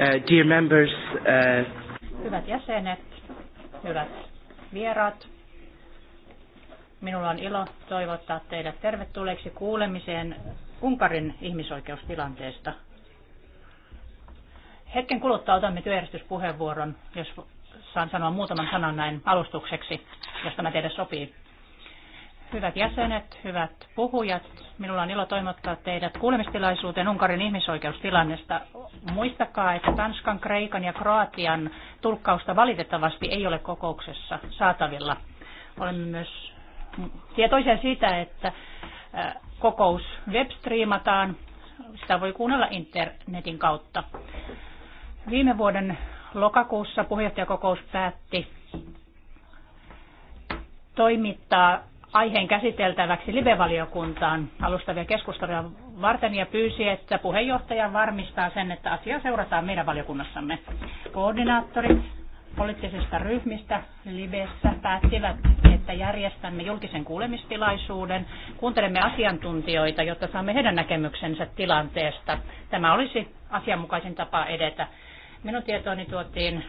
Uh, dear members, uh... Hyvät jäsenet, hyvät vieraat, minulla on ilo toivottaa teidät tervetulleeksi kuulemiseen Unkarin ihmisoikeustilanteesta. Hetken kuluttua otamme työjärjestyspuheenvuoron, jos saan sanoa muutaman sanan näin alustukseksi, josta tämä teille sopii. Hyvät jäsenet, hyvät puhujat, minulla on ilo toimittaa teidät kuulemistilaisuuteen Unkarin ihmisoikeustilannesta. Muistakaa, että Tanskan, Kreikan ja Kroatian tulkkausta valitettavasti ei ole kokouksessa saatavilla. Olemme myös tietoisia siitä, että äh, kokous webstriimataan. Sitä voi kuunnella internetin kautta. Viime vuoden lokakuussa puheenjohtajakokous päätti toimittaa aiheen käsiteltäväksi live-valiokuntaan alustavia keskusteluja varten ja pyysi, että puheenjohtaja varmistaa sen, että asia seurataan meidän valiokunnassamme. Koordinaattorit poliittisista ryhmistä Libessä päättivät, että järjestämme julkisen kuulemistilaisuuden. Kuuntelemme asiantuntijoita, jotta saamme heidän näkemyksensä tilanteesta. Tämä olisi asianmukaisin tapa edetä. Minun tietooni tuotiin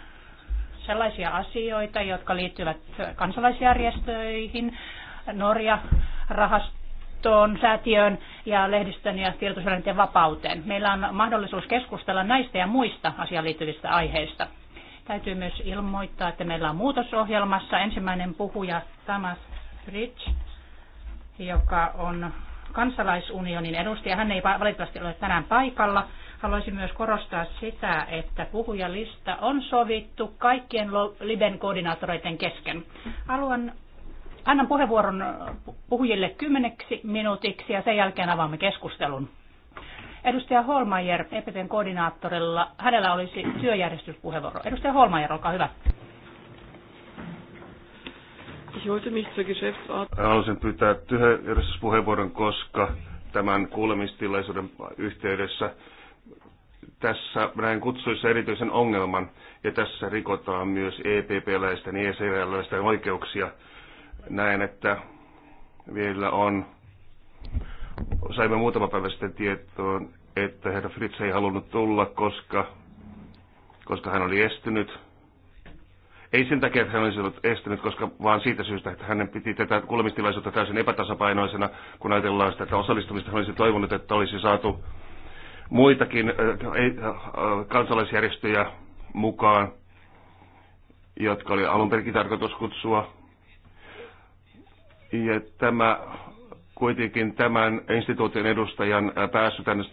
sellaisia asioita, jotka liittyvät kansalaisjärjestöihin, Norja-rahastoon, säätiön ja lehdistön ja tiedotusvälineiden vapauteen. Meillä on mahdollisuus keskustella näistä ja muista asiaan liittyvistä aiheista. Täytyy myös ilmoittaa, että meillä on muutosohjelmassa ensimmäinen puhuja Thomas Rich, joka on kansalaisunionin edustaja. Hän ei valitettavasti ole tänään paikalla. Haluaisin myös korostaa sitä, että puhujalista on sovittu kaikkien Liben koordinaattoreiden kesken. Haluan Annan puheenvuoron puhujille kymmeneksi minuutiksi ja sen jälkeen avaamme keskustelun. Edustaja Holmajer, EPTn koordinaattorilla, hänellä olisi työjärjestyspuheenvuoro. Edustaja Holmajer, olkaa hyvä. Haluaisin pyytää työjärjestyspuheenvuoron, koska tämän kuulemistilaisuuden yhteydessä tässä näin kutsuissa erityisen ongelman, ja tässä rikotaan myös EPP-läisten ja ECV-läisten oikeuksia Näen, että vielä on, saimme muutama päivä sitten tietoon, että herra Fritz ei halunnut tulla, koska, koska hän oli estynyt. Ei sen takia, että hän olisi ollut estynyt, koska, vaan siitä syystä, että hänen piti tätä kuulemistilaisuutta täysin epätasapainoisena, kun ajatellaan sitä että osallistumista. Hän olisi toivonut, että olisi saatu muitakin äh, äh, kansalaisjärjestöjä mukaan, jotka oli alun tarkoitus kutsua. Ja tämä kuitenkin tämän instituutin edustajan äh, pääsy tänne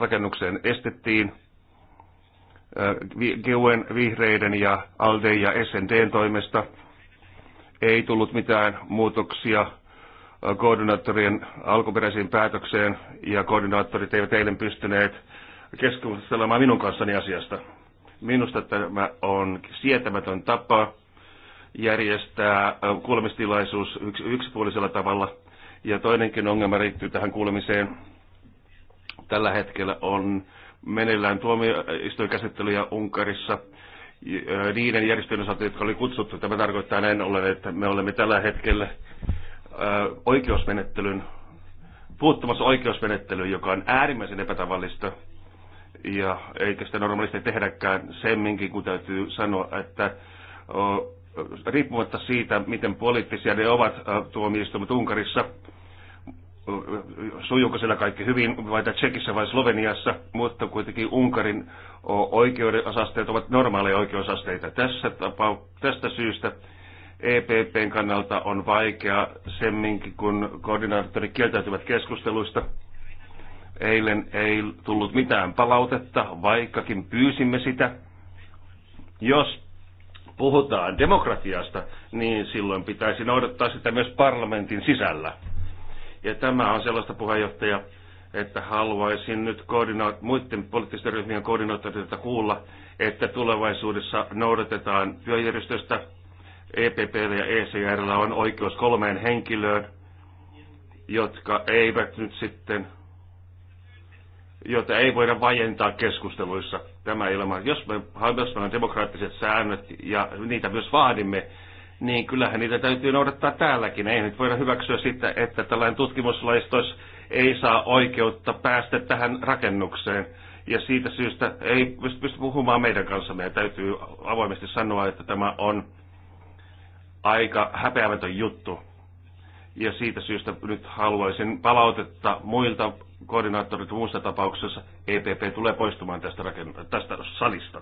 rakennukseen estettiin. Äh, Geuen, Vihreiden ja ALDE ja SNDn toimesta ei tullut mitään muutoksia äh, koordinaattorien alkuperäisiin päätökseen ja koordinaattorit eivät eilen pystyneet keskustelemaan minun kanssani asiasta. Minusta tämä on sietämätön tapa järjestää kuulemistilaisuus yks, yksipuolisella tavalla. Ja toinenkin ongelma liittyy tähän kuulemiseen. Tällä hetkellä on meneillään tuomioistuinkäsittelyjä Unkarissa niiden järjestöjen osalta, jotka oli kutsuttu. Tämä tarkoittaa näin ollen, että me olemme tällä hetkellä oikeusmenettelyn, puuttumassa oikeusmenettelyyn, joka on äärimmäisen epätavallista ja eikä sitä normaalisti tehdäkään semminkin, kun täytyy sanoa, että riippumatta siitä, miten poliittisia ne ovat äh, tuomioistuimet Unkarissa, sujuuko siellä kaikki hyvin, vai Tsekissä vai Sloveniassa, mutta kuitenkin Unkarin oikeudenasteet ovat normaaleja oikeusasteita. Tässä tapau- tästä syystä EPPn kannalta on vaikea semminkin, kun koordinaattorit kieltäytyvät keskusteluista. Eilen ei tullut mitään palautetta, vaikkakin pyysimme sitä. Jos puhutaan demokratiasta, niin silloin pitäisi noudattaa sitä myös parlamentin sisällä. Ja tämä on sellaista puheenjohtaja, että haluaisin nyt koordinoit, muiden poliittisten ryhmien koordinoittajilta kuulla, että tulevaisuudessa noudatetaan työjärjestöstä. EPP ja ECR on oikeus kolmeen henkilöön, jotka eivät nyt sitten jota ei voida vajentaa keskusteluissa. Tämä ilman, jos me haluamme demokraattiset säännöt ja niitä myös vaadimme, niin kyllähän niitä täytyy noudattaa täälläkin. Ei nyt voida hyväksyä sitä, että tällainen tutkimuslaistos ei saa oikeutta päästä tähän rakennukseen. Ja siitä syystä ei pysty puhumaan meidän kanssa. Meidän täytyy avoimesti sanoa, että tämä on aika häpeämätön juttu. Ja siitä syystä nyt haluaisin palautetta muilta koordinaattorit muussa tapauksessa EPP tulee poistumaan tästä, rakenn- tästä salista.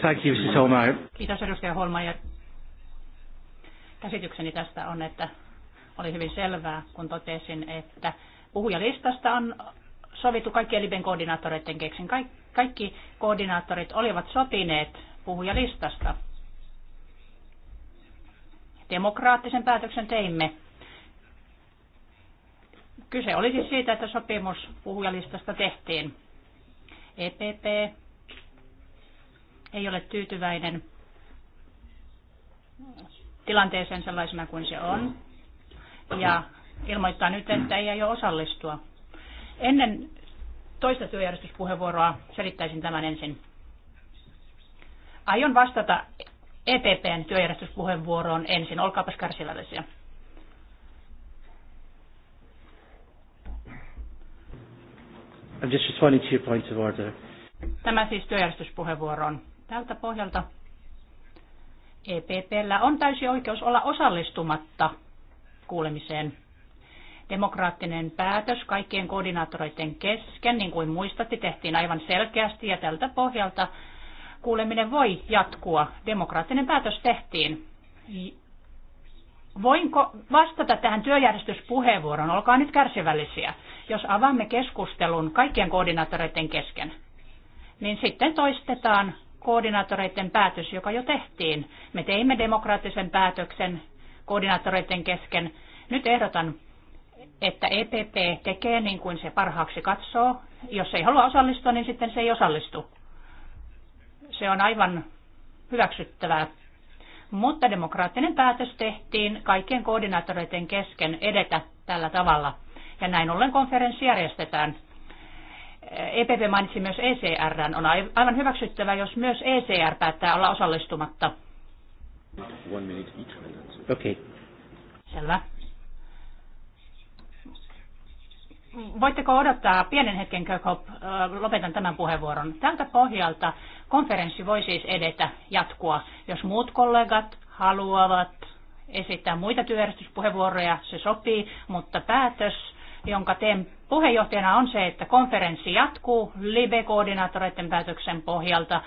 Thank you, Mrs. Holmeyer. Kiitos edustaja ja Käsitykseni tästä on, että oli hyvin selvää, kun totesin, että puhujalistasta on sovittu kaikki Liben koordinaattoreiden keksin. Kaik- kaikki koordinaattorit olivat sopineet puhujalistasta. Demokraattisen päätöksen teimme Kyse oli siis siitä, että sopimus puhujalistasta tehtiin. EPP ei ole tyytyväinen tilanteeseen sellaisena kuin se on. Ja ilmoittaa nyt, että ei aio osallistua. Ennen toista työjärjestyspuheenvuoroa selittäisin tämän ensin. Aion vastata EPPn työjärjestyspuheenvuoroon ensin. Olkaapas kärsivällisiä. I'm just responding to your point of order. Tämä siis työjärjestyspuheenvuoron. Tältä pohjalta EPPllä on täysi oikeus olla osallistumatta kuulemiseen. Demokraattinen päätös kaikkien koordinaattoreiden kesken, niin kuin muistatte, tehtiin aivan selkeästi ja tältä pohjalta kuuleminen voi jatkua. Demokraattinen päätös tehtiin. Voinko vastata tähän työjärjestyspuheenvuoroon? Olkaa nyt kärsivällisiä. Jos avaamme keskustelun kaikkien koordinaattoreiden kesken, niin sitten toistetaan koordinaattoreiden päätös, joka jo tehtiin. Me teimme demokraattisen päätöksen koordinaattoreiden kesken. Nyt ehdotan, että EPP tekee niin kuin se parhaaksi katsoo. Jos ei halua osallistua, niin sitten se ei osallistu. Se on aivan hyväksyttävää. Mutta demokraattinen päätös tehtiin kaikkien koordinaattoreiden kesken edetä tällä tavalla – ja näin ollen konferenssi järjestetään. EPP mainitsi myös ECR. On aivan hyväksyttävä, jos myös ECR päättää olla osallistumatta. Okay. Selvä. Voitteko odottaa pienen hetken, Kirkhope? Lopetan tämän puheenvuoron. Tältä pohjalta konferenssi voi siis edetä, jatkua. Jos muut kollegat haluavat esittää muita työjärjestyspuheenvuoroja, se sopii, mutta päätös jonka teen puheenjohtajana, on se, että konferenssi jatkuu LIBE-koordinaattoreiden päätöksen pohjalta.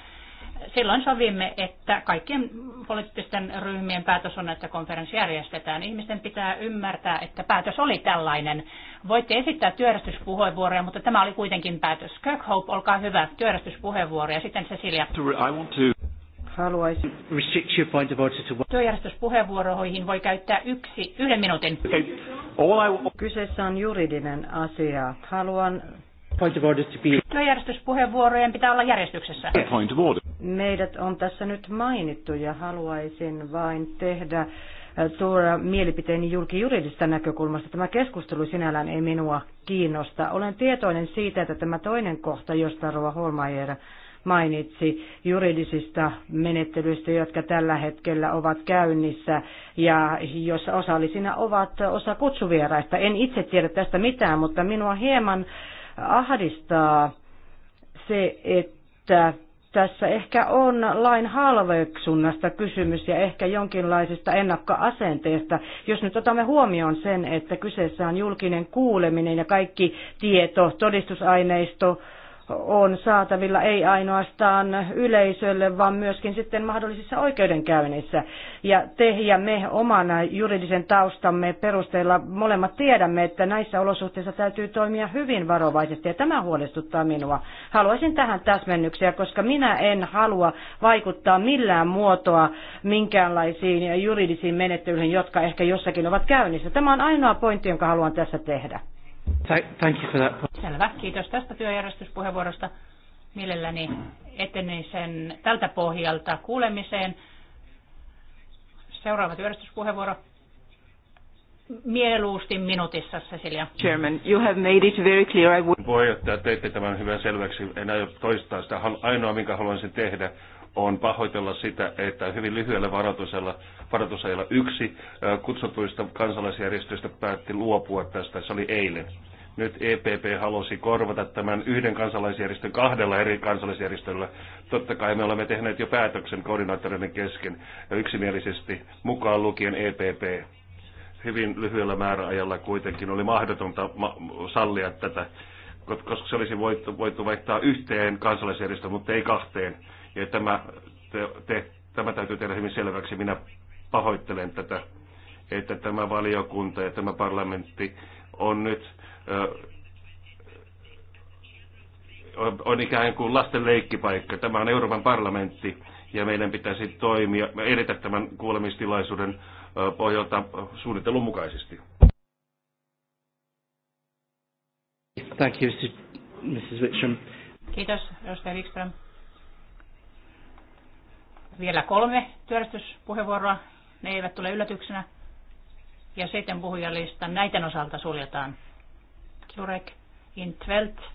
Silloin sovimme, että kaikkien poliittisten ryhmien päätös on, että konferenssi järjestetään. Ihmisten pitää ymmärtää, että päätös oli tällainen. Voitte esittää työjärjestyspuheenvuoroja, mutta tämä oli kuitenkin päätös. Kirkhope, olkaa hyvä, työjärjestyspuheenvuoro ja sitten Cecilia haluaisin... Restrict your point of order to... Työjärjestyspuheenvuoroihin voi käyttää yksi, yhden minuutin. Okay. I... Kyseessä on juridinen asia. Haluan... Point of order to be... Työjärjestyspuheenvuorojen pitää olla järjestyksessä. Point of order. Meidät on tässä nyt mainittu ja haluaisin vain tehdä äh, tuoda mielipiteeni julki juridista näkökulmasta. Tämä keskustelu sinällään ei minua kiinnosta. Olen tietoinen siitä, että tämä toinen kohta, josta Rova Holmajer mainitsi juridisista menettelyistä, jotka tällä hetkellä ovat käynnissä ja jossa osallisina ovat osa kutsuvieraista. En itse tiedä tästä mitään, mutta minua hieman ahdistaa se, että tässä ehkä on lain halveksunnasta kysymys ja ehkä jonkinlaisesta ennakkoasenteesta. Jos nyt otamme huomioon sen, että kyseessä on julkinen kuuleminen ja kaikki tieto, todistusaineisto, on saatavilla ei ainoastaan yleisölle, vaan myöskin sitten mahdollisissa oikeudenkäynnissä. Ja te ja me omana juridisen taustamme perusteella molemmat tiedämme, että näissä olosuhteissa täytyy toimia hyvin varovaisesti ja tämä huolestuttaa minua. Haluaisin tähän täsmennyksiä, koska minä en halua vaikuttaa millään muotoa minkäänlaisiin juridisiin menettelyihin, jotka ehkä jossakin ovat käynnissä. Tämä on ainoa pointti, jonka haluan tässä tehdä. Thank you for that. Selvä. Kiitos tästä työjärjestyspuheenvuorosta. Mielelläni sen tältä pohjalta kuulemiseen. Seuraava työjärjestyspuheenvuoro. Mieluusti minuutissa, Cecilia. Chairman, you have made it very clear. I would... Puheenjohtaja, teitte tämän hyvän selväksi. En aio toistaa sitä. Ainoa, minkä haluaisin tehdä, on pahoitella sitä, että hyvin lyhyellä varoitusajalla, varoitusajalla yksi kutsutuista kansalaisjärjestöistä päätti luopua tästä. Se oli eilen. Nyt EPP halusi korvata tämän yhden kansalaisjärjestön kahdella eri kansalaisjärjestöllä. Totta kai me olemme tehneet jo päätöksen koordinaattoreiden kesken ja yksimielisesti mukaan lukien EPP hyvin lyhyellä määräajalla kuitenkin oli mahdotonta ma- sallia tätä, koska se olisi voitu, voitu vaihtaa yhteen kansalaisjärjestöön, mutta ei kahteen. Ja tämä, te, te, tämä täytyy tehdä hyvin selväksi. Minä pahoittelen tätä, että tämä valiokunta ja tämä parlamentti on nyt on ikään kuin lasten leikkipaikka. Tämä on Euroopan parlamentti ja meidän pitäisi toimia, me edetä tämän kuulemistilaisuuden pohjalta suunnitelun mukaisesti. Thank you, Mrs. Wickstrom. Kiitos, Mr. Wikström vielä kolme työllistyspuheenvuoroa. Ne eivät tule yllätyksenä. Ja sitten puhujalista näiden osalta suljetaan. Jurek, Intvelt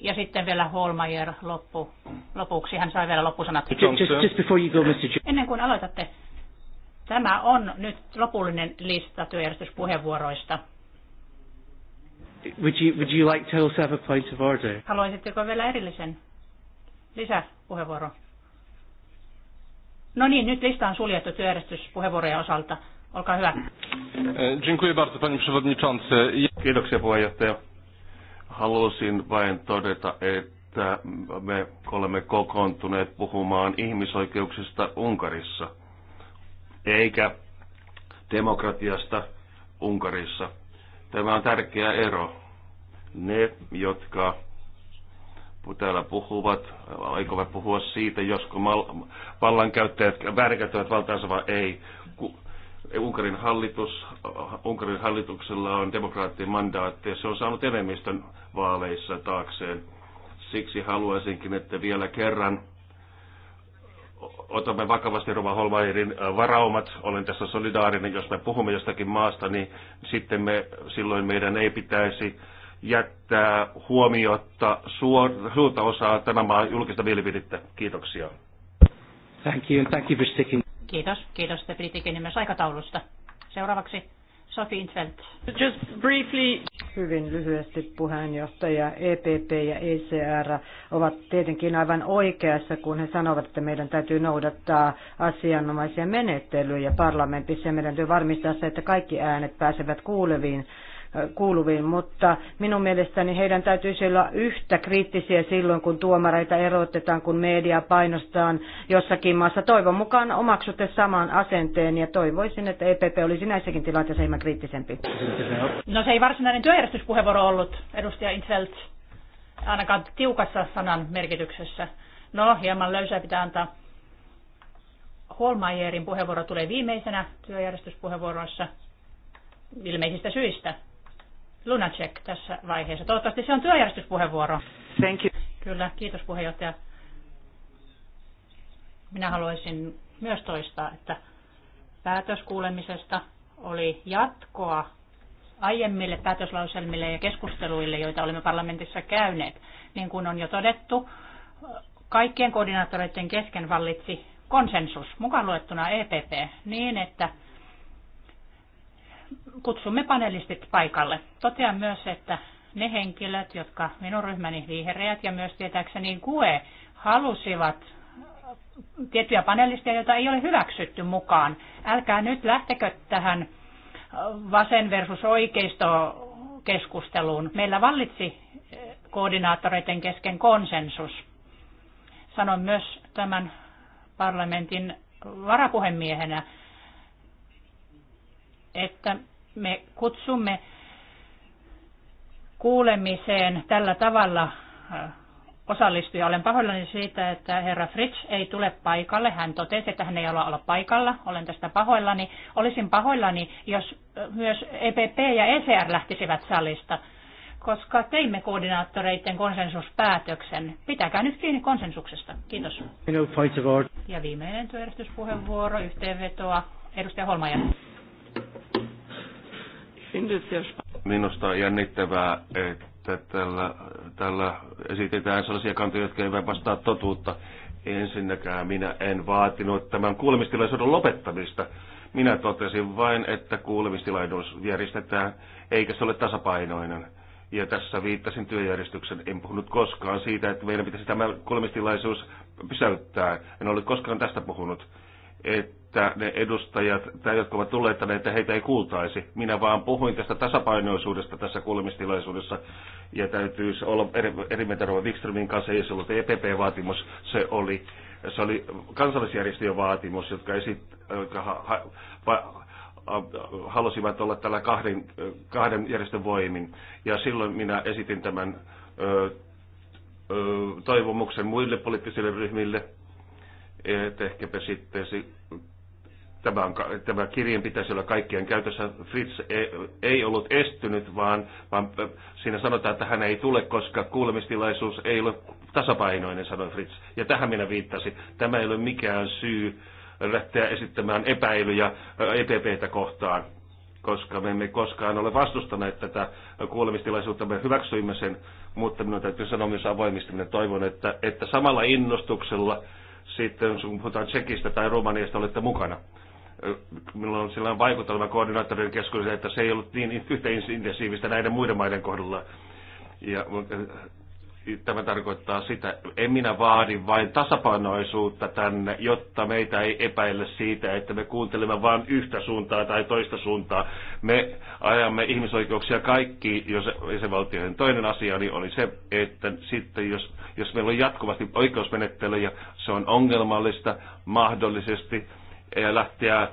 ja sitten vielä Holmeyer loppu, lopuksi. Hän sai vielä loppusanat. Just, just you go, Mr. Ennen kuin aloitatte, tämä on nyt lopullinen lista työjärjestyspuheenvuoroista. Would you, would you like to also have a point of order? Haluaisitteko vielä erillisen lisäpuheenvuoron? No niin, nyt lista on suljettu työjärjestyspuheenvuorojen osalta. Olkaa hyvä. Eh, dziękuję bardzo, panie przewodniczący. Kiitoksia puheenjohtaja. Halusin vain todeta, että me olemme kokoontuneet puhumaan ihmisoikeuksista Unkarissa, eikä demokratiasta Unkarissa. Tämä on tärkeä ero. Ne, jotka täällä puhuvat, aikovat puhua siitä, josko mal- vallankäyttäjät väärinkäyttävät valtaansa vai ei. Unkarin, hallitus, Unkarin hallituksella on demokraattinen mandaatti ja se on saanut enemmistön vaaleissa taakseen. Siksi haluaisinkin, että vielä kerran otamme vakavasti Rova Holmairin varaumat. Olen tässä solidaarinen, jos me puhumme jostakin maasta, niin sitten me, silloin meidän ei pitäisi jättää huomiota suor, suurta osaa tämän maan julkista mielipidettä. Kiitoksia. Thank you, thank you for sticking. Kiitos, kiitos, että pidittekin myös aikataulusta. Seuraavaksi Sophie Intveld. Just briefly. Hyvin lyhyesti puheenjohtaja EPP ja ECR ovat tietenkin aivan oikeassa, kun he sanovat, että meidän täytyy noudattaa asianomaisia menettelyjä parlamentissa ja meidän täytyy varmistaa se, että kaikki äänet pääsevät kuuleviin kuuluviin, mutta minun mielestäni heidän täytyisi olla yhtä kriittisiä silloin, kun tuomareita erotetaan, kun media painostaan jossakin maassa. Toivon mukaan omaksutte saman asenteen ja toivoisin, että EPP olisi näissäkin tilanteissa hieman kriittisempi. No se ei varsinainen työjärjestyspuheenvuoro ollut, edustaja Intselt, ainakaan tiukassa sanan merkityksessä. No, hieman löysää pitää antaa. Holmajerin puheenvuoro tulee viimeisenä työjärjestyspuheenvuorossa ilmeisistä syistä. Lunacek tässä vaiheessa. Toivottavasti se on työjärjestyspuheenvuoro. Thank you. Kyllä, kiitos puheenjohtaja. Minä haluaisin myös toistaa, että päätöskuulemisesta oli jatkoa aiemmille päätöslauselmille ja keskusteluille, joita olemme parlamentissa käyneet. Niin kuin on jo todettu, kaikkien koordinaattoreiden kesken vallitsi konsensus, mukaan luettuna EPP, niin että kutsumme panelistit paikalle. Totean myös, että ne henkilöt, jotka minun ryhmäni vihreät ja myös tietääkseni KUE halusivat tiettyjä panelisteja, joita ei ole hyväksytty mukaan. Älkää nyt lähtekö tähän vasen versus oikeisto keskusteluun. Meillä vallitsi koordinaattoreiden kesken konsensus. Sanon myös tämän parlamentin varapuhemiehenä, että me kutsumme kuulemiseen tällä tavalla äh, osallistuja. Olen pahoillani siitä, että herra Fritz ei tule paikalle. Hän totesi, että hän ei ole olla paikalla. Olen tästä pahoillani. Olisin pahoillani, jos äh, myös EPP ja ECR lähtisivät salista, koska teimme koordinaattoreiden konsensuspäätöksen. Pitäkää nyt kiinni konsensuksesta. Kiitos. Ja viimeinen työjärjestyspuheenvuoro, yhteenvetoa. Edustaja Holmaja. Minusta on jännittävää, että tällä, tällä esitetään sellaisia kantoja, jotka eivät vastaa totuutta. Ensinnäkään minä en vaatinut tämän kuulemistilaisuuden lopettamista. Minä totesin vain, että kuulemistilaisuus järjestetään, eikä se ole tasapainoinen. Ja tässä viittasin työjärjestyksen. En puhunut koskaan siitä, että meidän pitäisi tämä kuulemistilaisuus pysäyttää. En ole koskaan tästä puhunut. Että että ne edustajat, tai jotka ovat tulleet tänne, että heitä ei kuultaisi. Minä vaan puhuin tästä tasapainoisuudesta tässä kuulemistilaisuudessa, ja täytyy olla eri, eri mieltä Wikströmin kanssa, ei se ollut EPP-vaatimus, se oli, se oli kansallisjärjestöjen vaatimus, jotka, esit, jotka ha, ha, va, äh, halusivat olla tällä kahden, kahden järjestön voimin. Ja silloin minä esitin tämän ö, ö, toivomuksen muille poliittisille ryhmille, että ehkäpä sitten Tämä, on, tämä kirjeen pitäisi olla kaikkien käytössä. Fritz ei, ei ollut estynyt, vaan, vaan siinä sanotaan, että hän ei tule, koska kuulemistilaisuus ei ole tasapainoinen, sanoi Fritz. Ja tähän minä viittasin. Tämä ei ole mikään syy lähteä esittämään epäilyjä EPPtä kohtaan koska me emme koskaan ole vastustaneet tätä kuulemistilaisuutta, me hyväksyimme sen, mutta minun täytyy sanoa myös avoimesti, minä toivon, että, että samalla innostuksella sitten, kun puhutaan Tsekistä tai Romaniasta, olette mukana milloin on sellainen vaikutelma koordinaattorin keskuudessa, että se ei ollut niin yhtä intensiivistä näiden muiden maiden kohdalla. Ja eh, eh, tämä tarkoittaa sitä, en minä vaadi vain tasapainoisuutta tänne, jotta meitä ei epäillä siitä, että me kuuntelemme vain yhtä suuntaa tai toista suuntaa. Me ajamme ihmisoikeuksia kaikki jäsenvaltioihin. Toinen asia niin oli se, että sitten jos, jos meillä on jatkuvasti oikeusmenettelyjä, se on ongelmallista mahdollisesti lähteä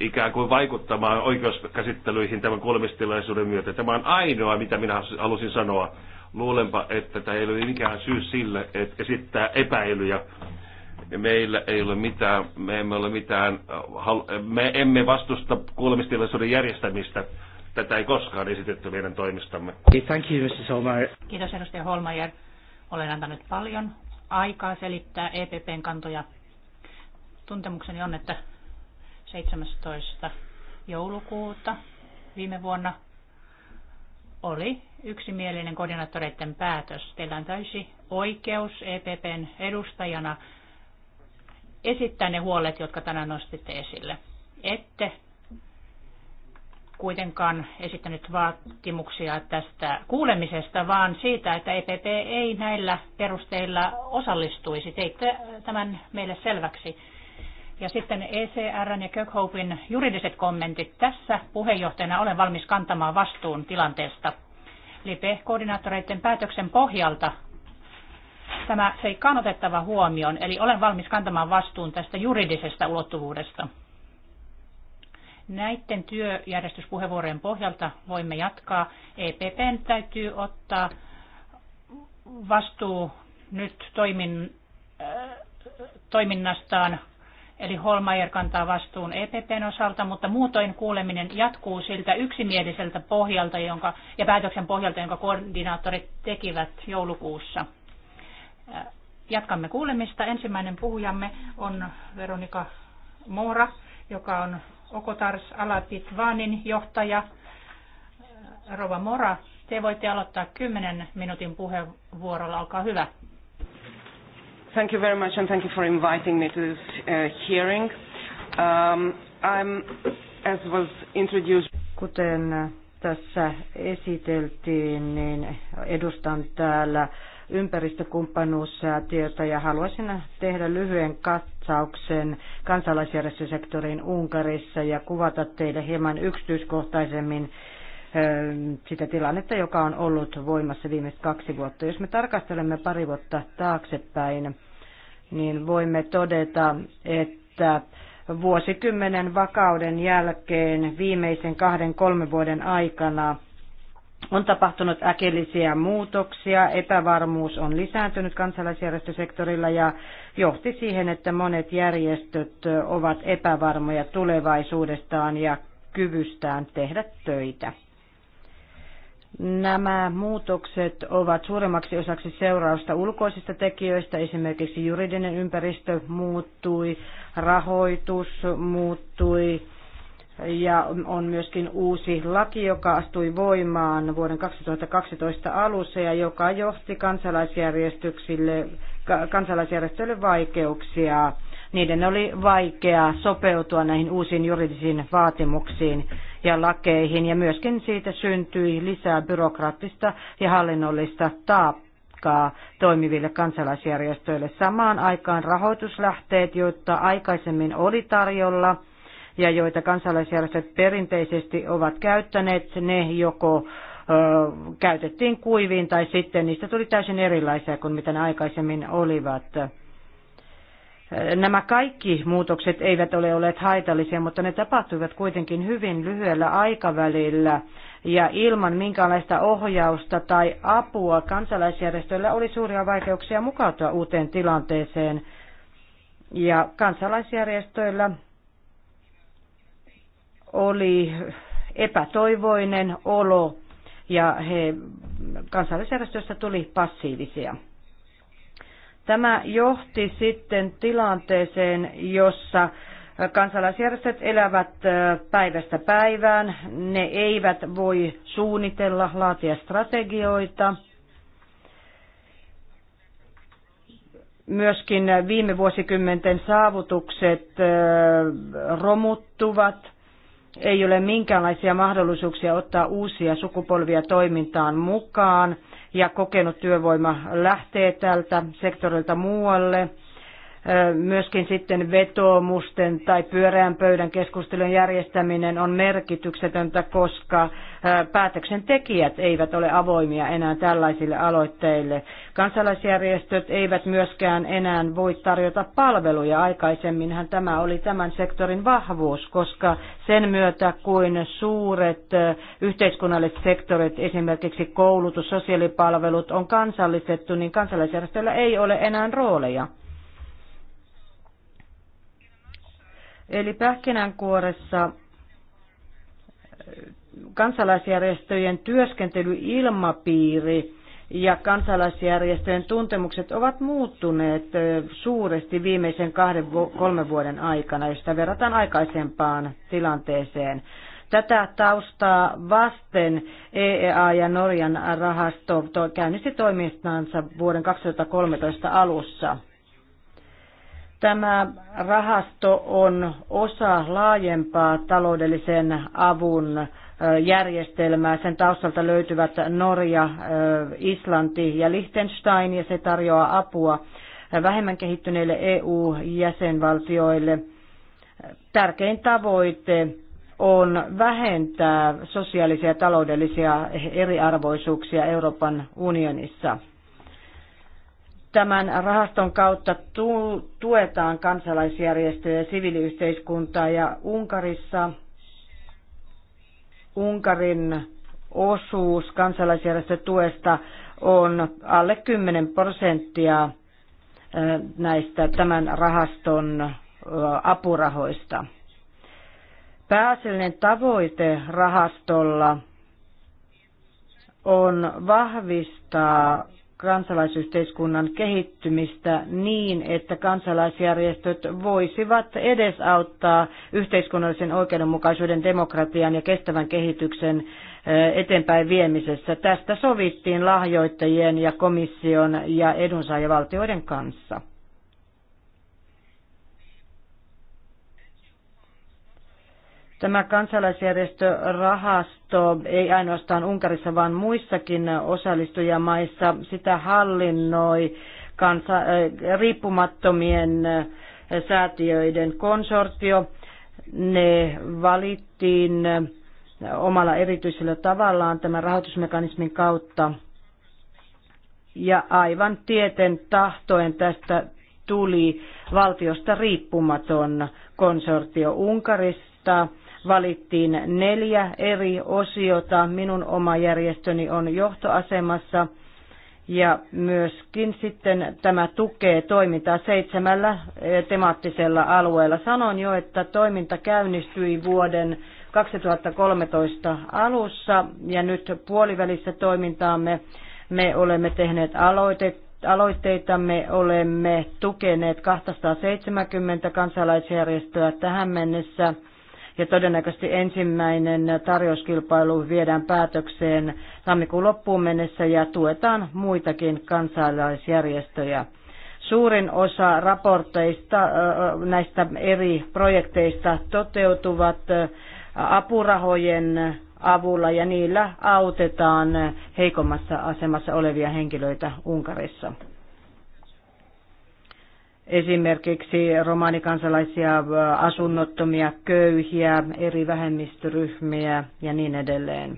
ikään kuin vaikuttamaan oikeuskäsittelyihin tämän kuulemistilaisuuden myötä. Tämä on ainoa, mitä minä halusin sanoa. Luulenpa, että tämä ei ole mikään syy sille, että esittää epäilyjä. Meillä ei ole mitään, me emme ole mitään, me emme vastusta kuulemistilaisuuden järjestämistä. Tätä ei koskaan esitetty meidän toimistamme. Thank you, Mrs. Kiitos, edustaja Holmajer. Olen antanut paljon aikaa selittää EPPn kantoja. Tuntemukseni on, että 17. joulukuuta viime vuonna oli yksimielinen koordinaattoreiden päätös. Teillä on täysi oikeus EPPn edustajana esittää ne huolet, jotka tänään nostitte esille. Ette kuitenkaan esittänyt vaatimuksia tästä kuulemisesta, vaan siitä, että EPP ei näillä perusteilla osallistuisi. Teitte tämän meille selväksi. Ja sitten ECR ja Kökhoopin juridiset kommentit tässä. Puheenjohtajana olen valmis kantamaan vastuun tilanteesta. Eli koordinaattoreiden päätöksen pohjalta tämä seikka on otettava huomioon, eli olen valmis kantamaan vastuun tästä juridisesta ulottuvuudesta. Näiden työjärjestyspuheenvuorojen pohjalta voimme jatkaa. EPPn täytyy ottaa vastuu nyt toimin, äh, toiminnastaan Eli Holmeier kantaa vastuun EPPn osalta, mutta muutoin kuuleminen jatkuu siltä yksimieliseltä pohjalta jonka, ja päätöksen pohjalta, jonka koordinaattorit tekivät joulukuussa. Äh, jatkamme kuulemista. Ensimmäinen puhujamme on Veronika Moora, joka on Okotars Alatitvanin johtaja. Äh, Rova Mora, te voitte aloittaa 10 minuutin puheenvuorolla. Olkaa hyvä. Thank you very much, and thank you for inviting me to this uh, hearing. Um, I'm, as was introduced... Kuten uh, tässä esiteltiin, niin edustan täällä ympäristökumppanuussäätiötä ja haluaisin tehdä lyhyen katsauksen kansalaisjärjestösektorin Unkarissa ja kuvata teille hieman yksityiskohtaisemmin sitä tilannetta, joka on ollut voimassa viimeiset kaksi vuotta. Jos me tarkastelemme pari vuotta taaksepäin, niin voimme todeta, että vuosikymmenen vakauden jälkeen viimeisen kahden kolmen vuoden aikana on tapahtunut äkillisiä muutoksia, epävarmuus on lisääntynyt kansalaisjärjestösektorilla ja johti siihen, että monet järjestöt ovat epävarmoja tulevaisuudestaan ja kyvystään tehdä töitä. Nämä muutokset ovat suuremmaksi osaksi seurausta ulkoisista tekijöistä, esimerkiksi juridinen ympäristö muuttui, rahoitus muuttui ja on myöskin uusi laki, joka astui voimaan vuoden 2012 alussa ja joka johti kansalaisjärjestyksille, kansalaisjärjestöille vaikeuksia. Niiden oli vaikea sopeutua näihin uusiin juridisiin vaatimuksiin ja lakeihin ja myöskin siitä syntyi lisää byrokraattista ja hallinnollista taakkaa toimiville kansalaisjärjestöille. Samaan aikaan rahoituslähteet, joita aikaisemmin oli tarjolla, ja joita kansalaisjärjestöt perinteisesti ovat käyttäneet, ne joko käytettiin kuiviin tai sitten niistä tuli täysin erilaisia kuin mitä ne aikaisemmin olivat. Nämä kaikki muutokset eivät ole olleet haitallisia, mutta ne tapahtuivat kuitenkin hyvin lyhyellä aikavälillä ja ilman minkäänlaista ohjausta tai apua kansalaisjärjestöillä oli suuria vaikeuksia mukautua uuteen tilanteeseen. Ja kansalaisjärjestöillä oli epätoivoinen olo ja he kansalaisjärjestöistä tuli passiivisia. Tämä johti sitten tilanteeseen, jossa kansalaisjärjestöt elävät päivästä päivään. Ne eivät voi suunnitella, laatia strategioita. Myöskin viime vuosikymmenten saavutukset romuttuvat ei ole minkäänlaisia mahdollisuuksia ottaa uusia sukupolvia toimintaan mukaan ja kokenut työvoima lähtee tältä sektorilta muualle Myöskin sitten vetoomusten tai pyöreän pöydän keskustelun järjestäminen on merkityksetöntä, koska päätöksentekijät eivät ole avoimia enää tällaisille aloitteille. Kansalaisjärjestöt eivät myöskään enää voi tarjota palveluja. Aikaisemminhan tämä oli tämän sektorin vahvuus, koska sen myötä kuin suuret yhteiskunnalliset sektorit, esimerkiksi koulutus, sosiaalipalvelut, on kansallistettu, niin kansalaisjärjestöillä ei ole enää rooleja. Eli pähkinänkuoressa kansalaisjärjestöjen työskentelyilmapiiri ja kansalaisjärjestöjen tuntemukset ovat muuttuneet suuresti viimeisen kahden, kolmen vuoden aikana, josta verrataan aikaisempaan tilanteeseen. Tätä taustaa vasten EEA ja Norjan rahasto käynnisti toimistansa vuoden 2013 alussa. Tämä rahasto on osa laajempaa taloudellisen avun järjestelmää. Sen taustalta löytyvät Norja, Islanti ja Liechtenstein ja se tarjoaa apua vähemmän kehittyneille EU-jäsenvaltioille. Tärkein tavoite on vähentää sosiaalisia ja taloudellisia eriarvoisuuksia Euroopan unionissa. Tämän rahaston kautta tuetaan kansalaisjärjestöjä ja siviiliyhteiskuntaa ja Unkarissa Unkarin osuus kansalaisjärjestötuesta on alle 10 prosenttia näistä tämän rahaston apurahoista. Pääasiallinen tavoite rahastolla on vahvistaa kansalaisyhteiskunnan kehittymistä niin, että kansalaisjärjestöt voisivat edesauttaa yhteiskunnallisen oikeudenmukaisuuden, demokratian ja kestävän kehityksen eh, eteenpäin viemisessä. Tästä sovittiin lahjoittajien ja komission ja edunsaajavaltioiden kanssa. Tämä kansalaisjärjestörahasto ei ainoastaan Unkarissa, vaan muissakin osallistujamaissa. Sitä hallinnoi kansa, äh, riippumattomien äh, säätiöiden konsortio. Ne valittiin äh, omalla erityisellä tavallaan tämän rahoitusmekanismin kautta. Ja aivan tieten tahtoen tästä tuli valtiosta riippumaton konsortio Unkarista valittiin neljä eri osiota. Minun oma järjestöni on johtoasemassa ja myöskin sitten tämä tukee toimintaa seitsemällä eh, temaattisella alueella. Sanon jo, että toiminta käynnistyi vuoden 2013 alussa ja nyt puolivälissä toimintaamme me olemme tehneet aloitet, aloitteita, me olemme tukeneet 270 kansalaisjärjestöä tähän mennessä ja todennäköisesti ensimmäinen tarjouskilpailu viedään päätökseen tammikuun loppuun mennessä ja tuetaan muitakin kansalaisjärjestöjä. Suurin osa raporteista näistä eri projekteista toteutuvat apurahojen avulla ja niillä autetaan heikommassa asemassa olevia henkilöitä Unkarissa esimerkiksi romaanikansalaisia, asunnottomia, köyhiä, eri vähemmistöryhmiä ja niin edelleen.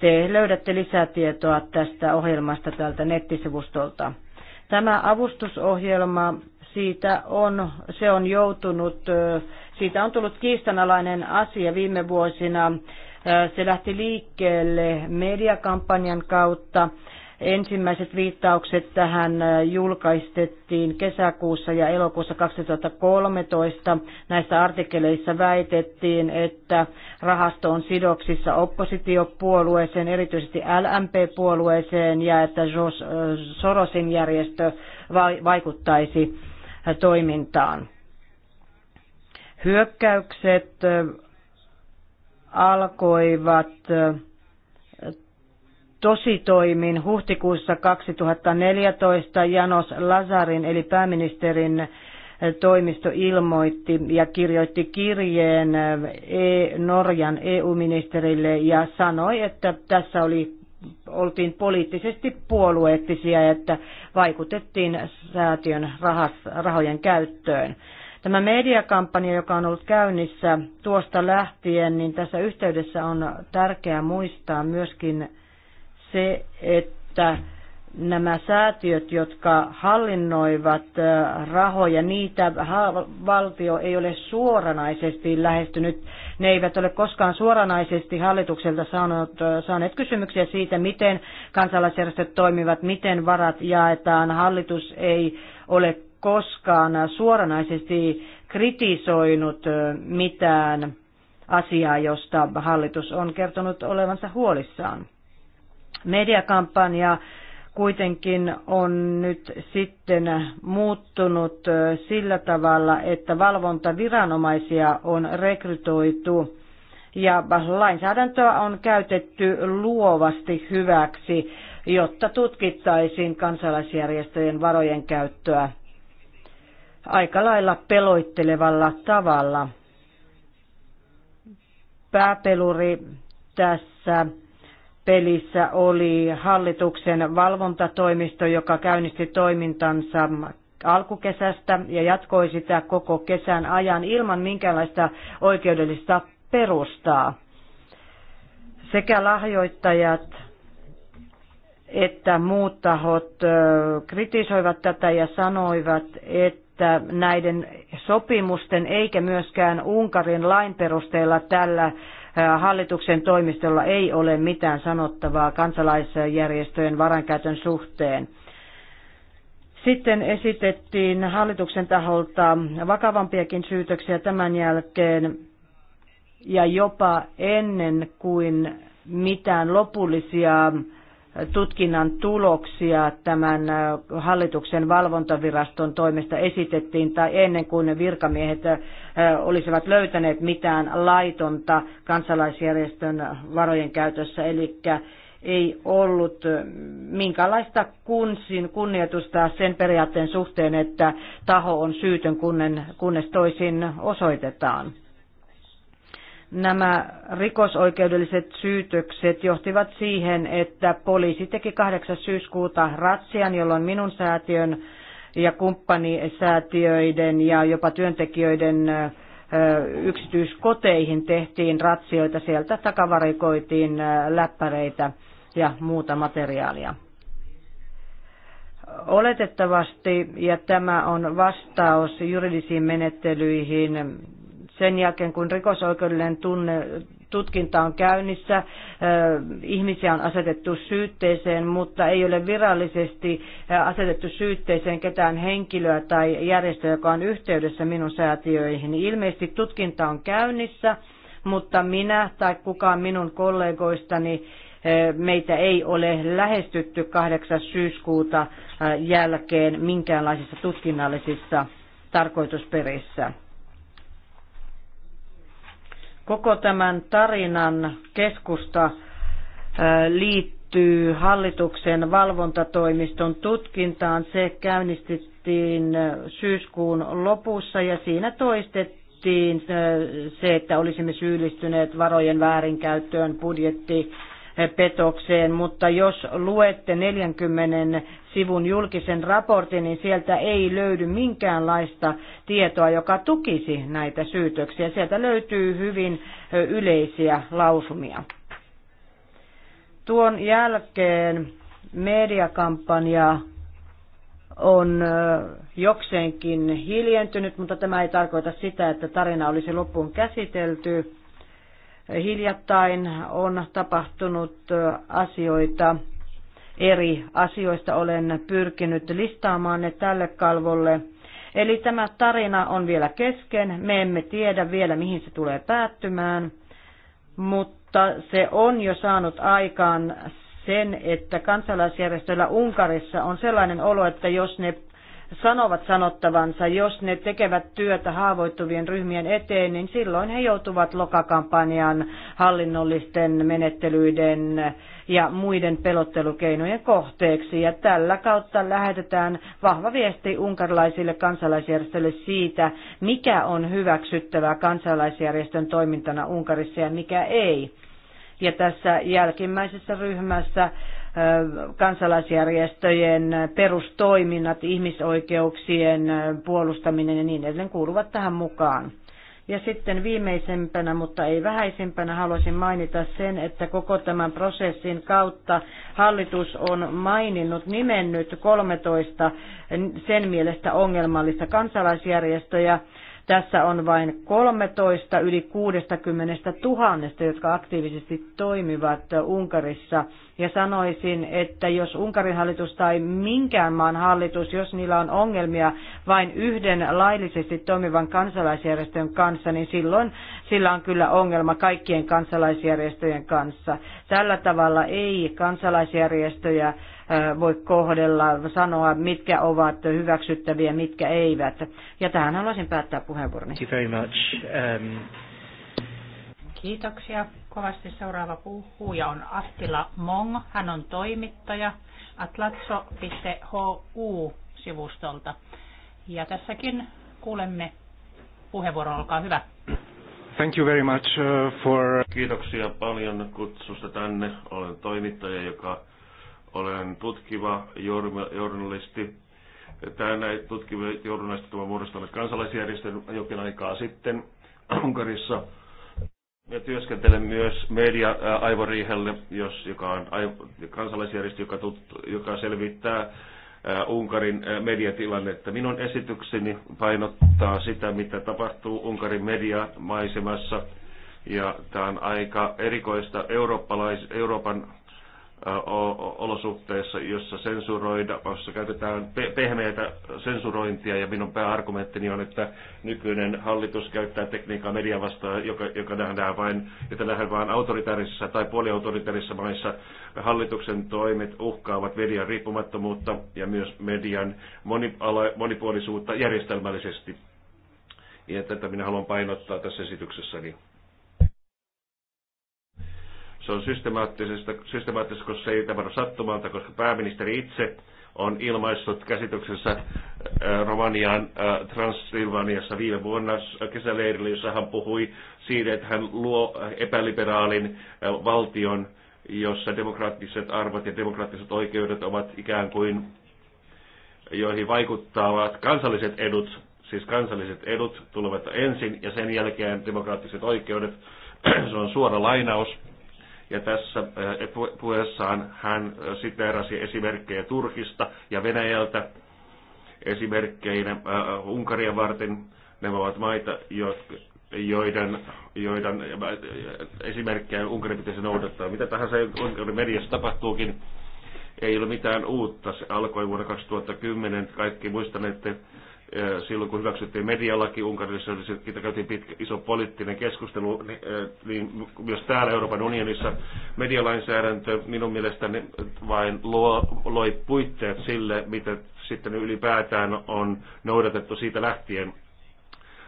Te löydätte lisätietoa tästä ohjelmasta tältä nettisivustolta. Tämä avustusohjelma, siitä on, se on joutunut, siitä on tullut kiistanalainen asia viime vuosina. Se lähti liikkeelle mediakampanjan kautta Ensimmäiset viittaukset tähän äh, julkaistettiin kesäkuussa ja elokuussa 2013. Näissä artikkeleissa väitettiin, että rahasto on sidoksissa oppositiopuolueeseen, erityisesti LMP-puolueeseen, ja että äh, Sorosin järjestö vaikuttaisi äh, toimintaan. Hyökkäykset alkoivat tositoimin huhtikuussa 2014 Janos Lazarin eli pääministerin eh, toimisto ilmoitti ja kirjoitti kirjeen eh, e-, Norjan EU-ministerille ja sanoi, että tässä oli, oltiin poliittisesti puolueettisia, että vaikutettiin säätiön rahas, rahojen käyttöön. Tämä mediakampanja, joka on ollut käynnissä tuosta lähtien, niin tässä yhteydessä on tärkeää muistaa myöskin se, että nämä säätiöt, jotka hallinnoivat äh, rahoja, niitä valtio ei ole suoranaisesti lähestynyt. Ne eivät ole koskaan suoranaisesti hallitukselta saanut, äh, saaneet kysymyksiä siitä, miten kansalaisjärjestöt toimivat, miten varat jaetaan. Hallitus ei ole koskaan suoranaisesti kritisoinut äh, mitään asiaa, josta hallitus on kertonut olevansa huolissaan mediakampanja kuitenkin on nyt sitten muuttunut sillä tavalla, että valvontaviranomaisia on rekrytoitu ja lainsäädäntöä on käytetty luovasti hyväksi, jotta tutkittaisiin kansalaisjärjestöjen varojen käyttöä aika lailla peloittelevalla tavalla. Pääpeluri tässä pelissä oli hallituksen valvontatoimisto, joka käynnisti toimintansa alkukesästä ja jatkoi sitä koko kesän ajan ilman minkäänlaista oikeudellista perustaa. Sekä lahjoittajat että muut tahot kritisoivat tätä ja sanoivat, että näiden sopimusten eikä myöskään Unkarin lain perusteella tällä hallituksen toimistolla ei ole mitään sanottavaa kansalaisjärjestöjen varankäytön suhteen. Sitten esitettiin hallituksen taholta vakavampiakin syytöksiä tämän jälkeen ja jopa ennen kuin mitään lopullisia tutkinnan tuloksia tämän hallituksen valvontaviraston toimesta esitettiin tai ennen kuin virkamiehet olisivat löytäneet mitään laitonta kansalaisjärjestön varojen käytössä. Eli ei ollut minkälaista kunsin kunnioitusta sen periaatteen suhteen, että taho on syytön, kunnes toisin osoitetaan nämä rikosoikeudelliset syytökset johtivat siihen, että poliisi teki 8. syyskuuta ratsian, jolloin minun säätiön ja kumppanisäätiöiden ja jopa työntekijöiden yksityiskoteihin tehtiin ratsioita. Sieltä takavarikoitiin läppäreitä ja muuta materiaalia. Oletettavasti, ja tämä on vastaus juridisiin menettelyihin, sen jälkeen, kun rikosoikeudellinen tunne, tutkinta on käynnissä, ihmisiä on asetettu syytteeseen, mutta ei ole virallisesti asetettu syytteeseen ketään henkilöä tai järjestöä, joka on yhteydessä minun säätiöihin. Ilmeisesti tutkinta on käynnissä, mutta minä tai kukaan minun kollegoistani meitä ei ole lähestytty 8. syyskuuta jälkeen minkäänlaisissa tutkinnallisissa tarkoitusperissä. Koko tämän tarinan keskusta äh, liittyy hallituksen valvontatoimiston tutkintaan. Se käynnistettiin äh, syyskuun lopussa ja siinä toistettiin äh, se, että olisimme syyllistyneet varojen väärinkäyttöön budjetti petokseen, mutta jos luette 40 sivun julkisen raportin, niin sieltä ei löydy minkäänlaista tietoa, joka tukisi näitä syytöksiä. Sieltä löytyy hyvin yleisiä lausumia. Tuon jälkeen mediakampanja on jokseenkin hiljentynyt, mutta tämä ei tarkoita sitä, että tarina olisi loppuun käsitelty. Hiljattain on tapahtunut asioita, eri asioista olen pyrkinyt listaamaan ne tälle kalvolle. Eli tämä tarina on vielä kesken, me emme tiedä vielä mihin se tulee päättymään, mutta se on jo saanut aikaan sen, että kansalaisjärjestöllä Unkarissa on sellainen olo, että jos ne sanovat sanottavansa, jos ne tekevät työtä haavoittuvien ryhmien eteen, niin silloin he joutuvat lokakampanjan hallinnollisten menettelyiden ja muiden pelottelukeinojen kohteeksi. Ja tällä kautta lähetetään vahva viesti unkarilaisille kansalaisjärjestöille siitä, mikä on hyväksyttävää kansalaisjärjestön toimintana Unkarissa ja mikä ei. Ja tässä jälkimmäisessä ryhmässä kansalaisjärjestöjen perustoiminnat, ihmisoikeuksien puolustaminen ja niin edelleen kuuluvat tähän mukaan. Ja sitten viimeisempänä, mutta ei vähäisimpänä, haluaisin mainita sen, että koko tämän prosessin kautta hallitus on maininnut, nimennyt 13 sen mielestä ongelmallista kansalaisjärjestöjä, tässä on vain 13 yli 60 000, jotka aktiivisesti toimivat Unkarissa. Ja sanoisin, että jos Unkarin hallitus tai minkään maan hallitus, jos niillä on ongelmia vain yhden laillisesti toimivan kansalaisjärjestön kanssa, niin silloin sillä on kyllä ongelma kaikkien kansalaisjärjestöjen kanssa. Tällä tavalla ei kansalaisjärjestöjä voi kohdella, sanoa mitkä ovat hyväksyttäviä, mitkä eivät. Ja tähän haluaisin päättää puheenvuoroni. Thank you very much. Um... Kiitoksia. Kovasti seuraava puhuja on Attila Mong. Hän on toimittaja atlatso.hu-sivustolta. Ja tässäkin kuulemme puheenvuoron. Olkaa hyvä. Thank you very much uh, for... Kiitoksia paljon kutsusta tänne. Olen toimittaja, joka olen tutkiva journalisti. Tänä tutkiva journalisti on muodostanut kansalaisjärjestön jokin aikaa sitten Unkarissa. Ja työskentelen myös Media äh, Aivoriihelle, jos, joka on kansalaisjärjestö, joka, tut, joka selvittää äh, Unkarin äh, mediatilannetta. Minun esitykseni painottaa sitä, mitä tapahtuu Unkarin mediamaisemassa. Ja tämä on aika erikoista Euroopan olosuhteissa, jossa sensuroida, jossa käytetään pehmeitä sensurointia ja minun pääargumenttini on, että nykyinen hallitus käyttää tekniikkaa media vastaan, joka, joka nähdään vain, että nähdään vain autoritaarisissa tai puoliautoritaarisissa maissa. Hallituksen toimet uhkaavat median riippumattomuutta ja myös median monipuolisuutta järjestelmällisesti. Ja tätä minä haluan painottaa tässä esityksessäni. Niin se on systemaattisesta, systemaattisesta koska se ei tapahdu sattumalta, koska pääministeri itse on ilmaissut käsityksensä äh, Romaniaan äh, Transsilvaniassa viime vuonna äh, kesäleirillä, jossa hän puhui siitä, että hän luo epäliberaalin valtion, jossa demokraattiset arvot ja demokraattiset oikeudet ovat ikään kuin, joihin vaikuttavat kansalliset edut, siis kansalliset edut tulevat ensin ja sen jälkeen demokraattiset oikeudet. Se on suora lainaus ja tässä eh, puheessaan hän eh, siteerasi esimerkkejä Turkista ja Venäjältä esimerkkeinä eh, Unkaria varten. Nämä ovat maita, jotka joiden, joiden esimerkkejä Unkarin pitäisi noudattaa. Mitä tahansa Unkarin mediassa tapahtuukin, ei ole mitään uutta. Se alkoi vuonna 2010, kaikki että silloin kun hyväksyttiin medialaki Unkarissa, niin siitä käytiin pitkä, iso poliittinen keskustelu, niin, niin myös täällä Euroopan unionissa medialainsäädäntö minun mielestäni vain luo, loi puitteet sille, mitä sitten ylipäätään on noudatettu siitä lähtien.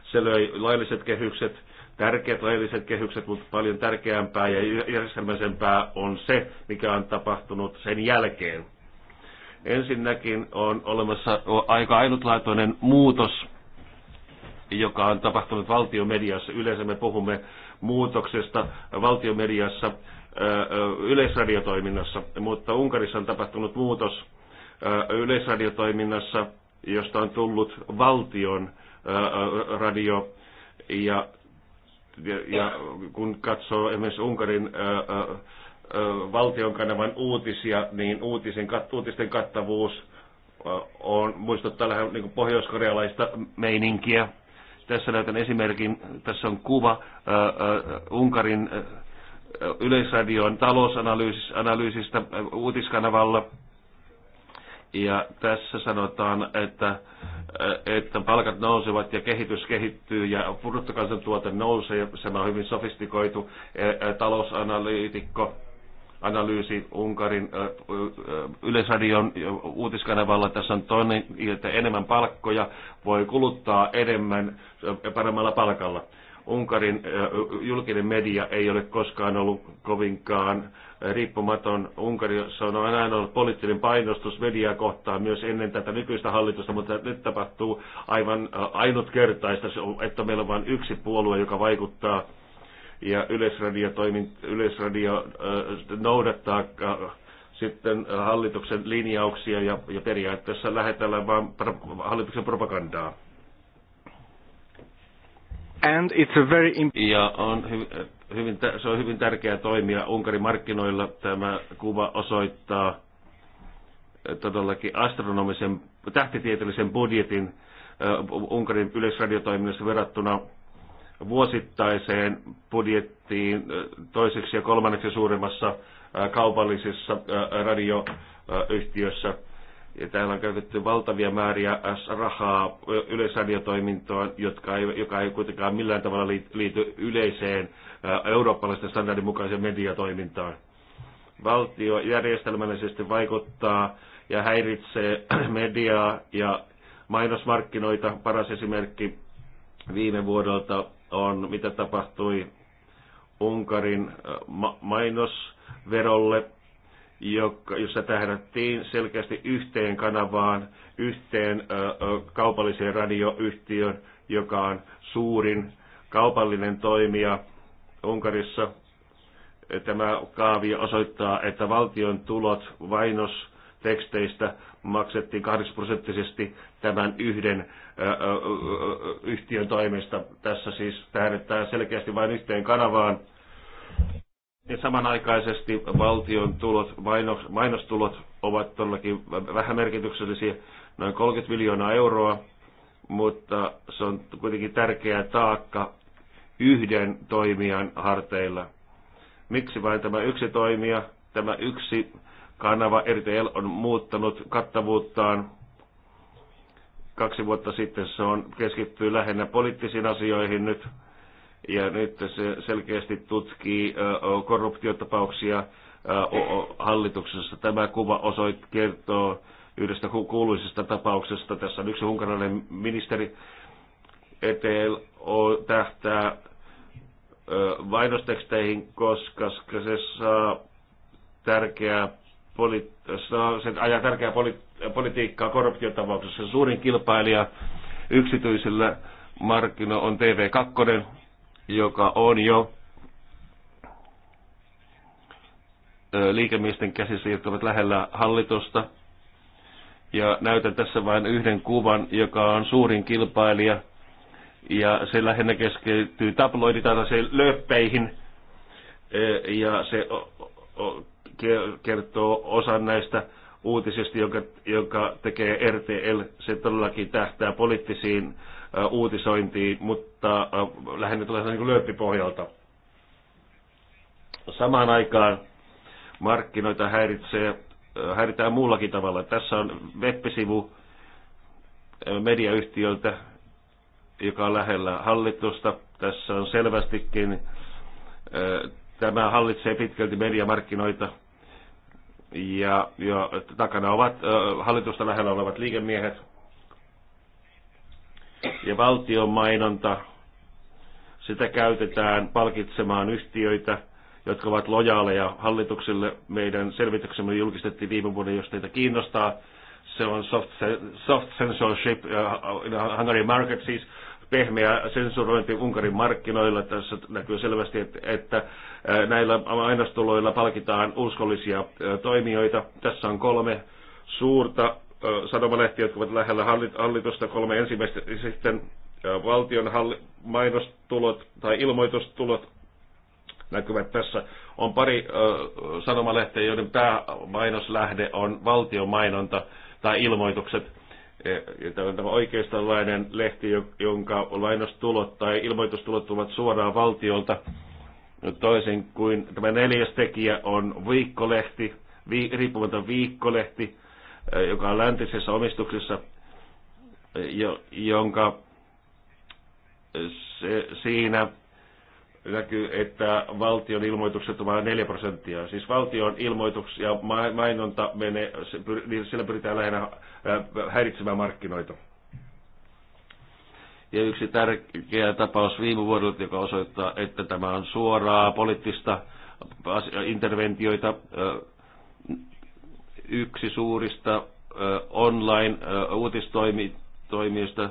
Se löi lailliset kehykset, tärkeät lailliset kehykset, mutta paljon tärkeämpää ja järjestelmäisempää on se, mikä on tapahtunut sen jälkeen Ensinnäkin on olemassa aika ainutlaatuinen muutos, joka on tapahtunut valtiomediassa. Yleensä me puhumme muutoksesta valtiomediassa yleisradiotoiminnassa, mutta Unkarissa on tapahtunut muutos yleisradiotoiminnassa, josta on tullut valtion radio. Ja, ja, ja kun katsoo esimerkiksi Unkarin ää, valtion kanavan uutisia, niin uutisen, uutisten kattavuus on, muistuttaa vähän niin pohjoiskorealaista meininkiä. Tässä näytän esimerkin, tässä on kuva uh, Unkarin yleisradion talousanalyysistä uutiskanavalla. Ja tässä sanotaan, että, että palkat nousevat ja kehitys kehittyy ja bruttokansantuote nousee. Se on hyvin sofistikoitu talousanalyytikko analyysi Unkarin yleisradion uutiskanavalla. Tässä on toinen, että enemmän palkkoja voi kuluttaa enemmän paremmalla palkalla. Unkarin julkinen media ei ole koskaan ollut kovinkaan riippumaton. Unkarissa on aina ollut poliittinen painostus mediaa kohtaan myös ennen tätä nykyistä hallitusta, mutta nyt tapahtuu aivan ainutkertaista, että meillä on vain yksi puolue, joka vaikuttaa ja yleisradio, toimin, yleisradio noudattaa sitten hallituksen linjauksia ja, ja periaatteessa lähetellään vain hallituksen propagandaa. And it's a very ja on hy- hyvin, se on hyvin tärkeää toimia Unkarin markkinoilla. Tämä kuva osoittaa todellakin astronomisen tähtitieteellisen budjetin Unkarin yleisradiotoiminnassa verrattuna vuosittaiseen budjettiin toiseksi ja kolmanneksi suurimmassa kaupallisessa radioyhtiössä. Ja täällä on käytetty valtavia määriä rahaa yleisradiotoimintoon, jotka ei, joka ei kuitenkaan millään tavalla liity yleiseen eurooppalaisten standardin mukaiseen mediatoimintaan. Valtio järjestelmällisesti vaikuttaa ja häiritsee mediaa ja mainosmarkkinoita. Paras esimerkki viime vuodelta on, mitä tapahtui Unkarin ma- mainosverolle, joka, jossa tähdättiin selkeästi yhteen kanavaan, yhteen ö, kaupalliseen radioyhtiön, joka on suurin kaupallinen toimija Unkarissa. E, tämä kaavio osoittaa, että valtion tulot vainosteksteistä maksettiin 8 prosenttisesti tämän yhden yhtiön toimesta. Tässä siis tähdetään selkeästi vain yhteen kanavaan. Ja samanaikaisesti valtion tulot, mainostulot ovat todellakin vähän merkityksellisiä, noin 30 miljoonaa euroa, mutta se on kuitenkin tärkeä taakka yhden toimijan harteilla. Miksi vain tämä yksi toimija, tämä yksi kanava RTL on muuttanut kattavuuttaan kaksi vuotta sitten se on keskittyy lähinnä poliittisiin asioihin nyt, ja nyt se selkeästi tutkii korruptiotapauksia hallituksessa. Tämä kuva osoit kertoo yhdestä kuuluisesta tapauksesta. Tässä on yksi unkarilainen ministeri eteen tähtää vainosteksteihin, koska se saa tärkeää poli, se ajaa tärkeää poli, politiikkaa korruptiotapauksessa. Suurin kilpailija yksityisellä markkinoilla on TV2, joka on jo liikemiesten käsissä, jotka ovat lähellä hallitusta. Ja näytän tässä vain yhden kuvan, joka on suurin kilpailija. Ja se lähinnä keskeytyy se löppeihin. Ja se kertoo osan näistä uutisista, jonka, jonka tekee RTL. Se todellakin tähtää poliittisiin uutisointiin, mutta lähinnä tulee niin lööppipohjalta. Samaan aikaan markkinoita häiritsee, häiritään muullakin tavalla. Tässä on web-sivu mediayhtiöltä, joka on lähellä hallitusta. Tässä on selvästikin, tämä hallitsee pitkälti mediamarkkinoita – ja, ja takana ovat äh, hallitusta lähellä olevat liikemiehet ja valtion mainonta. Sitä käytetään palkitsemaan yhtiöitä, jotka ovat lojaaleja hallitukselle. Meidän selvityksemme julkistettiin viime vuonna, jos teitä kiinnostaa. Se on soft, soft censorship, uh, Hungary Market siis pehmeä sensurointi Unkarin markkinoilla. Tässä näkyy selvästi, että, että näillä mainostuloilla palkitaan uskollisia toimijoita. Tässä on kolme suurta sanomalehtiä, jotka ovat lähellä hallitusta. Kolme ensimmäistä sitten valtion mainostulot tai ilmoitustulot näkyvät tässä. On pari sanomalehteä, joiden päämainoslähde on valtion mainonta tai ilmoitukset E, tämä on tämä oikeistolainen lehti, jonka lainostulot tai ilmoitustulot tulevat suoraan valtiolta. No, toisin kuin tämä neljäs tekijä on viikkolehti, vi, riippumaton viikkolehti, e, joka on läntisessä omistuksessa, e, jo, jonka se, siinä näkyy, että valtion ilmoitukset ovat vain 4 prosenttia. Siis valtion ilmoitus ja mainonta menee, niin sillä pyritään lähinnä äh, häiritsemään markkinoita. Ja yksi tärkeä tapaus viime vuodelta, joka osoittaa, että tämä on suoraa poliittista interventioita. Äh, yksi suurista äh, online-uutistoimijoista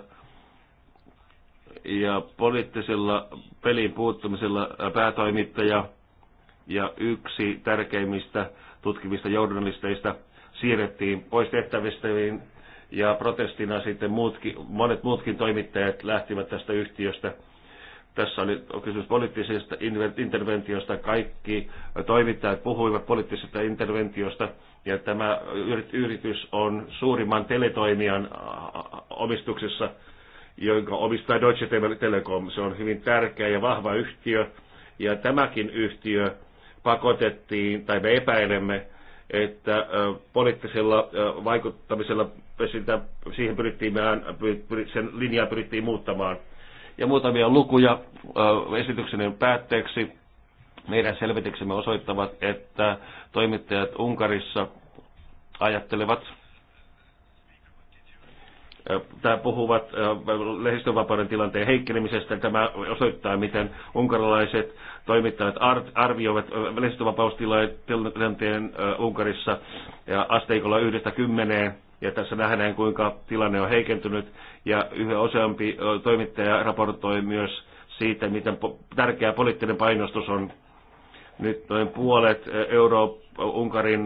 ja poliittisella pelin puuttumisella päätoimittaja ja yksi tärkeimmistä tutkivista journalisteista siirrettiin pois tehtävistäviin ja protestina sitten muutkin, monet muutkin toimittajat lähtivät tästä yhtiöstä. Tässä oli kysymys poliittisesta interventiosta. Kaikki toimittajat puhuivat poliittisesta interventiosta ja tämä yritys on suurimman teletoimijan omistuksessa – jonka omistaa Deutsche Telekom. Se on hyvin tärkeä ja vahva yhtiö. Ja tämäkin yhtiö pakotettiin, tai me epäilemme, että poliittisella vaikuttamisella sitä, siihen pyrittiin, sen linjaa pyrittiin muuttamaan. Ja muutamia lukuja esityksen päätteeksi. Meidän selvityksemme osoittavat, että toimittajat Unkarissa ajattelevat tämä puhuvat lehdistönvapauden tilanteen heikkenemisestä. Tämä osoittaa, miten unkarilaiset toimittajat arvioivat lehdistönvapaustilanteen Unkarissa ja asteikolla yhdestä kymmeneen. Ja tässä nähdään, kuinka tilanne on heikentynyt ja yhä useampi toimittaja raportoi myös siitä, miten tärkeä poliittinen painostus on. Nyt noin puolet Euro-Unkarin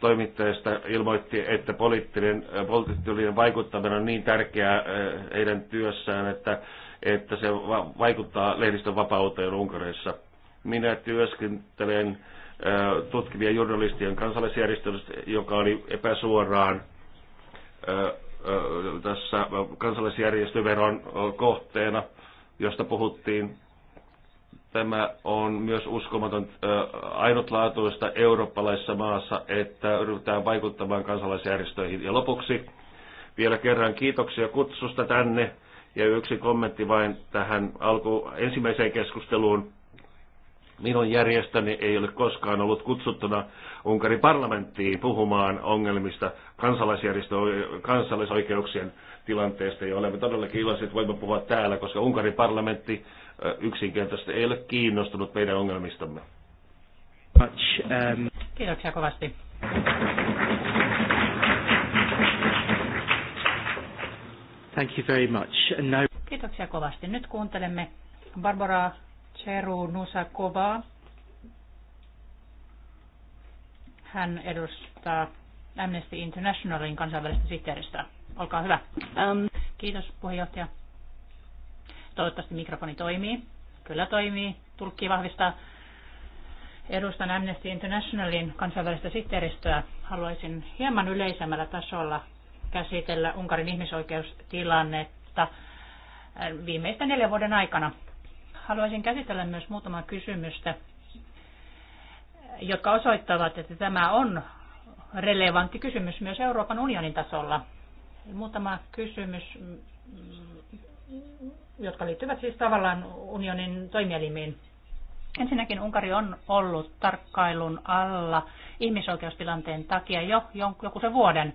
toimittajista ilmoitti, että poliittinen, äh, poliittinen vaikuttaminen on niin tärkeää äh, heidän työssään, että, että se vaikuttaa lehdistön vapauteen Unkarissa. Minä työskentelen äh, tutkivien journalistien kansalaisjärjestöstä, joka oli epäsuoraan tässä kansalaisjärjestöveron kohteena, josta puhuttiin Tämä on myös uskomaton ainutlaatuista eurooppalaisessa maassa, että ryhdytään vaikuttamaan kansalaisjärjestöihin. Ja lopuksi vielä kerran kiitoksia kutsusta tänne. Ja yksi kommentti vain tähän alku ensimmäiseen keskusteluun. Minun järjestäni ei ole koskaan ollut kutsuttuna Unkarin parlamenttiin puhumaan ongelmista kansalaisjärjestö, kansalaisoikeuksien tilanteesta. Ja olemme todellakin iloisia, että voimme puhua täällä, koska Unkarin parlamentti yksinkertaisesti ei ole kiinnostunut meidän ongelmistamme. Um, Kiitoksia kovasti. Thank you very much. now... Kiitoksia kovasti. Nyt kuuntelemme Barbara Cheru Nusakovaa. Hän edustaa Amnesty Internationalin kansainvälistä sihteeristä. Olkaa hyvä. Um, Kiitos puheenjohtaja. Toivottavasti mikrofoni toimii. Kyllä toimii. Tulkki vahvistaa. Edustan Amnesty Internationalin kansainvälistä sihteeristöä. Haluaisin hieman yleisemmällä tasolla käsitellä Unkarin ihmisoikeustilannetta äh, viimeisten neljän vuoden aikana. Haluaisin käsitellä myös muutamaa kysymystä, jotka osoittavat, että tämä on relevantti kysymys myös Euroopan unionin tasolla. Muutama kysymys jotka liittyvät siis tavallaan unionin toimielimiin. Ensinnäkin Unkari on ollut tarkkailun alla ihmisoikeustilanteen takia jo joku se vuoden.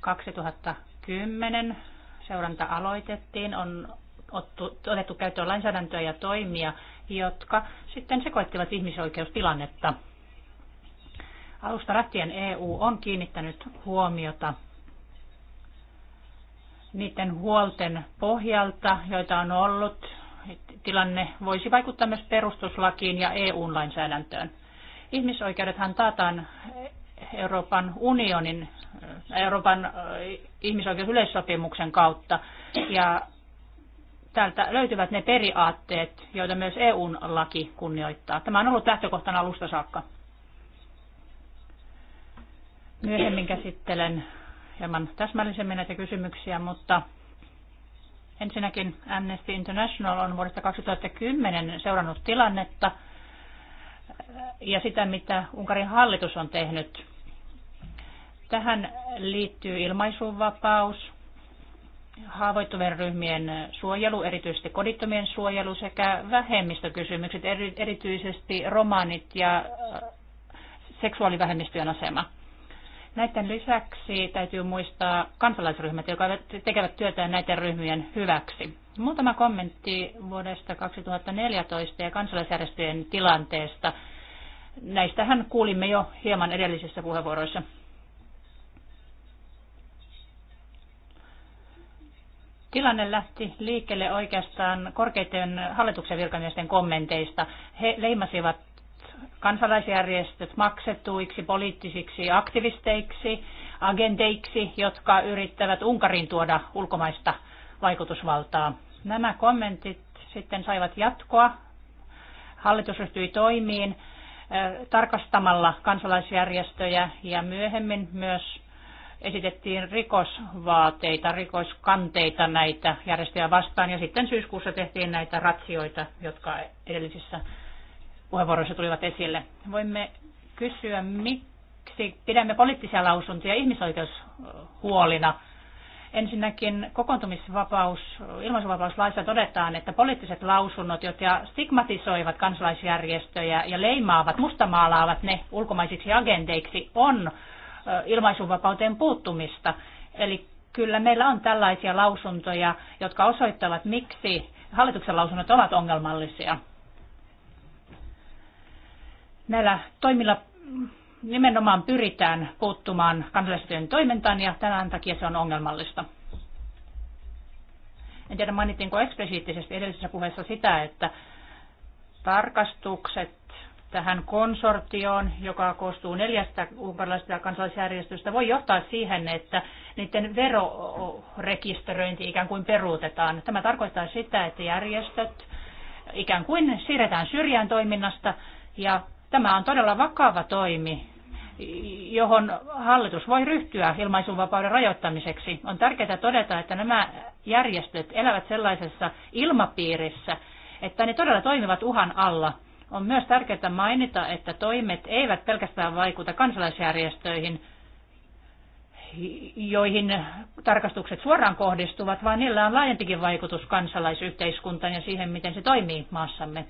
2010 seuranta aloitettiin, on otettu käyttöön lainsäädäntöä ja toimia, jotka sitten sekoittivat ihmisoikeustilannetta. Alusta lähtien EU on kiinnittänyt huomiota niiden huolten pohjalta, joita on ollut, tilanne voisi vaikuttaa myös perustuslakiin ja EU-lainsäädäntöön. Ihmisoikeudethan taataan Euroopan unionin, äh, Euroopan äh, ihmisoikeusyleissopimuksen kautta. Ja täältä löytyvät ne periaatteet, joita myös eu laki kunnioittaa. Tämä on ollut lähtökohtana alusta saakka. Myöhemmin käsittelen hieman täsmällisemmin näitä kysymyksiä, mutta ensinnäkin Amnesty International on vuodesta 2010 seurannut tilannetta ja sitä, mitä Unkarin hallitus on tehnyt. Tähän liittyy ilmaisuvapaus, haavoittuvien ryhmien suojelu, erityisesti kodittomien suojelu sekä vähemmistökysymykset, erityisesti romaanit ja seksuaalivähemmistöjen asema. Näiden lisäksi täytyy muistaa kansalaisryhmät, jotka tekevät työtä näiden ryhmien hyväksi. Muutama kommentti vuodesta 2014 ja kansalaisjärjestöjen tilanteesta. Näistähän kuulimme jo hieman edellisissä puheenvuoroissa. Tilanne lähti liikkeelle oikeastaan korkeiden hallituksen virkamiesten kommenteista. He leimasivat kansalaisjärjestöt maksetuiksi poliittisiksi aktivisteiksi, agenteiksi, jotka yrittävät Unkarin tuoda ulkomaista vaikutusvaltaa. Nämä kommentit sitten saivat jatkoa. Hallitus ryhtyi toimiin tarkastamalla kansalaisjärjestöjä ja myöhemmin myös esitettiin rikosvaateita, rikoskanteita näitä järjestöjä vastaan ja sitten syyskuussa tehtiin näitä ratsioita, jotka edellisissä puheenvuoroissa tulivat esille. Voimme kysyä, miksi pidämme poliittisia lausuntoja ihmisoikeushuolina. Ensinnäkin kokoontumisvapaus, ilmaisuvapauslaissa todetaan, että poliittiset lausunnot, jotka stigmatisoivat kansalaisjärjestöjä ja leimaavat, mustamaalaavat ne ulkomaisiksi agenteiksi, on ilmaisuvapauteen puuttumista. Eli kyllä meillä on tällaisia lausuntoja, jotka osoittavat, miksi hallituksen lausunnot ovat ongelmallisia. Näillä toimilla nimenomaan pyritään puuttumaan kansalaisten toimintaan ja tämän takia se on ongelmallista. En tiedä mainitinko eksplisiittisesti edellisessä puheessa sitä, että tarkastukset tähän konsortioon, joka koostuu neljästä unkarilaisesta kansalaisjärjestöstä, voi johtaa siihen, että niiden verorekisteröinti ikään kuin peruutetaan. Tämä tarkoittaa sitä, että järjestöt ikään kuin siirretään syrjään toiminnasta ja Tämä on todella vakava toimi, johon hallitus voi ryhtyä ilmaisunvapauden rajoittamiseksi. On tärkeää todeta, että nämä järjestöt elävät sellaisessa ilmapiirissä, että ne todella toimivat uhan alla. On myös tärkeää mainita, että toimet eivät pelkästään vaikuta kansalaisjärjestöihin, joihin tarkastukset suoraan kohdistuvat, vaan niillä on laajempikin vaikutus kansalaisyhteiskuntaan ja siihen, miten se toimii maassamme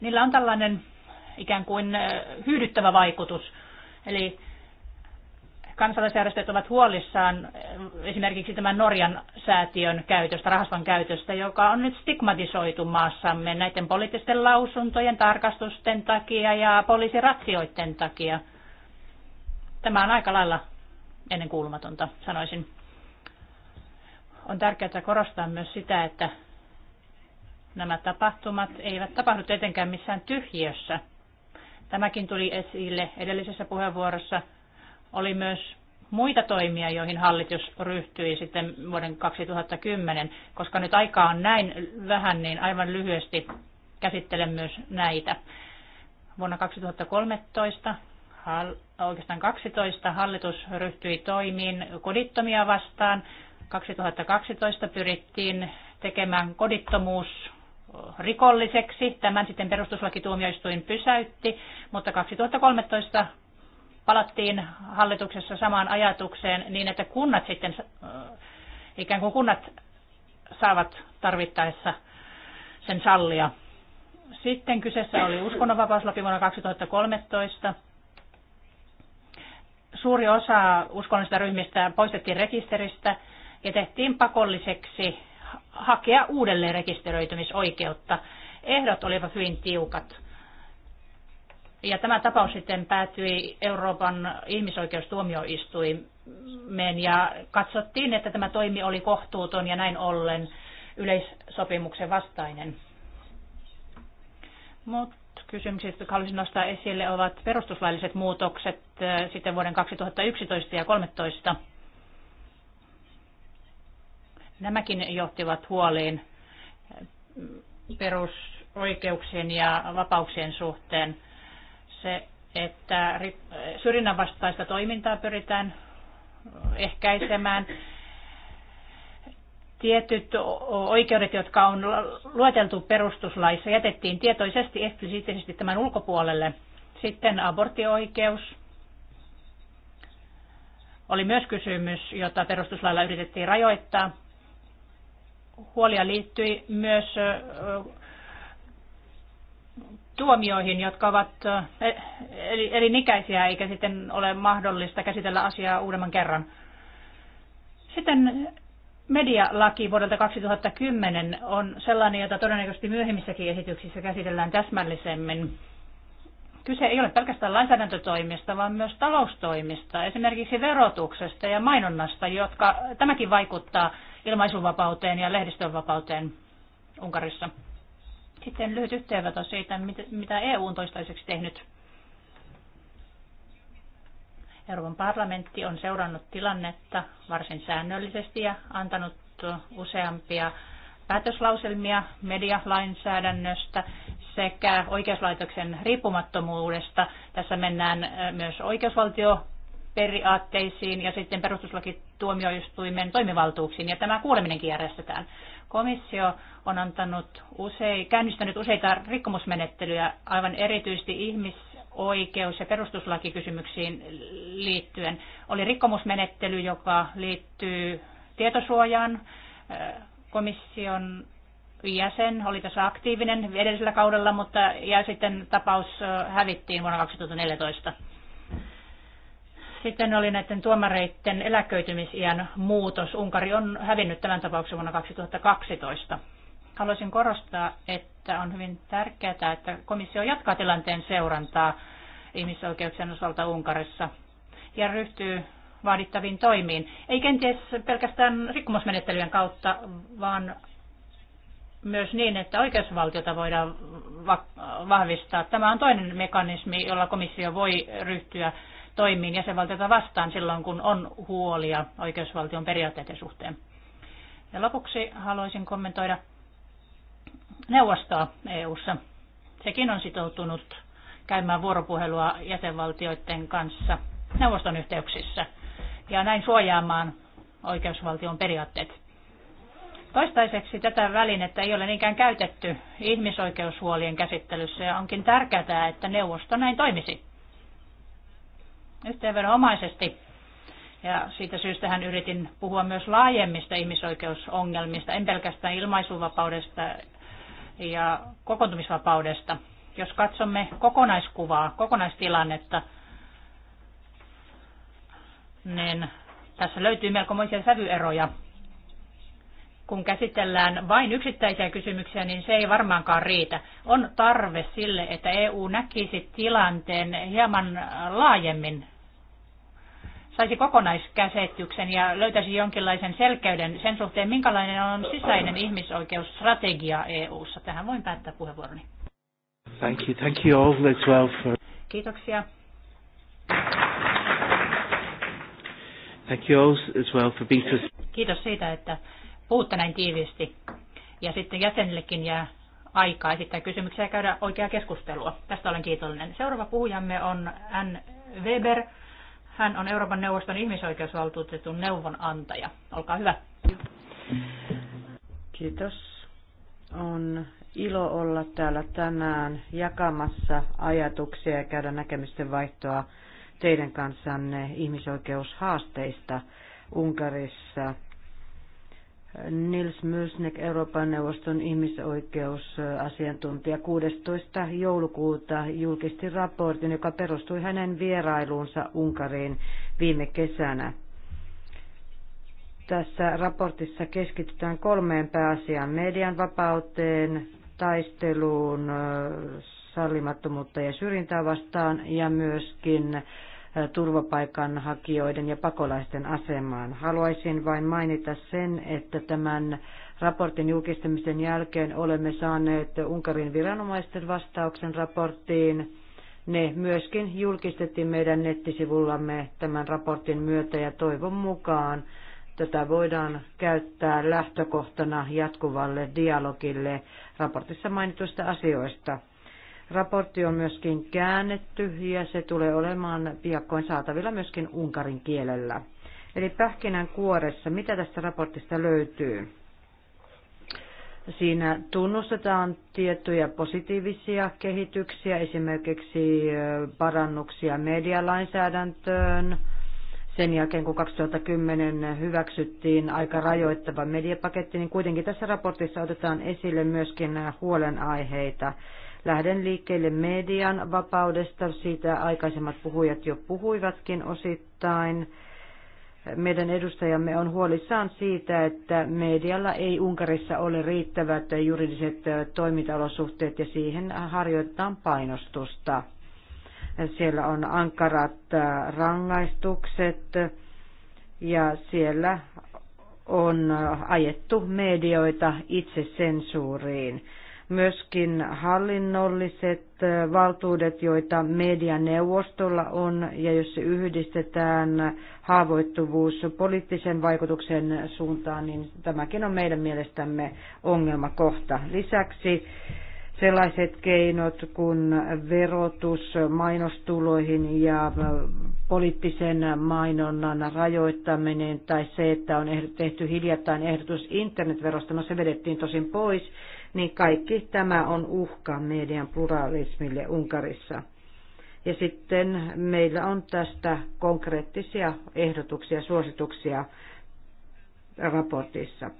niillä on tällainen ikään kuin hyydyttävä vaikutus. Eli kansalaisjärjestöt ovat huolissaan esimerkiksi tämän Norjan säätiön käytöstä, rahaston käytöstä, joka on nyt stigmatisoitu maassamme näiden poliittisten lausuntojen, tarkastusten takia ja poliisiratsioiden takia. Tämä on aika lailla ennenkuulumatonta, sanoisin. On tärkeää korostaa myös sitä, että Nämä tapahtumat eivät tapahdu tietenkään missään tyhjiössä. Tämäkin tuli esille edellisessä puheenvuorossa. Oli myös muita toimia, joihin hallitus ryhtyi sitten vuoden 2010. Koska nyt aikaa on näin vähän, niin aivan lyhyesti käsittelen myös näitä. Vuonna 2013, oikeastaan 2012, hallitus ryhtyi toimiin kodittomia vastaan. 2012 pyrittiin tekemään kodittomuus rikolliseksi. Tämän sitten perustuslakituomioistuin pysäytti, mutta 2013 palattiin hallituksessa samaan ajatukseen niin, että kunnat sitten, äh, ikään kuin kunnat saavat tarvittaessa sen sallia. Sitten kyseessä oli uskonnonvapauslaki vuonna 2013. Suuri osa uskonnollisista ryhmistä poistettiin rekisteristä ja tehtiin pakolliseksi hakea uudelleen rekisteröitymisoikeutta. Ehdot olivat hyvin tiukat. Ja tämä tapaus sitten päätyi Euroopan ihmisoikeustuomioistuimeen ja katsottiin, että tämä toimi oli kohtuuton ja näin ollen yleissopimuksen vastainen. Mut kysymykset, jotka haluaisin nostaa esille, ovat perustuslailliset muutokset äh, sitten vuoden 2011 ja 2013 Nämäkin johtivat huoliin perusoikeuksien ja vapauksien suhteen. Se, että syrjinnän vastaista toimintaa pyritään ehkäisemään. Tietyt oikeudet, jotka on lueteltu perustuslaissa, jätettiin tietoisesti eksplisiittisesti tämän ulkopuolelle. Sitten aborttioikeus oli myös kysymys, jota perustuslailla yritettiin rajoittaa huolia liittyi myös tuomioihin, jotka ovat e, elinikäisiä, eikä sitten ole mahdollista käsitellä asiaa uudemman kerran. Sitten medialaki vuodelta 2010 on sellainen, jota todennäköisesti myöhemmissäkin esityksissä käsitellään täsmällisemmin. Kyse ei ole pelkästään lainsäädäntötoimista, vaan myös taloustoimista, esimerkiksi verotuksesta ja mainonnasta, jotka tämäkin vaikuttaa ilmaisuvapauteen ja lehdistönvapauteen Unkarissa. Sitten lyhyt yhteenveto siitä, mitä EU on toistaiseksi tehnyt. Euroopan parlamentti on seurannut tilannetta varsin säännöllisesti ja antanut useampia päätöslauselmia medialainsäädännöstä sekä oikeuslaitoksen riippumattomuudesta. Tässä mennään myös oikeusvaltio periaatteisiin ja sitten perustuslakituomioistuimen toimivaltuuksiin. Ja tämä kuuleminenkin järjestetään. Komissio on antanut usein, käynnistänyt useita rikkomusmenettelyjä aivan erityisesti ihmisoikeus- ja perustuslakikysymyksiin liittyen. Oli rikkomusmenettely, joka liittyy tietosuojaan. Komission jäsen oli tässä aktiivinen edellisellä kaudella, mutta ja sitten tapaus hävittiin vuonna 2014. Sitten oli näiden tuomareiden eläköitymisiän muutos. Unkari on hävinnyt tämän tapauksen vuonna 2012. Haluaisin korostaa, että on hyvin tärkeää, että komissio jatkaa tilanteen seurantaa ihmisoikeuksien osalta Unkarissa ja ryhtyy vaadittaviin toimiin. Ei kenties pelkästään rikkomusmenettelyjen kautta, vaan myös niin, että oikeusvaltiota voidaan vahvistaa. Tämä on toinen mekanismi, jolla komissio voi ryhtyä toimiin jäsenvaltiota vastaan silloin, kun on huolia oikeusvaltion periaatteiden suhteen. Ja lopuksi haluaisin kommentoida neuvostoa EU:ssa. Sekin on sitoutunut käymään vuoropuhelua jäsenvaltioiden kanssa neuvoston yhteyksissä ja näin suojaamaan oikeusvaltion periaatteet. Toistaiseksi tätä välinettä ei ole niinkään käytetty ihmisoikeushuolien käsittelyssä ja onkin tärkeää, että neuvosto näin toimisi yhteenvedonomaisesti. Ja siitä syystähän yritin puhua myös laajemmista ihmisoikeusongelmista, en pelkästään ilmaisuvapaudesta ja kokoontumisvapaudesta. Jos katsomme kokonaiskuvaa, kokonaistilannetta, niin tässä löytyy melkomoisia sävyeroja. Kun käsitellään vain yksittäisiä kysymyksiä, niin se ei varmaankaan riitä. On tarve sille, että EU näkisi tilanteen hieman laajemmin saisi kokonaiskäsityksen ja löytäisi jonkinlaisen selkeyden sen suhteen, minkälainen on sisäinen ihmisoikeusstrategia EU:ssa. Tähän voin päättää puheenvuoroni. Thank you. Thank you all as well for... Kiitoksia. Thank you all as well for being so... Kiitos siitä, että puhutte näin tiiviisti. Ja sitten jäsenillekin jää aikaa esittää kysymyksiä ja käydä oikeaa keskustelua. Tästä olen kiitollinen. Seuraava puhujamme on Ann Weber. Hän on Euroopan neuvoston ihmisoikeusvaltuutetun neuvonantaja. Olkaa hyvä. Kiitos. On ilo olla täällä tänään jakamassa ajatuksia ja käydä näkemysten vaihtoa teidän kanssanne ihmisoikeushaasteista Unkarissa Nils Mysnek, Euroopan neuvoston ihmisoikeusasiantuntija, 16. joulukuuta julkisti raportin, joka perustui hänen vierailuunsa Unkariin viime kesänä. Tässä raportissa keskitytään kolmeen pääasiaan, median vapauteen, taisteluun, sallimattomuutta ja syrjintää vastaan ja myöskin turvapaikanhakijoiden ja pakolaisten asemaan. Haluaisin vain mainita sen, että tämän raportin julkistamisen jälkeen olemme saaneet Unkarin viranomaisten vastauksen raporttiin. Ne myöskin julkistettiin meidän nettisivullamme tämän raportin myötä ja toivon mukaan tätä voidaan käyttää lähtökohtana jatkuvalle dialogille raportissa mainituista asioista. Raportti on myöskin käännetty ja se tulee olemaan piakkoin saatavilla myöskin unkarin kielellä. Eli pähkinän kuoressa, mitä tästä raportista löytyy? Siinä tunnustetaan tiettyjä positiivisia kehityksiä, esimerkiksi parannuksia medialainsäädäntöön. Sen jälkeen, kun 2010 hyväksyttiin aika rajoittava mediapaketti, niin kuitenkin tässä raportissa otetaan esille myöskin huolenaiheita. aiheita Lähden liikkeelle median vapaudesta. Siitä aikaisemmat puhujat jo puhuivatkin osittain. Meidän edustajamme on huolissaan siitä, että medialla ei Unkarissa ole riittävät juridiset toimintaolosuhteet ja siihen harjoitetaan painostusta. Siellä on ankarat rangaistukset ja siellä on ajettu medioita itsesensuuriin myöskin hallinnolliset valtuudet, joita medianeuvostolla on, ja jos se yhdistetään haavoittuvuus poliittisen vaikutuksen suuntaan, niin tämäkin on meidän mielestämme ongelmakohta. Lisäksi sellaiset keinot kuin verotus mainostuloihin ja poliittisen mainonnan rajoittaminen tai se, että on tehty hiljattain ehdotus internetverosta, no se vedettiin tosin pois, niin kaikki tämä on uhka median pluralismille Unkarissa. Ja sitten meillä on tästä konkreettisia ehdotuksia, suosituksia raportissa.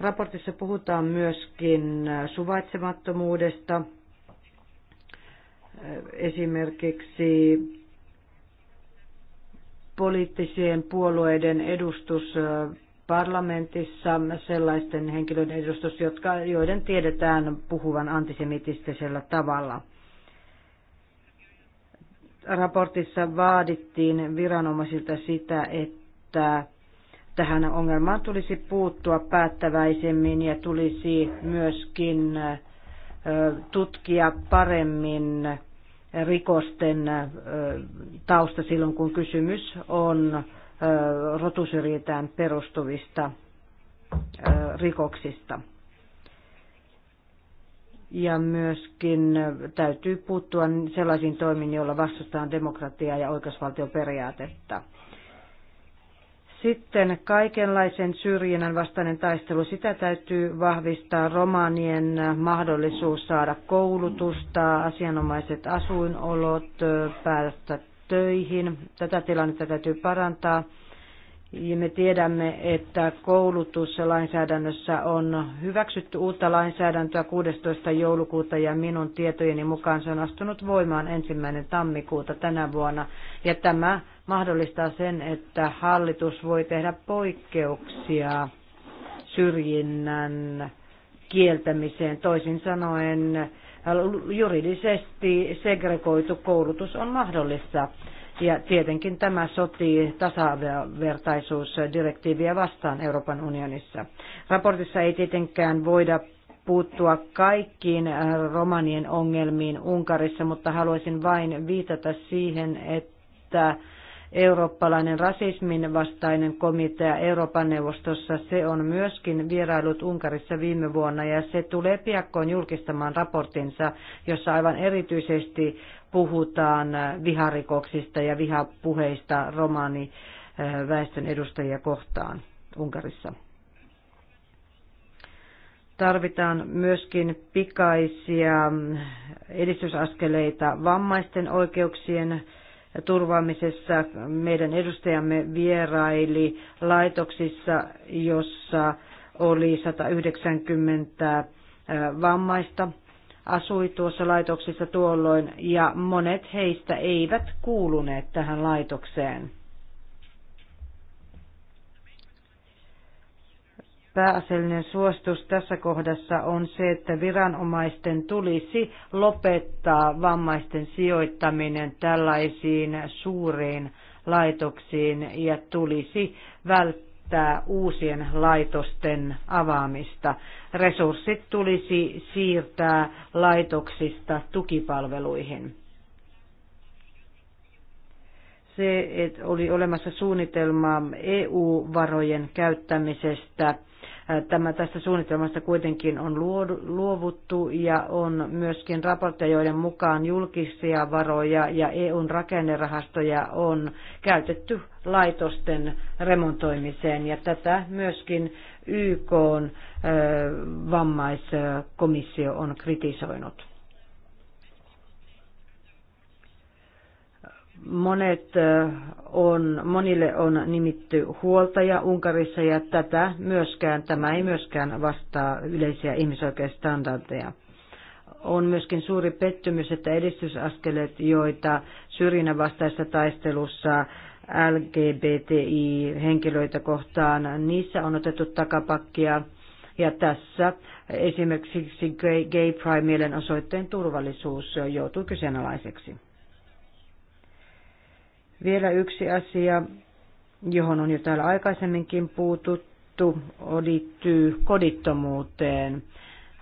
Raportissa puhutaan myöskin suvaitsemattomuudesta, esimerkiksi poliittisien puolueiden edustus parlamentissa sellaisten henkilöiden edustus, jotka, joiden tiedetään puhuvan antisemitistisellä tavalla. Raportissa vaadittiin viranomaisilta sitä, että tähän ongelmaan tulisi puuttua päättäväisemmin ja tulisi myöskin tutkia paremmin rikosten tausta silloin, kun kysymys on rotusyrjintään perustuvista rikoksista. Ja myöskin täytyy puuttua sellaisiin toimiin, joilla vastustetaan demokratiaa ja oikeusvaltioperiaatetta. Sitten kaikenlaisen syrjinnän vastainen taistelu, sitä täytyy vahvistaa romaanien mahdollisuus saada koulutusta, asianomaiset asuinolot, päästä töihin. Tätä tilannetta täytyy parantaa. Ja me tiedämme, että koulutuslainsäädännössä on hyväksytty uutta lainsäädäntöä 16. joulukuuta ja minun tietojeni mukaan se on astunut voimaan ensimmäinen tammikuuta tänä vuonna. Ja tämä mahdollistaa sen, että hallitus voi tehdä poikkeuksia syrjinnän kieltämiseen. Toisin sanoen Äh, juridisesti segregoitu koulutus on mahdollista. Ja tietenkin tämä sotii tasavertaisuusdirektiiviä vastaan Euroopan unionissa. Raportissa ei tietenkään voida puuttua kaikkiin äh, romanien ongelmiin Unkarissa, mutta haluaisin vain viitata siihen, että Eurooppalainen rasismin vastainen komitea Euroopan neuvostossa, se on myöskin vierailut Unkarissa viime vuonna ja se tulee piakkoon julkistamaan raportinsa, jossa aivan erityisesti puhutaan viharikoksista ja vihapuheista romaani eh, väestön edustajia kohtaan Unkarissa. Tarvitaan myöskin pikaisia edistysaskeleita vammaisten oikeuksien turvaamisessa. Meidän edustajamme vieraili laitoksissa, jossa oli 190 vammaista asui tuossa laitoksissa tuolloin ja monet heistä eivät kuuluneet tähän laitokseen. pääasiallinen suostus tässä kohdassa on se, että viranomaisten tulisi lopettaa vammaisten sijoittaminen tällaisiin suuriin laitoksiin ja tulisi välttää uusien laitosten avaamista. Resurssit tulisi siirtää laitoksista tukipalveluihin se, että oli olemassa suunnitelma EU-varojen käyttämisestä Tämä tästä suunnitelmasta kuitenkin on luovuttu ja on myöskin raportteja, joiden mukaan julkisia varoja ja EUn rakennerahastoja on käytetty laitosten remontoimiseen ja tätä myöskin YK vammaiskomissio on kritisoinut. Monet on, monille on nimitty huoltaja Unkarissa ja tätä myöskään, tämä ei myöskään vastaa yleisiä ihmisoikeusstandardeja. On myöskin suuri pettymys, että edistysaskeleet, joita syrjinnän vastaisessa taistelussa LGBTI-henkilöitä kohtaan, niissä on otettu takapakkia. Ja tässä esimerkiksi Gay Pride-mielenosoitteen turvallisuus joutuu kyseenalaiseksi. Vielä yksi asia, johon on jo täällä aikaisemminkin puututtu, liittyy kodittomuuteen.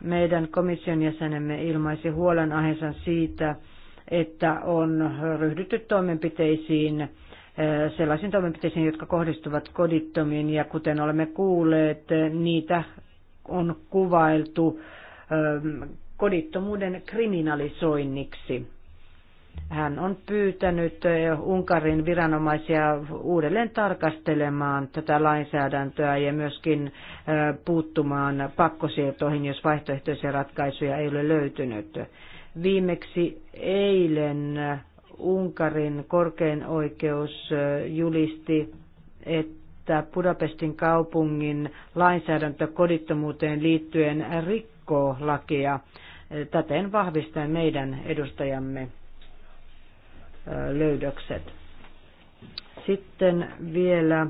Meidän komission jäsenemme ilmaisi huolenaiheensa siitä, että on ryhdytty toimenpiteisiin eh, sellaisiin toimenpiteisiin, jotka kohdistuvat kodittomiin, ja kuten olemme kuulleet, niitä on kuvailtu eh, kodittomuuden kriminalisoinniksi hän on pyytänyt eh, Unkarin viranomaisia uudelleen tarkastelemaan tätä lainsäädäntöä ja myöskin eh, puuttumaan pakkosiirtoihin, jos vaihtoehtoisia ratkaisuja ei ole löytynyt. Viimeksi eilen Unkarin korkein oikeus eh, julisti, että Budapestin kaupungin lainsäädäntö kodittomuuteen liittyen rikkoo lakia, täten vahvistaa meidän edustajamme löydökset. Sitten vielä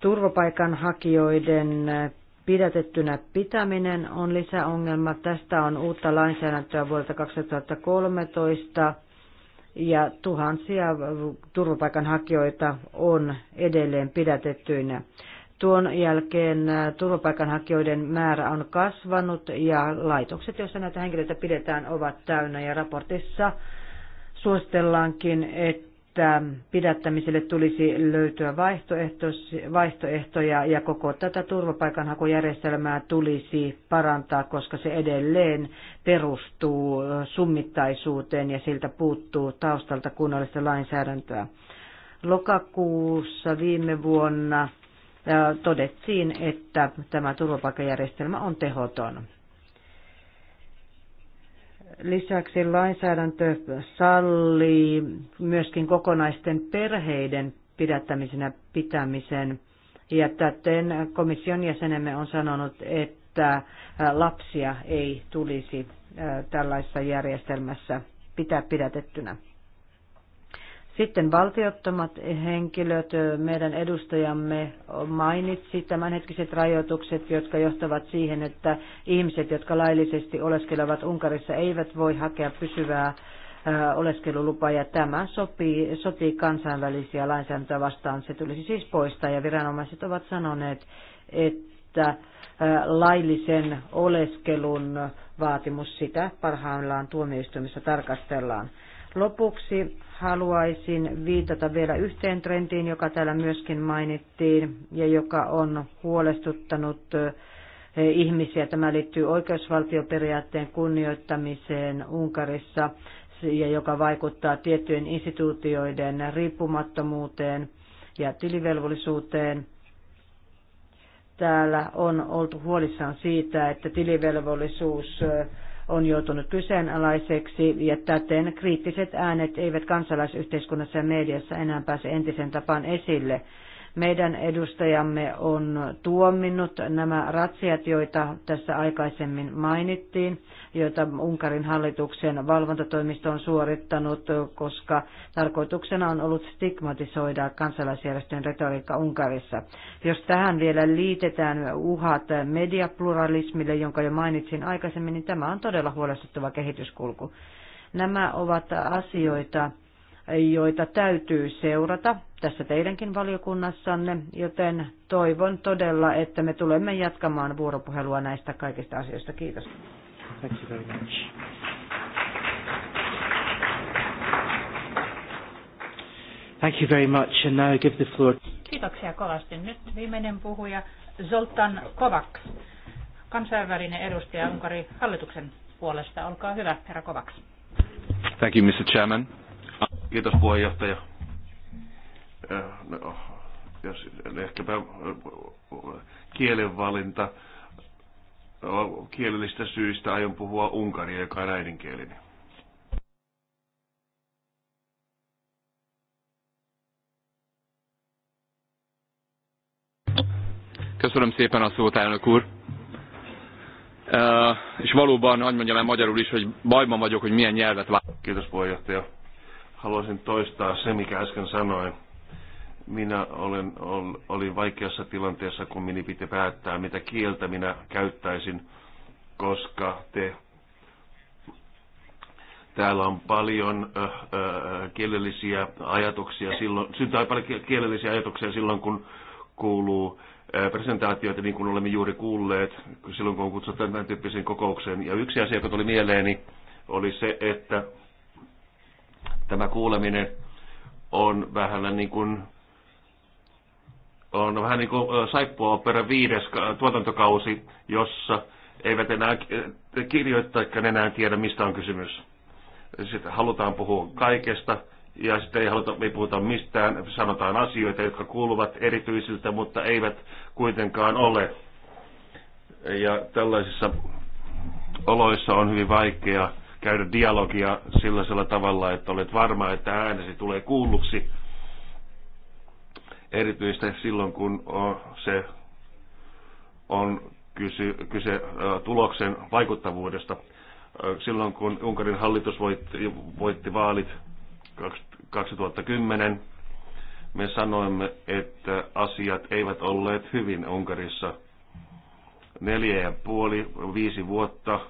turvapaikanhakijoiden pidätettynä pitäminen on lisäongelma. Tästä on uutta lainsäädäntöä vuodelta 2013 ja tuhansia turvapaikanhakijoita on edelleen pidätettyinä. Tuon jälkeen turvapaikanhakijoiden määrä on kasvanut ja laitokset, joissa näitä henkilöitä pidetään, ovat täynnä. Ja raportissa suositellaankin, että pidättämiselle tulisi löytyä vaihtoehtoja ja koko tätä turvapaikanhakujärjestelmää tulisi parantaa, koska se edelleen perustuu summittaisuuteen ja siltä puuttuu taustalta kunnallista lainsäädäntöä. Lokakuussa viime vuonna todettiin, että tämä turvapaikkajärjestelmä on tehoton. Lisäksi lainsäädäntö sallii myöskin kokonaisten perheiden pidättämisenä pitämisen. Ja täten komission jäsenemme on sanonut, että lapsia ei tulisi tällaisessa järjestelmässä pitää pidätettynä. Sitten valtiottomat henkilöt, meidän edustajamme mainitsi tämänhetkiset rajoitukset, jotka johtavat siihen, että ihmiset, jotka laillisesti oleskelevat Unkarissa, eivät voi hakea pysyvää äh, oleskelulupaa ja tämä sopii, sotii kansainvälisiä lainsäädäntöä vastaan. Se tulisi siis poistaa ja viranomaiset ovat sanoneet, että äh, laillisen oleskelun vaatimus sitä parhaillaan tuomioistuimissa tarkastellaan. Lopuksi haluaisin viitata vielä yhteen trendiin, joka täällä myöskin mainittiin ja joka on huolestuttanut ihmisiä. Tämä liittyy oikeusvaltioperiaatteen kunnioittamiseen Unkarissa ja joka vaikuttaa tiettyjen instituutioiden riippumattomuuteen ja tilivelvollisuuteen. Täällä on oltu huolissaan siitä, että tilivelvollisuus on joutunut kyseenalaiseksi ja täten kriittiset äänet eivät kansalaisyhteiskunnassa ja mediassa enää pääse entisen tapaan esille. Meidän edustajamme on tuominnut nämä ratsiat, joita tässä aikaisemmin mainittiin, joita Unkarin hallituksen valvontatoimisto on suorittanut, koska tarkoituksena on ollut stigmatisoida kansalaisjärjestön retoriikka Unkarissa. Jos tähän vielä liitetään uhat mediapluralismille, jonka jo mainitsin aikaisemmin, niin tämä on todella huolestuttava kehityskulku. Nämä ovat asioita, joita täytyy seurata tässä teidänkin valiokunnassanne, joten toivon todella, että me tulemme jatkamaan vuoropuhelua näistä kaikista asioista. Kiitos. Thank you very much. Thank you very much, and now I give the floor. Kiitoksia kovasti. Nyt viimeinen puhuja Zoltan Kovaks, kansainvälinen edustaja Unkarin hallituksen puolesta. Olkaa hyvä, herra Kovaks. Thank you, Mr. Chairman. Kiitos puheenjohtaja. Äh, no, jos, ehkäpä äh, kielenvalinta. Äh, kielellistä syistä aion puhua unkaria, joka on äidinkielinen. Köszönöm szépen a szót, elnök úr. Uh, és valóban, hogy mondjam el magyarul is, hogy bajban vagyok, hogy milyen nyelvet választok. Kiitos puheenjohtaja Haluaisin toistaa se, mikä äsken sanoin. Minä olen, ol, olin vaikeassa tilanteessa, kun minä piti päättää, mitä kieltä minä käyttäisin, koska te täällä on paljon ö, ö, kielellisiä ajatuksia silloin, syntyy paljon kielellisiä ajatuksia silloin, kun kuuluu ö, presentaatioita, niin kuin olemme juuri kuulleet, silloin kun on kutsuttu tämän tyyppiseen kokoukseen. Ja yksi asia, joka tuli mieleeni, oli se, että Tämä kuuleminen on vähän niin kuin on vähän niin kuin saippua viides tuotantokausi, jossa eivät enää kirjoittaa, enää tiedä, mistä on kysymys. Sitten halutaan puhua kaikesta, ja sitten ei, haluta, ei puhuta mistään, sanotaan asioita, jotka kuuluvat erityisiltä, mutta eivät kuitenkaan ole. Ja tällaisissa oloissa on hyvin vaikea käydä dialogia sellaisella tavalla, että olet varma, että äänesi tulee kuulluksi, erityisesti silloin, kun se on kyse, kyse tuloksen vaikuttavuudesta. Silloin, kun Unkarin hallitus voitti, voitti vaalit 2010, me sanoimme, että asiat eivät olleet hyvin Unkarissa. Neljä ja puoli, viisi vuotta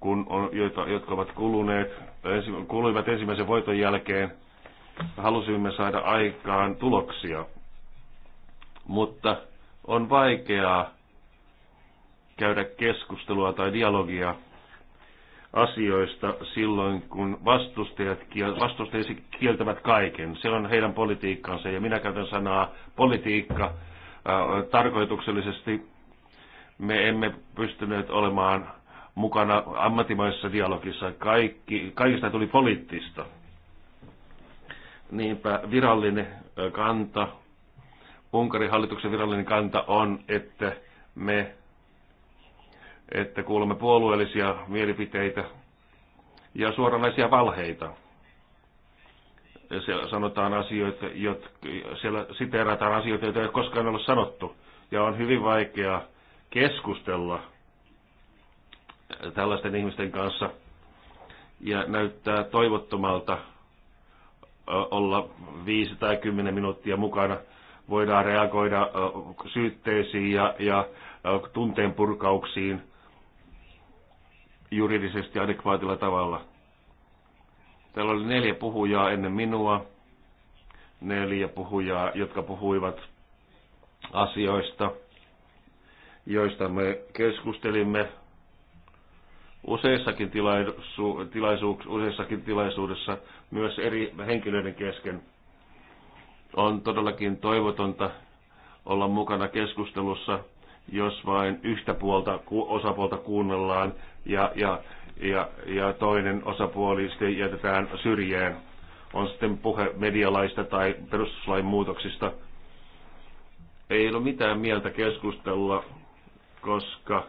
kun on, joita, jotka ovat kuluneet, ensi, kuluivat ensimmäisen voiton jälkeen, halusimme saada aikaan tuloksia. Mutta on vaikeaa käydä keskustelua tai dialogia asioista silloin, kun vastustajat, vastustajat kieltävät kaiken. Se on heidän politiikkansa ja minä käytän sanaa politiikka äh, tarkoituksellisesti. Me emme pystyneet olemaan mukana ammattimaisessa dialogissa. Kaikki, kaikista tuli poliittista. Niinpä virallinen kanta, Unkarin hallituksen virallinen kanta on, että me että kuulemme puolueellisia mielipiteitä ja suoranaisia valheita. Siellä sanotaan asioita, jotka, siellä siteerataan asioita, joita ei koskaan ole sanottu. Ja on hyvin vaikea keskustella tällaisten ihmisten kanssa ja näyttää toivottomalta olla viisi tai kymmenen minuuttia mukana. Voidaan reagoida syytteisiin ja, ja tunteen purkauksiin juridisesti adekvaatilla tavalla. Täällä oli neljä puhujaa ennen minua, neljä puhujaa, jotka puhuivat asioista, joista me keskustelimme useissakin, tilaisu, tilaisu, useissakin tilaisuudessa myös eri henkilöiden kesken. On todellakin toivotonta olla mukana keskustelussa, jos vain yhtä puolta, osapuolta kuunnellaan ja, ja, ja, ja toinen osapuoli sitten jätetään syrjään. On sitten puhe medialaista tai perustuslain muutoksista. Ei ole mitään mieltä keskustella, koska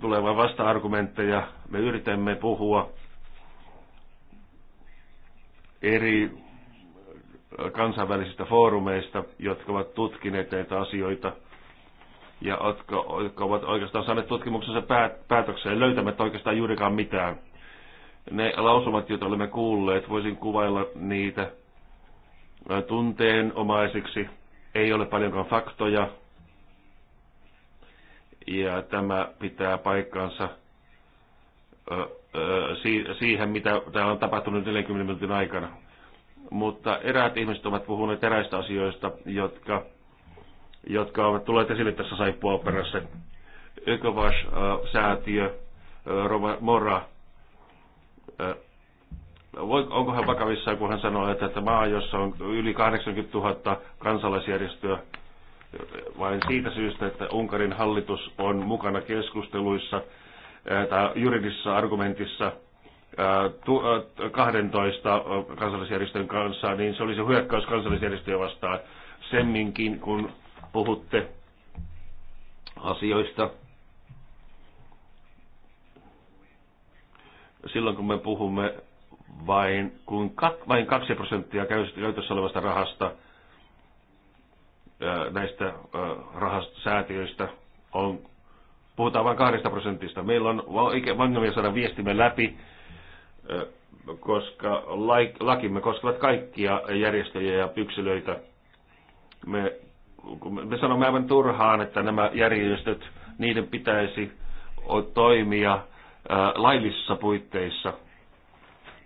tulee vain vasta-argumentteja. Me yritämme puhua eri kansainvälisistä foorumeista, jotka ovat tutkineet näitä asioita ja jotka, jotka ovat oikeastaan saaneet tutkimuksensa päätökseen löytämättä oikeastaan juurikaan mitään. Ne lausumat, joita olemme kuulleet, voisin kuvailla niitä tunteenomaisiksi. Ei ole paljonkaan faktoja, ja tämä pitää paikkaansa siihen, mitä täällä on tapahtunut 40 minuutin aikana. Mutta eräät ihmiset ovat puhuneet eräistä asioista, jotka, jotka ovat tulleet esille tässä saippuoperassa. Ökovash-säätiö, Roma Mora, onko hän vakavissaan, kun hän sanoo, että maa, jossa on yli 80 000 kansalaisjärjestöä, vain siitä syystä, että Unkarin hallitus on mukana keskusteluissa tai juridisessa argumentissa 12 kansallisjärjestön kanssa, niin se olisi hyökkäys kansallisjärjestöjä vastaan semminkin, kun puhutte asioista. Silloin kun me puhumme vain, kun vain 2 prosenttia käytössä olevasta rahasta – näistä rahasäätiöistä on, puhutaan vain kahdesta prosentista. Meillä on vangelmia saada viestimme läpi, koska lakimme koskevat kaikkia järjestöjä ja yksilöitä. Me, me sanomme aivan turhaan, että nämä järjestöt, niiden pitäisi toimia laillisissa puitteissa –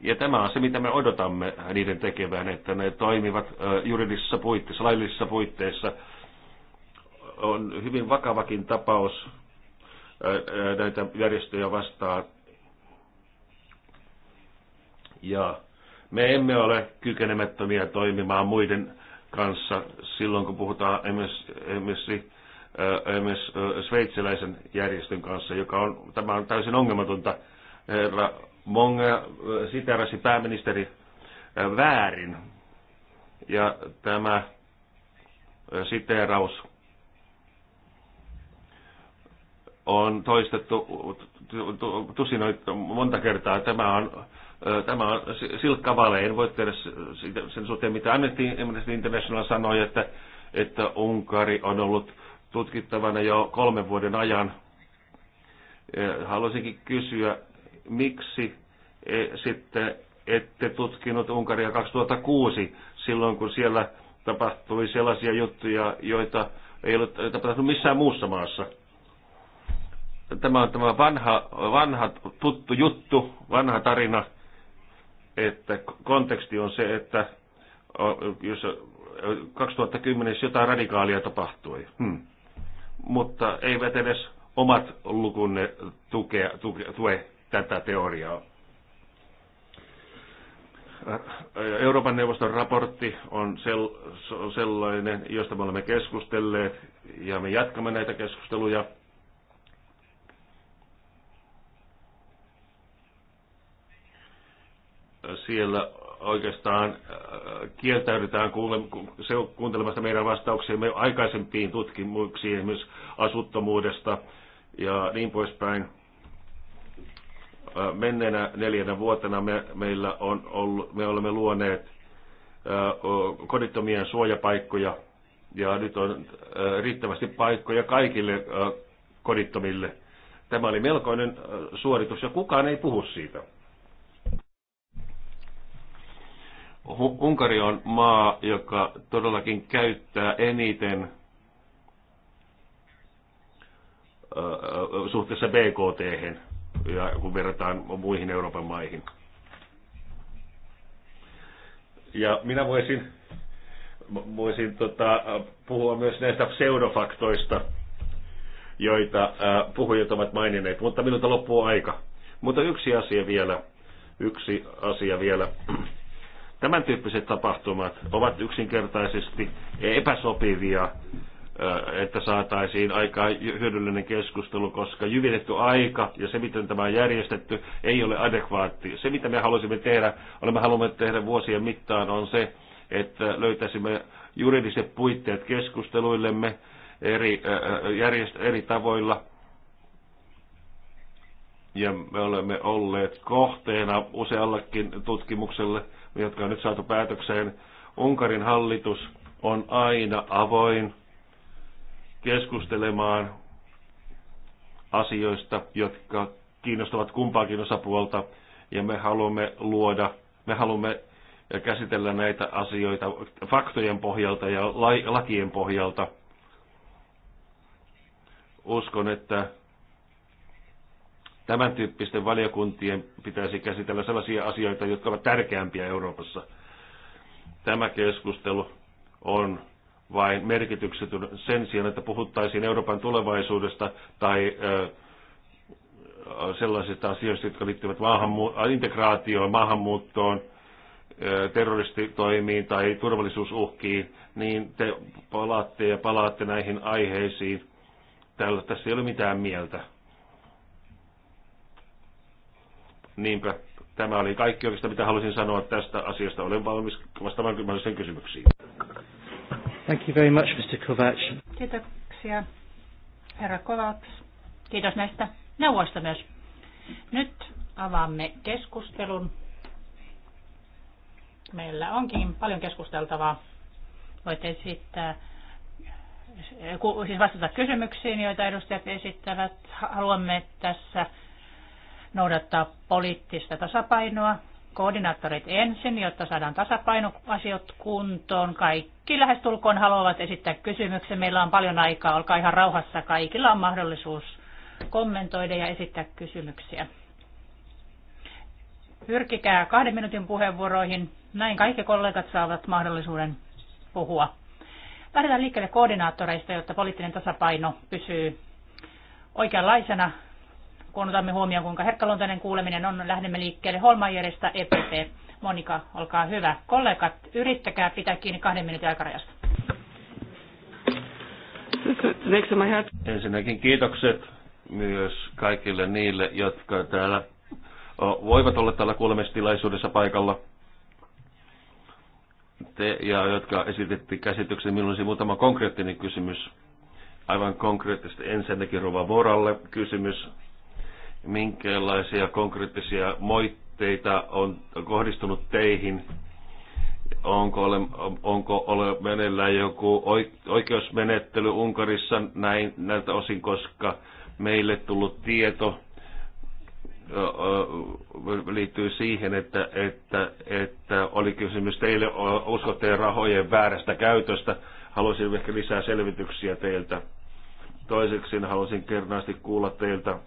ja tämä on se, mitä me odotamme niiden tekevän, että ne toimivat juridisissa puitteissa, laillisissa puitteissa. On hyvin vakavakin tapaus näitä järjestöjä vastaan. Ja me emme ole kykenemättömiä toimimaan muiden kanssa silloin, kun puhutaan esimerkiksi, sveitsiläisen järjestön kanssa, joka on, tämä on täysin ongelmatonta herra Mong äh, siteräsi pääministeri äh, väärin. Ja tämä äh, siteeraus on toistettu tusinoit monta kertaa. Tämä on, tämä on silkka vale. En voi tehdä sen suhteen, mitä Amnesty International sanoi, että, että Unkari on ollut tutkittavana jo kolmen vuoden ajan. Haluaisinkin kysyä, miksi e, sitten ette tutkinut Unkaria 2006 silloin, kun siellä tapahtui sellaisia juttuja, joita ei ole tapahtunut missään muussa maassa. Tämä on tämä vanha, vanha tuttu juttu, vanha tarina, että konteksti on se, että jos 2010 jotain radikaalia tapahtui, hmm. mutta eivät edes omat lukunne tukea, tuke, tue tätä teoriaa. Euroopan neuvoston raportti on sellainen, josta me olemme keskustelleet ja me jatkamme näitä keskusteluja. Siellä oikeastaan äh, kieltäydytään kuuntelemasta meidän vastauksiamme aikaisempiin tutkimuksiin, esimerkiksi asuttomuudesta ja niin poispäin menneenä neljänä vuotena me, meillä on ollut, me olemme luoneet kodittomien suojapaikkoja ja nyt on riittävästi paikkoja kaikille kodittomille. Tämä oli melkoinen suoritus ja kukaan ei puhu siitä. Unkari on maa, joka todellakin käyttää eniten suhteessa BKT. -hän ja kun verrataan muihin Euroopan maihin. Ja minä voisin, voisin tota, puhua myös näistä pseudofaktoista, joita äh, puhujat ovat maininneet, mutta minulta loppuu aika. Mutta yksi asia vielä, yksi asia vielä. Tämän tyyppiset tapahtumat ovat yksinkertaisesti epäsopivia että saataisiin aika hyödyllinen keskustelu, koska jyvitetty aika ja se, miten tämä on järjestetty, ei ole adekvaatti. Se, mitä me haluaisimme tehdä, olemme halunneet tehdä vuosien mittaan, on se, että löytäisimme juridiset puitteet keskusteluillemme eri, järjest, eri tavoilla. Ja me olemme olleet kohteena useallakin tutkimukselle, jotka on nyt saatu päätökseen. Unkarin hallitus on aina avoin keskustelemaan asioista, jotka kiinnostavat kumpaakin osapuolta, ja me haluamme luoda, me haluamme käsitellä näitä asioita faktojen pohjalta ja lakien pohjalta. Uskon, että tämän tyyppisten valiokuntien pitäisi käsitellä sellaisia asioita, jotka ovat tärkeämpiä Euroopassa. Tämä keskustelu on vain merkityksetön sen sijaan, että puhuttaisiin Euroopan tulevaisuudesta tai sellaisista asioista, jotka liittyvät maahanmu- integraatioon, maahanmuuttoon, terroristitoimiin tai turvallisuusuhkiin, niin te palaatte ja palaatte näihin aiheisiin. Täällä, tässä ei ole mitään mieltä. Niinpä, tämä oli kaikki oikeastaan, mitä halusin sanoa tästä asiasta. Olen valmis vastaamaan kysymyksiin. Thank you very much, Mr. Kovacs. Kiitoksia, herra Kovacs. Kiitos näistä neuvoista myös. Nyt avaamme keskustelun. Meillä onkin paljon keskusteltavaa. Voitte esittää siis vastata kysymyksiin, joita edustajat esittävät. Haluamme tässä noudattaa poliittista tasapainoa koordinaattorit ensin, jotta saadaan tasapainoasiot kuntoon. Kaikki lähestulkoon haluavat esittää kysymyksen. Meillä on paljon aikaa, olkaa ihan rauhassa. Kaikilla on mahdollisuus kommentoida ja esittää kysymyksiä. Pyrkikää kahden minuutin puheenvuoroihin. Näin kaikki kollegat saavat mahdollisuuden puhua. Lähdetään liikkeelle koordinaattoreista, jotta poliittinen tasapaino pysyy oikeanlaisena kun otamme huomioon, kuinka herkkaluontainen kuuleminen on, lähdemme liikkeelle Holmajerista EPP. Monika, olkaa hyvä. Kollegat, yrittäkää pitää kiinni kahden minuutin aikarajasta. Ensinnäkin kiitokset myös kaikille niille, jotka täällä voivat olla täällä kuulemistilaisuudessa paikalla. Te ja jotka esititte käsityksen, minulla olisi muutama konkreettinen kysymys. Aivan konkreettisesti ensinnäkin Rova Voralle kysymys minkälaisia konkreettisia moitteita on kohdistunut teihin, onko, ole, onko ole meneillään joku oikeusmenettely Unkarissa näin, näiltä osin, koska meille tullut tieto liittyy siihen, että, että, että oli kysymys teille uskotteen rahojen väärästä käytöstä. Haluaisin ehkä lisää selvityksiä teiltä. Toiseksi haluaisin kernaasti kuulla teiltä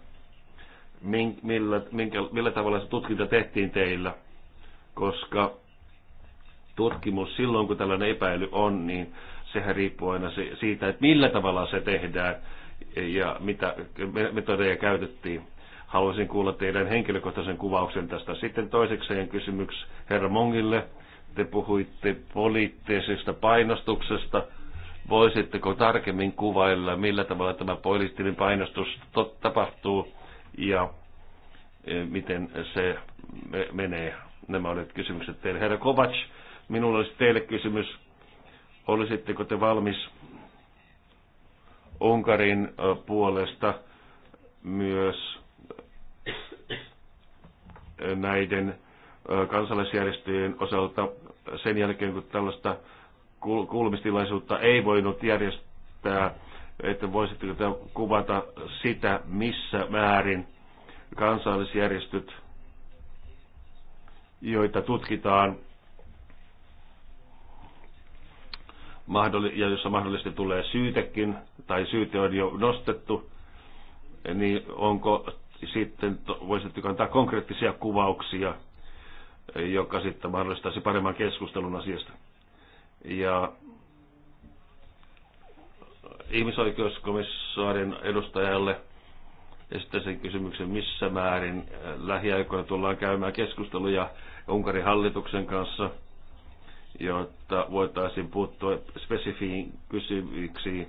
millä, millä, millä tavalla se tutkinta tehtiin teillä, koska tutkimus silloin, kun tällainen epäily on, niin sehän riippuu aina siitä, että millä tavalla se tehdään ja mitä metodeja käytettiin. Haluaisin kuulla teidän henkilökohtaisen kuvauksen tästä. Sitten toisekseen kysymys herra Mongille. Te puhuitte poliittisesta painostuksesta. Voisitteko tarkemmin kuvailla, millä tavalla tämä poliittinen painostus tapahtuu? ja e, miten se menee. Nämä olivat kysymykset teille. Herra Kovac, minulla olisi teille kysymys. Olisitteko te valmis Unkarin e, puolesta myös e, näiden kansalaisjärjestöjen osalta sen jälkeen, kun tällaista kuulumistilaisuutta ei voinut järjestää että voisitteko te kuvata sitä, missä määrin kansallisjärjestöt, joita tutkitaan, ja jossa mahdollisesti tulee syytekin, tai syyte on jo nostettu, niin onko sitten, voisitteko antaa konkreettisia kuvauksia, joka sitten mahdollistaisi paremman keskustelun asiasta. Ja ihmisoikeuskomissaarin edustajalle esittäisin kysymyksen, missä määrin äh, lähiaikoina tullaan käymään keskusteluja Unkarin hallituksen kanssa, jotta voitaisiin puuttua spesifiin kysymyksiin.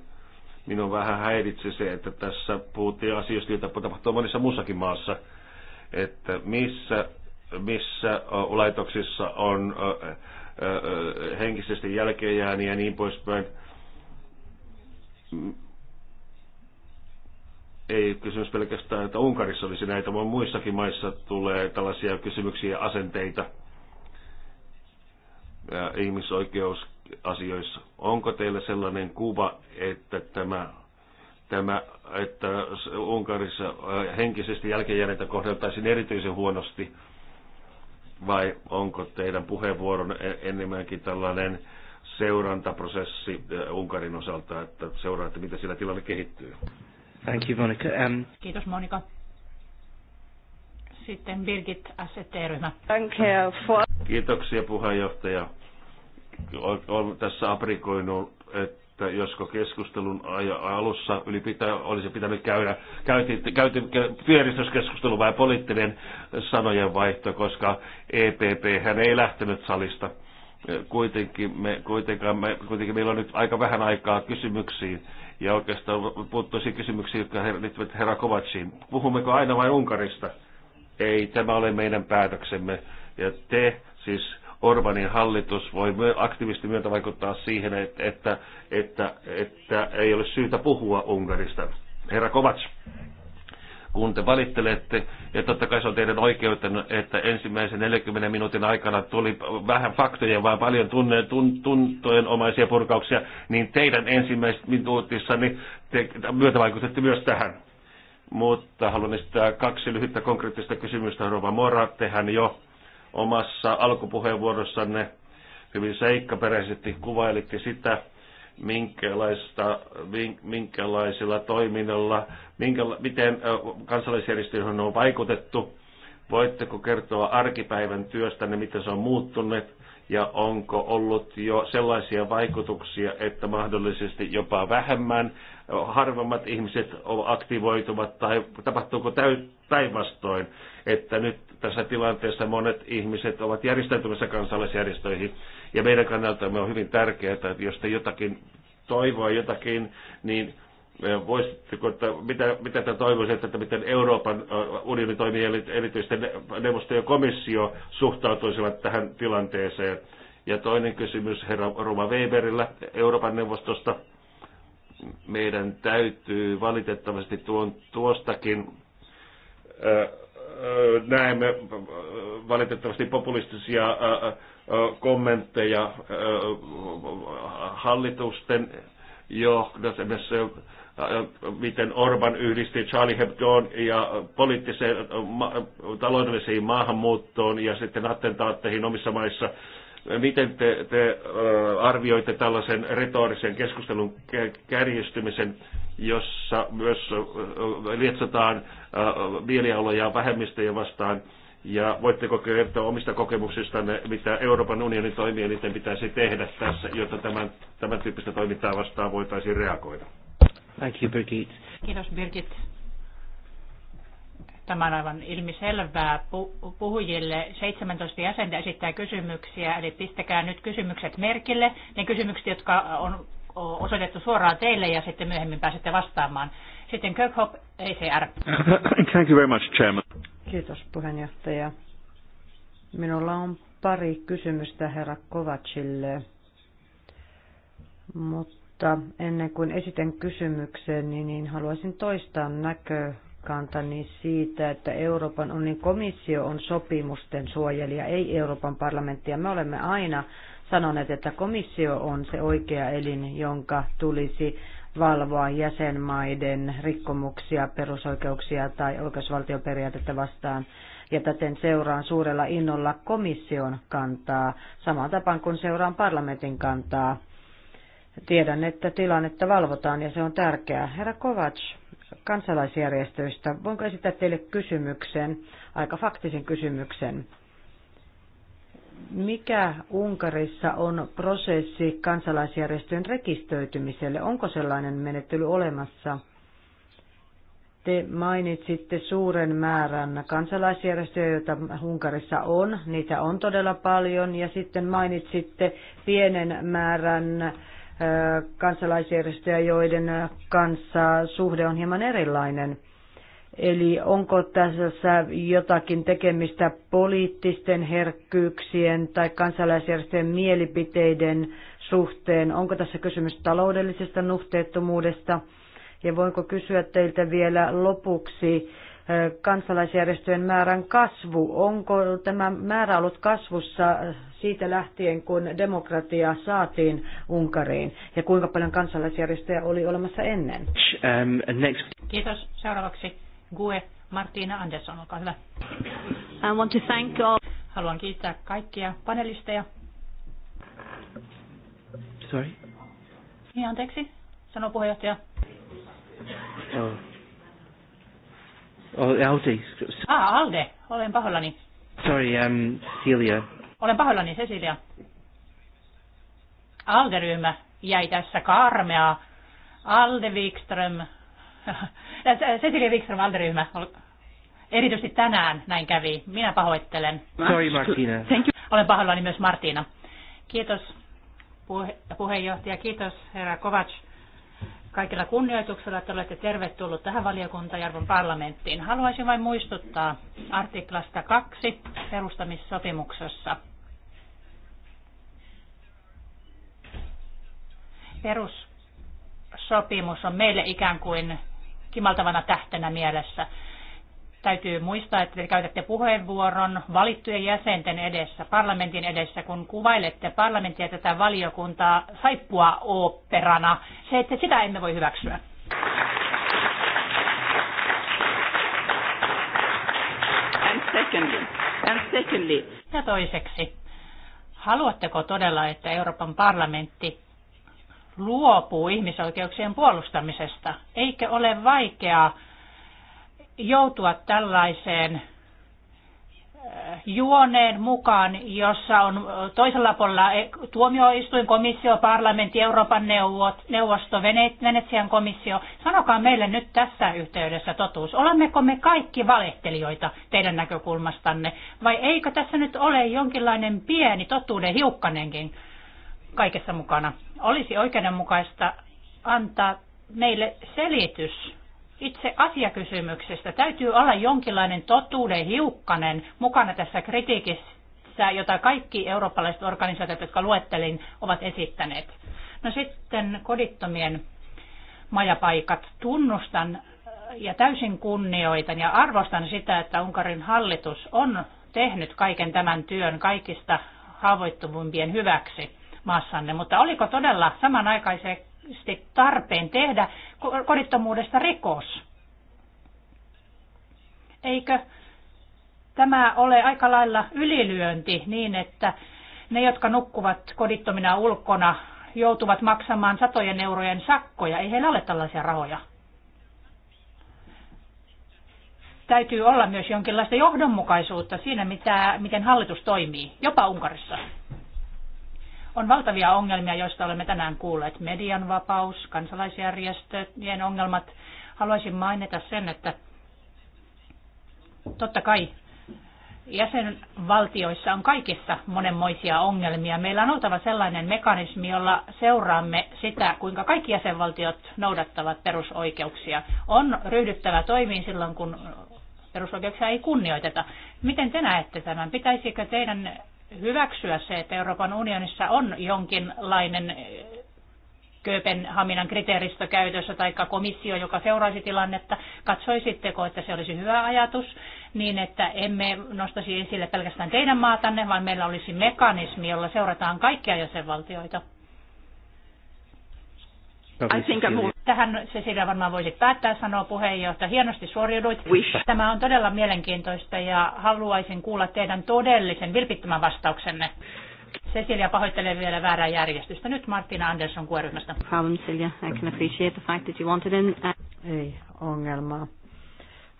Minun vähän häiritsi se, että tässä puhuttiin asioista, joita tapahtuu monissa muussakin maassa, että missä, missä laitoksissa on henkisesti jälkeenjääniä ja niin poispäin Mm. ei kysymys pelkästään, että Unkarissa olisi näitä, vaan muissakin maissa tulee tällaisia kysymyksiä ja asenteita ja ihmisoikeusasioissa. Onko teillä sellainen kuva, että tämä, tämä että Unkarissa äh, henkisesti jälkeenjääneitä kohdeltaisiin erityisen huonosti, vai onko teidän puheenvuoron e- enemmänkin tällainen seurantaprosessi eh, Unkarin osalta, että seuraatte, mitä sillä tilanne kehittyy. Thank you, Monica. Um... Kiitos, Monika. Sitten Birgit, ST-ryhmä. For... Kiitoksia, puheenjohtaja. Olen tässä aprikoinut, että josko keskustelun alussa ylipitä, olisi pitänyt käydä, käytiin, käytiin pyöristyskeskustelu vai poliittinen sanojen vaihto, koska EPP hän ei lähtenyt salista Kuitenkin, me, kuitenkaan me, kuitenkin meillä on nyt aika vähän aikaa kysymyksiin ja oikeastaan puuttuisiin kysymyksiin, jotka liittyvät herra Kovaciin. Puhummeko aina vain Unkarista? Ei, tämä ole meidän päätöksemme. Ja te, siis Orbanin hallitus, voi aktiivisesti myötä vaikuttaa siihen, että, että, että, että ei ole syytä puhua Unkarista. Herra Kovats kun te valittelette, ja totta kai se on teidän oikeutenne, että ensimmäisen 40 minuutin aikana tuli vähän faktoja, vaan paljon tunne, tun, tuntojen omaisia purkauksia, niin teidän ensimmäisessä minuutissa niin te myötävaikutette myös tähän. Mutta haluan esittää kaksi lyhyttä konkreettista kysymystä, Rova Mora. Tehän jo omassa alkupuheenvuorossanne hyvin seikkaperäisesti kuvailitte sitä, minkälaista, minkälaisilla toiminnoilla, minkäla, miten kansalaisjärjestöihin on vaikutettu, voitteko kertoa arkipäivän työstänne, miten se on muuttunut, ja onko ollut jo sellaisia vaikutuksia, että mahdollisesti jopa vähemmän harvemmat ihmiset aktivoituvat tai tapahtuuko päinvastoin, että nyt tässä tilanteessa monet ihmiset ovat järjestäytymässä kansalaisjärjestöihin ja meidän kannalta on hyvin tärkeää, että jos te jotakin toivoa jotakin, niin voisitteko, että mitä, mitä te toivoisitte, että miten Euroopan unioni toimii, erityisesti neuvosto ja komissio suhtautuisivat tähän tilanteeseen? Ja toinen kysymys herra Ruma Weberillä Euroopan neuvostosta meidän täytyy valitettavasti tuon, tuostakin näemme valitettavasti populistisia kommentteja hallitusten johdossa, esimerkiksi miten Orban yhdisti Charlie Hebdoon ja poliittiseen taloudelliseen maahanmuuttoon ja sitten attentaatteihin omissa maissa. Miten te, te arvioitte tällaisen retorisen keskustelun kärjistymisen, jossa myös lietsotaan mielialoja vähemmistöjä vastaan? Ja voitteko kertoa omista kokemuksistanne, mitä Euroopan unionin toimielinten pitäisi tehdä tässä, jotta tämän, tämän tyyppistä toimintaa vastaan voitaisiin reagoida? Thank you, Birgit. Kiitos, Birgit. Tämä on aivan ilmiselvää puhujille. 17 jäsentä esittää kysymyksiä, eli pistäkää nyt kysymykset merkille. Ne kysymykset, jotka on osoitettu suoraan teille ja sitten myöhemmin pääsette vastaamaan. Sitten Kirkhop, ECR. Thank you very much, Chairman. Kiitos puheenjohtaja. Minulla on pari kysymystä herra Kovacille, mutta ennen kuin esitän kysymyksen, niin haluaisin toistaa näkö kantani siitä, että Euroopan unionin komissio on sopimusten suojelija, ei Euroopan parlamentti. Ja me olemme aina sanoneet, että komissio on se oikea elin, jonka tulisi valvoa jäsenmaiden rikkomuksia, perusoikeuksia tai oikeusvaltioperiaatetta vastaan. Ja täten seuraan suurella innolla komission kantaa, samaan tapaan kuin seuraan parlamentin kantaa. Tiedän, että tilannetta valvotaan ja se on tärkeää. Herra Kovacs, kansalaisjärjestöistä. Voinko esittää teille kysymyksen, aika faktisen kysymyksen? Mikä Unkarissa on prosessi kansalaisjärjestöjen rekisteröitymiselle? Onko sellainen menettely olemassa? Te mainitsitte suuren määrän kansalaisjärjestöjä, joita Unkarissa on. Niitä on todella paljon. Ja sitten mainitsitte pienen määrän kansalaisjärjestöjä, joiden kanssa suhde on hieman erilainen. Eli onko tässä jotakin tekemistä poliittisten herkkyyksien tai kansalaisjärjestöjen mielipiteiden suhteen? Onko tässä kysymys taloudellisesta nuhteettomuudesta? Ja voinko kysyä teiltä vielä lopuksi, kansalaisjärjestöjen määrän kasvu. Onko tämä määrä ollut kasvussa siitä lähtien, kun demokratia saatiin Unkariin? Ja kuinka paljon kansalaisjärjestöjä oli olemassa ennen? Um, Kiitos. Seuraavaksi Gue Martina Andersson, olkaa hyvä. I want to thank all... Haluan kiittää kaikkia panelisteja. Sorry. Niin, anteeksi, sanoo puheenjohtaja. Oh. Oh, Alde. Ah, Alde. Olen pahoillani. Sorry, um, Celia. Olen pahoillani, Cecilia. Alderyhmä jäi tässä karmea. Alde Wikström. Cecilia Wikström, Alderyhmä. Erityisesti tänään näin kävi. Minä pahoittelen. Sorry, Martina. Thank you. Olen pahoillani myös Martina. Kiitos puhe- puheenjohtaja, kiitos herra Kovacs kaikilla kunnioituksella, että olette tervetullut tähän valiokunta parlamenttiin. Haluaisin vain muistuttaa artiklasta 2 perustamissopimuksessa. Perussopimus on meille ikään kuin kimaltavana tähtenä mielessä. Täytyy muistaa, että te käytätte puheenvuoron valittujen jäsenten edessä, parlamentin edessä, kun kuvailette parlamenttia tätä valiokuntaa saippua oopperana. Se, että sitä emme voi hyväksyä. And secondly, and secondly. Ja toiseksi, haluatteko todella, että Euroopan parlamentti luopuu ihmisoikeuksien puolustamisesta? Eikö ole vaikeaa joutua tällaiseen eh, juoneen mukaan, jossa on toisella puolella e-, tuomioistuin, komissio, parlamentti, Euroopan neuvosto, Venetsian komissio. Sanokaa meille nyt tässä yhteydessä totuus. Olemmeko me kaikki valehtelijoita teidän näkökulmastanne vai eikö tässä nyt ole jonkinlainen pieni totuuden hiukkanenkin kaikessa mukana? Olisi oikeudenmukaista antaa meille selitys itse asiakysymyksestä. Täytyy olla jonkinlainen totuuden hiukkanen mukana tässä kritiikissä, jota kaikki eurooppalaiset organisaatiot, jotka luettelin, ovat esittäneet. No sitten kodittomien majapaikat. Tunnustan ja täysin kunnioitan ja arvostan sitä, että Unkarin hallitus on tehnyt kaiken tämän työn kaikista haavoittuvimpien hyväksi maassanne, mutta oliko todella samanaikaisesti oikeasti tarpeen tehdä kodittomuudesta rikos? Eikö tämä ole aika lailla ylilyönti niin, että ne, jotka nukkuvat kodittomina ulkona, joutuvat maksamaan satojen eurojen sakkoja. Ei heillä ole tällaisia rahoja. Täytyy olla myös jonkinlaista johdonmukaisuutta siinä, mitä, miten hallitus toimii, jopa Unkarissa. On valtavia ongelmia, joista olemme tänään kuulleet. Median vapaus, kansalaisjärjestöjen ongelmat. Haluaisin mainita sen, että totta kai jäsenvaltioissa on kaikissa monenmoisia ongelmia. Meillä on oltava sellainen mekanismi, jolla seuraamme sitä, kuinka kaikki jäsenvaltiot noudattavat perusoikeuksia. On ryhdyttävä toimiin silloin, kun perusoikeuksia ei kunnioiteta. Miten te näette tämän? Pitäisikö teidän hyväksyä se, että Euroopan unionissa on jonkinlainen eh, Kööpenhaminan kriteeristö käytössä tai komissio, joka seuraisi tilannetta. Katsoisitteko, että se olisi hyvä ajatus niin, että emme nostaisi esille pelkästään teidän maatanne, vaan meillä olisi mekanismi, jolla seurataan kaikkia jäsenvaltioita? I think I'm Tähän Cecilia varmaan voisi päättää, sanoo puheenjohtaja. Hienosti suoriuduit. Tämä on todella mielenkiintoista ja haluaisin kuulla teidän todellisen vilpittömän vastauksenne. Cecilia pahoittelee vielä väärää järjestystä. Nyt Martina Andersson kuoryhmästä. No problem, Cecilia. I can appreciate the fact that you wanted in. Uh, Ei ongelmaa.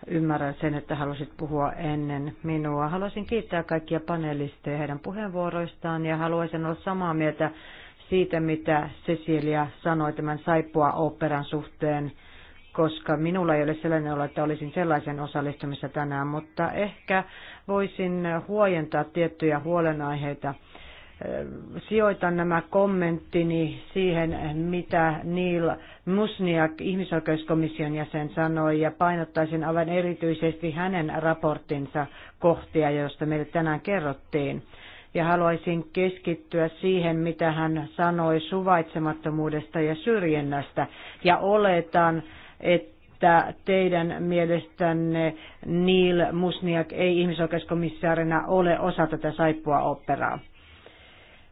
Ymmärrän sen, että halusit puhua ennen minua. Haluaisin kiittää kaikkia panelisteja heidän puheenvuoroistaan ja haluaisin olla samaa mieltä siitä, mitä Cecilia sanoi tämän Saippua-operan suhteen, koska minulla ei ole sellainen olo, että olisin sellaisen osallistumissa tänään, mutta ehkä voisin huojentaa tiettyjä huolenaiheita. Sijoitan nämä kommenttini siihen, mitä Neil Musniak, ihmisoikeuskomission jäsen, sanoi, ja painottaisin aivan erityisesti hänen raporttinsa kohtia, joista meille tänään kerrottiin ja haluaisin keskittyä siihen, mitä hän sanoi suvaitsemattomuudesta ja syrjinnästä. Ja oletan, että teidän mielestänne Neil Musniak ei ihmisoikeuskomissaarina ole osa tätä saippua operaa.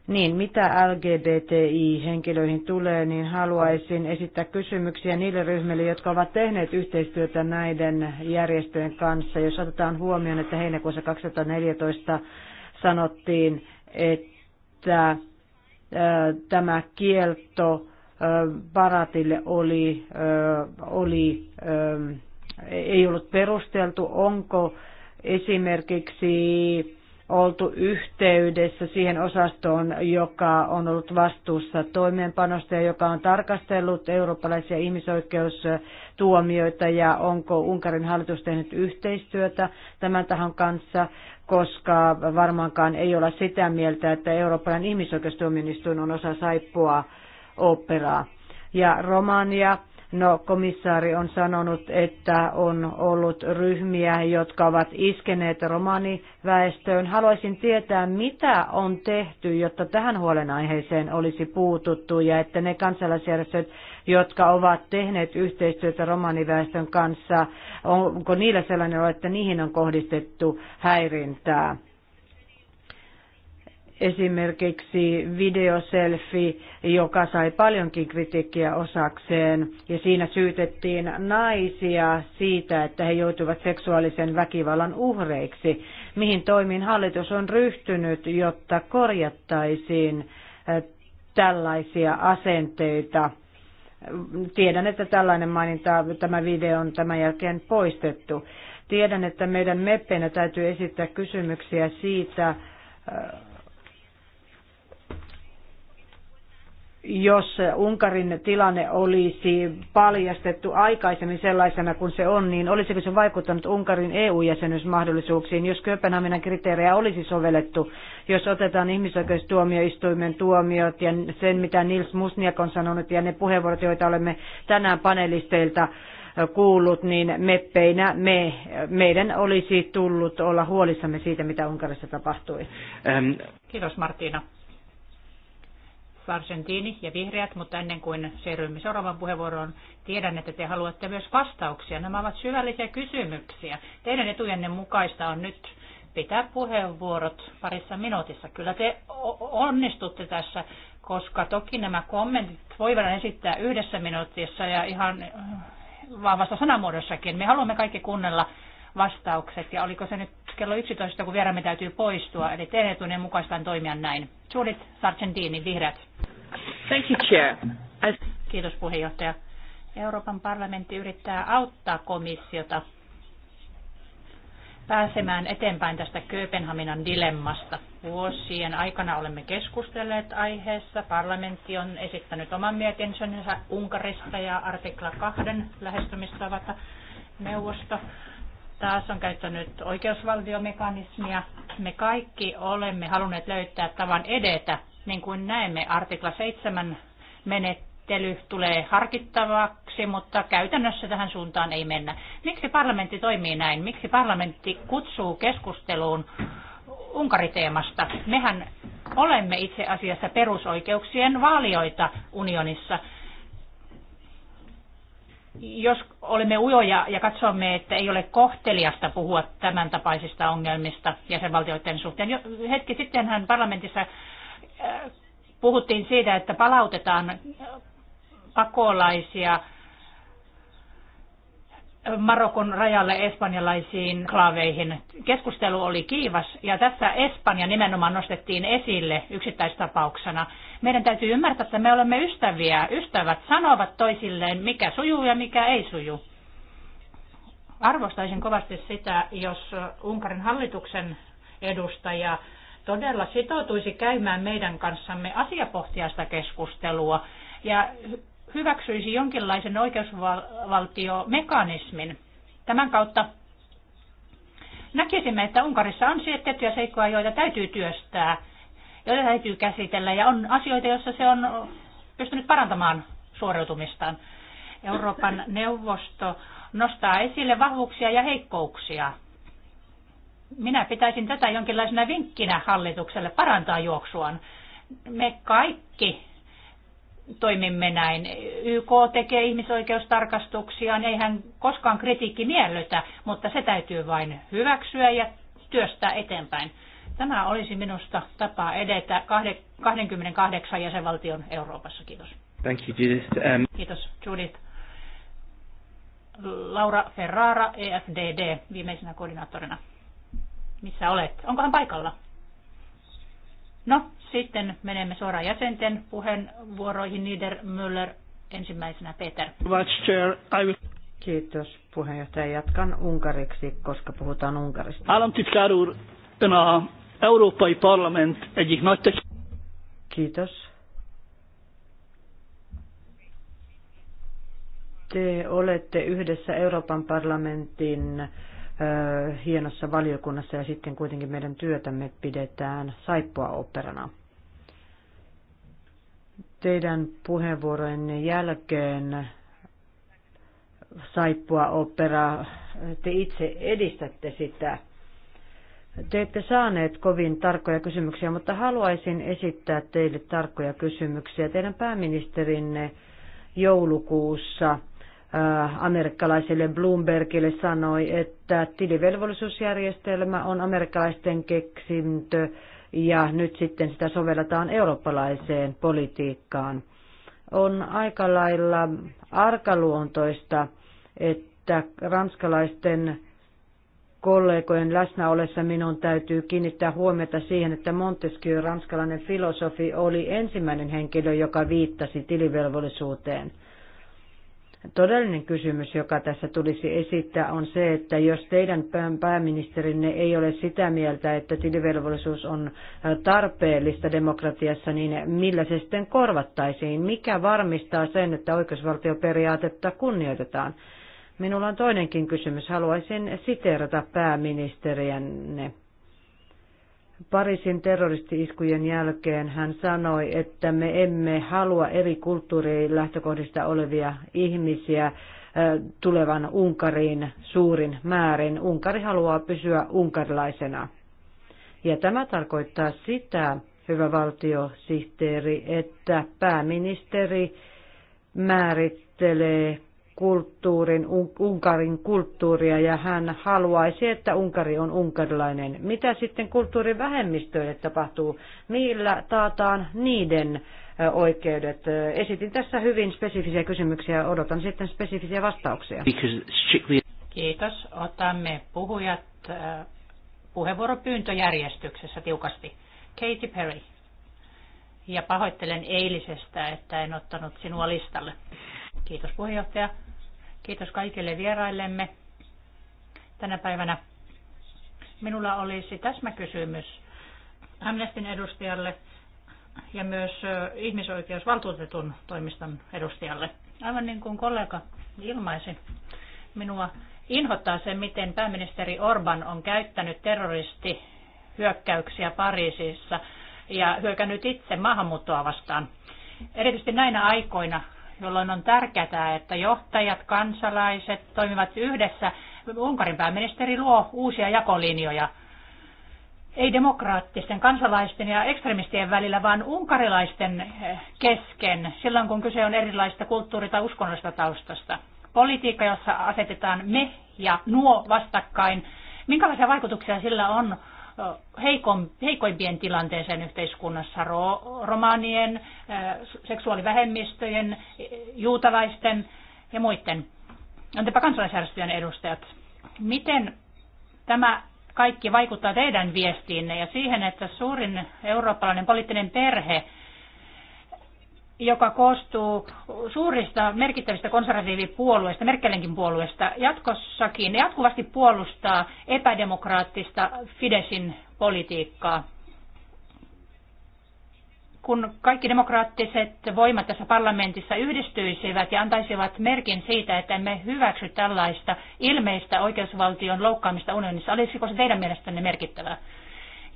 Niin, mitä LGBTI-henkilöihin tulee, niin haluaisin esittää kysymyksiä niille ryhmille, jotka ovat tehneet yhteistyötä näiden järjestöjen kanssa. Jos otetaan huomioon, että heinäkuussa 2014 sanottiin, että äh, tämä kielto äh, Baratille oli, äh, oli, ei ollut perusteltu, onko esimerkiksi oltu yhteydessä siihen osastoon, joka on ollut vastuussa toimeenpanosta ja joka on tarkastellut eurooppalaisia ihmisoikeustuomioita ja onko Unkarin hallitus tehnyt yhteistyötä tämän tahon kanssa koska varmaankaan ei olla sitä mieltä, että Euroopan ihmisoikeustuomioistuin on osa saippua operaa. Ja Romania No, komissaari on sanonut, että on ollut ryhmiä, jotka ovat iskeneet romaniväestöön. Haluaisin tietää, mitä on tehty, jotta tähän huolenaiheeseen olisi puututtu ja että ne kansalaisjärjestöt, jotka ovat tehneet yhteistyötä romaniväestön kanssa, onko niillä sellainen että niihin on kohdistettu häirintää? Esimerkiksi videoselfi, joka sai paljonkin kritiikkiä osakseen, ja siinä syytettiin naisia siitä, että he joutuivat seksuaalisen väkivallan uhreiksi. Mihin toimiin hallitus on ryhtynyt, jotta korjattaisiin äh, tällaisia asenteita? Tiedän, että tällainen maininta, tämä video on tämän jälkeen poistettu. Tiedän, että meidän meppeinä täytyy esittää kysymyksiä siitä, äh, jos Unkarin tilanne olisi paljastettu aikaisemmin sellaisena kuin se on, niin olisiko se vaikuttanut Unkarin EU-jäsenyysmahdollisuuksiin, jos Kööpenhaminan kriteerejä olisi sovellettu, jos otetaan ihmisoikeustuomioistuimen tuomiot ja sen, mitä Nils Musniak on sanonut ja ne puheenvuorot, joita olemme tänään panelisteilta kuullut, niin meppeinä me, meidän olisi tullut olla huolissamme siitä, mitä Unkarissa tapahtui. Ähm. Kiitos Martina. Argentiini ja vihreät, mutta ennen kuin siirrymme seuraavaan puheenvuoroon, tiedän, että te haluatte myös vastauksia. Nämä ovat syvällisiä kysymyksiä. Teidän etujenne mukaista on nyt pitää puheenvuorot parissa minuutissa. Kyllä te onnistutte tässä, koska toki nämä kommentit voivat esittää yhdessä minuutissa ja ihan vahvassa sanamuodossakin. Me haluamme kaikki kuunnella vastaukset ja oliko se nyt kello 11, kun vieraamme täytyy poistua. Eli teidän etunen mukaistaan toimia näin. Judith Sargentini, vihreät. Thank you, Chair. As... Kiitos puheenjohtaja. Euroopan parlamentti yrittää auttaa komissiota pääsemään eteenpäin tästä Kööpenhaminan dilemmasta. Vuosien aikana olemme keskustelleet aiheessa. Parlamentti on esittänyt oman mietinsönsä Unkarista ja artikla 2 lähestymistavata neuvosto taas on käyttänyt oikeusvaltiomekanismia. Me kaikki olemme halunneet löytää tavan edetä, niin kuin näemme artikla 7 menettely tulee harkittavaksi, mutta käytännössä tähän suuntaan ei mennä. Miksi parlamentti toimii näin? Miksi parlamentti kutsuu keskusteluun Unkariteemasta? Mehän olemme itse asiassa perusoikeuksien vaalioita unionissa – jos olemme ujoja ja katsomme, että ei ole kohteliasta puhua tämän tapaisista ongelmista jäsenvaltioiden suhteen. Jo hetki sittenhän parlamentissa äh, puhuttiin siitä, että palautetaan pakolaisia Marokon rajalle espanjalaisiin klaaveihin. Keskustelu oli kiivas ja tässä Espanja nimenomaan nostettiin esille yksittäistapauksena. Meidän täytyy ymmärtää, että me olemme ystäviä. Ystävät sanovat toisilleen, mikä sujuu ja mikä ei suju. Arvostaisin kovasti sitä, jos Unkarin hallituksen edustaja todella sitoutuisi käymään meidän kanssamme asiapohtiasta keskustelua ja hyväksyisi jonkinlaisen oikeusvaltiomekanismin. Tämän kautta näkisimme, että Unkarissa on siis tiettyjä seikkoja, joita täytyy työstää, joita täytyy käsitellä ja on asioita, joissa se on pystynyt parantamaan suoriutumistaan. Euroopan neuvosto nostaa esille vahvuuksia ja heikkouksia. Minä pitäisin tätä jonkinlaisena vinkkinä hallitukselle parantaa juoksuaan. Me kaikki toimimme näin. YK tekee ihmisoikeustarkastuksia, niin eihän koskaan kritiikki miellytä, mutta se täytyy vain hyväksyä ja työstää eteenpäin. Tämä olisi minusta tapa edetä 28 jäsenvaltion Euroopassa. Kiitos. Thank you, Judith. Um... Kiitos, Judith. Laura Ferrara, EFDD, viimeisenä koordinaattorina. Missä olet? Onkohan paikalla? No, sitten menemme suoraan jäsenten puheenvuoroihin. Niedermüller ensimmäisenä, Peter. Kiitos puheenjohtaja. Jatkan unkariksi, koska puhutaan Unkarista. Államtitkár ön a Európai Parlament egyik nagy Kiitos. Te olette yhdessä Euroopan parlamentin hienossa valiokunnassa ja sitten kuitenkin meidän työtämme pidetään saippua operana. Teidän puheenvuorojen jälkeen saippua opera, te itse edistätte sitä. Te ette saaneet kovin tarkkoja kysymyksiä, mutta haluaisin esittää teille tarkkoja kysymyksiä. Teidän pääministerinne joulukuussa Äh, amerikkalaiselle Bloombergille sanoi, että tilivelvollisuusjärjestelmä on amerikkalaisten keksintö ja nyt sitten sitä sovelletaan eurooppalaiseen politiikkaan. On aika lailla arkaluontoista, että ranskalaisten kollegojen läsnä ollessa minun täytyy kiinnittää huomiota siihen, että Montesquieu, ranskalainen filosofi, oli ensimmäinen henkilö, joka viittasi tilivelvollisuuteen – Todellinen kysymys, joka tässä tulisi esittää, on se, että jos teidän pääministerinne ei ole sitä mieltä, että tilivelvollisuus on tarpeellista demokratiassa, niin millä se sitten korvattaisiin? Mikä varmistaa sen, että oikeusvaltioperiaatetta kunnioitetaan? Minulla on toinenkin kysymys. Haluaisin siteerata pääministeriänne. Pariisin terroristi-iskujen jälkeen hän sanoi, että me emme halua eri lähtökohdista olevia ihmisiä tulevan Unkariin suurin määrin. Unkari haluaa pysyä unkarilaisena. Ja tämä tarkoittaa sitä, hyvä valtiosihteeri, että pääministeri määrittelee kulttuurin, Unkarin kulttuuria ja hän haluaisi, että Unkari on unkarilainen. Mitä sitten kulttuurin vähemmistöille tapahtuu? Millä taataan niiden oikeudet? Esitin tässä hyvin spesifisiä kysymyksiä, odotan sitten spesifisiä vastauksia. Kiitos. Otamme puhujat puheenvuoropyyntöjärjestyksessä tiukasti. Katy Perry. Ja pahoittelen eilisestä, että en ottanut sinua listalle. Kiitos puheenjohtaja. Kiitos kaikille vieraillemme tänä päivänä. Minulla olisi täsmäkysymys Amnestin edustajalle ja myös ihmisoikeusvaltuutetun toimiston edustajalle. Aivan niin kuin kollega ilmaisi, minua inhottaa se, miten pääministeri Orban on käyttänyt terroristi hyökkäyksiä Pariisissa ja hyökännyt itse maahanmuuttoa vastaan. Erityisesti näinä aikoina jolloin on tärkeää, että johtajat, kansalaiset toimivat yhdessä. Unkarin pääministeri luo uusia jakolinjoja ei demokraattisten kansalaisten ja ekstremistien välillä, vaan unkarilaisten eh, kesken, silloin kun kyse on erilaisista kulttuuri- tai uskonnollisesta taustasta. Politiikka, jossa asetetaan me ja nuo vastakkain, minkälaisia vaikutuksia sillä on heikoimpien tilanteeseen yhteiskunnassa, romaanien, seksuaalivähemmistöjen, juutalaisten ja muiden. Entäpä kansalaisjärjestöjen edustajat, miten tämä kaikki vaikuttaa teidän viestiinne ja siihen, että suurin eurooppalainen poliittinen perhe – joka koostuu suurista merkittävistä konservatiivipuolueista, Merkelinkin puolueista jatkossakin jatkuvasti puolustaa epädemokraattista Fidesin politiikkaa. Kun kaikki demokraattiset voimat tässä parlamentissa yhdistyisivät ja antaisivat merkin siitä, että emme hyväksy tällaista ilmeistä oikeusvaltion loukkaamista unionissa, olisiko se teidän mielestänne merkittävää?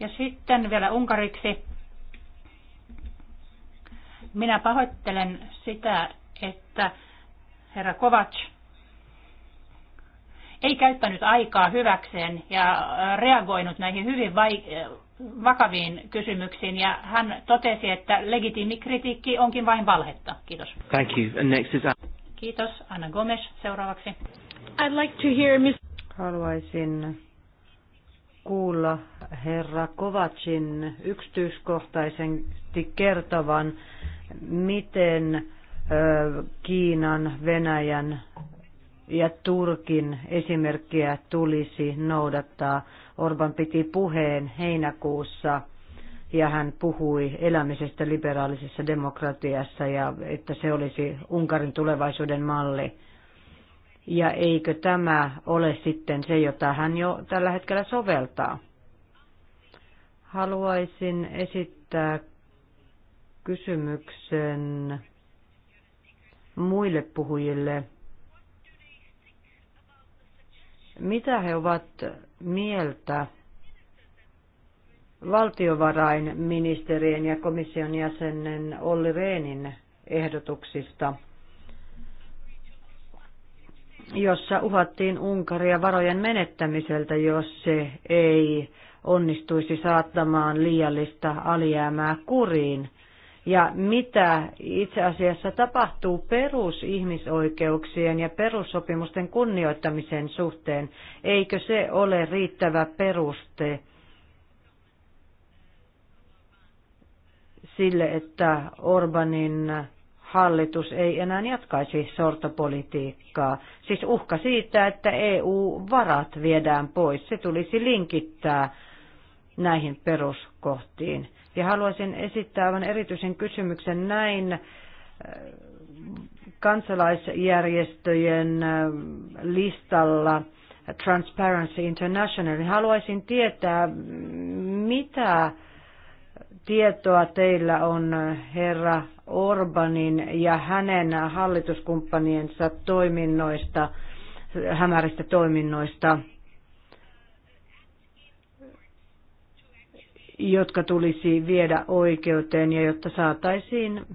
Ja sitten vielä unkariksi minä pahoittelen sitä, että herra Kovac ei käyttänyt aikaa hyväkseen ja reagoinut näihin hyvin vai- vakaviin kysymyksiin ja hän totesi, että legitiimi kritiikki onkin vain valhetta. Kiitos. Thank you. And next is... Kiitos. Anna Gomes seuraavaksi. I'd like to hear Miss... Haluaisin kuulla herra Kovacin yksityiskohtaisesti kertovan, miten Kiinan, Venäjän ja Turkin esimerkkiä tulisi noudattaa. Orban piti puheen heinäkuussa ja hän puhui elämisestä liberaalisessa demokratiassa ja että se olisi Unkarin tulevaisuuden malli. Ja eikö tämä ole sitten se, jota hän jo tällä hetkellä soveltaa? Haluaisin esittää kysymyksen muille puhujille. Mitä he ovat mieltä valtiovarainministerien ja komission jäsenen Olli Reenin ehdotuksista, jossa uhattiin Unkaria varojen menettämiseltä, jos se ei onnistuisi saattamaan liiallista alijäämää kuriin ja mitä itse asiassa tapahtuu perusihmisoikeuksien ja perussopimusten kunnioittamisen suhteen. Eikö se ole riittävä peruste sille, että Orbanin hallitus ei enää jatkaisi sortopolitiikkaa. Siis uhka siitä, että EU-varat viedään pois, se tulisi linkittää näihin peruskohtiin. Ja haluaisin esittää aivan erityisen kysymyksen näin äh, kansalaisjärjestöjen äh, listalla äh, Transparency International. Niin haluaisin tietää, mitä tietoa teillä on herra Orbanin ja hänen hallituskumppaniensa toiminnoista, hämäristä toiminnoista. jotka tulisi viedä oikeuteen ja jotta saataisiin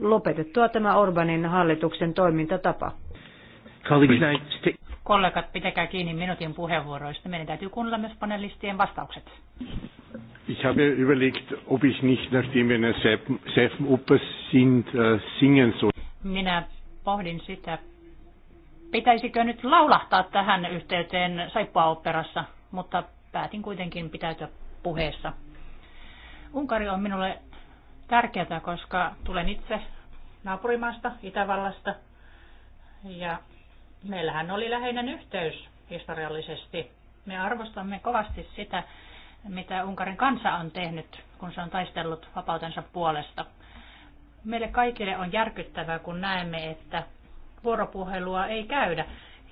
lopetettua tämä Orbanin hallituksen toimintatapa. Kollegat, pitäkää kiinni minuutin puheenvuoroista. Meidän täytyy kuunnella myös panelistien vastaukset. Ich habe überlegt, ob ich nicht, nachdem wir in der Seifenoper sind, äh, singen soll. Minä pohdin sitä, pitäisikö nyt laulahtaa tähän yhteyteen saippuaoperassa, mutta päätin kuitenkin pitäytyä puheessa. Unkari on minulle tärkeää, koska tulen itse naapurimaasta, Itävallasta, ja meillähän oli läheinen yhteys historiallisesti. Me arvostamme kovasti sitä, mitä Unkarin kansa on tehnyt, kun se on taistellut vapautensa puolesta. Meille kaikille on järkyttävää, kun näemme, että vuoropuhelua ei käydä.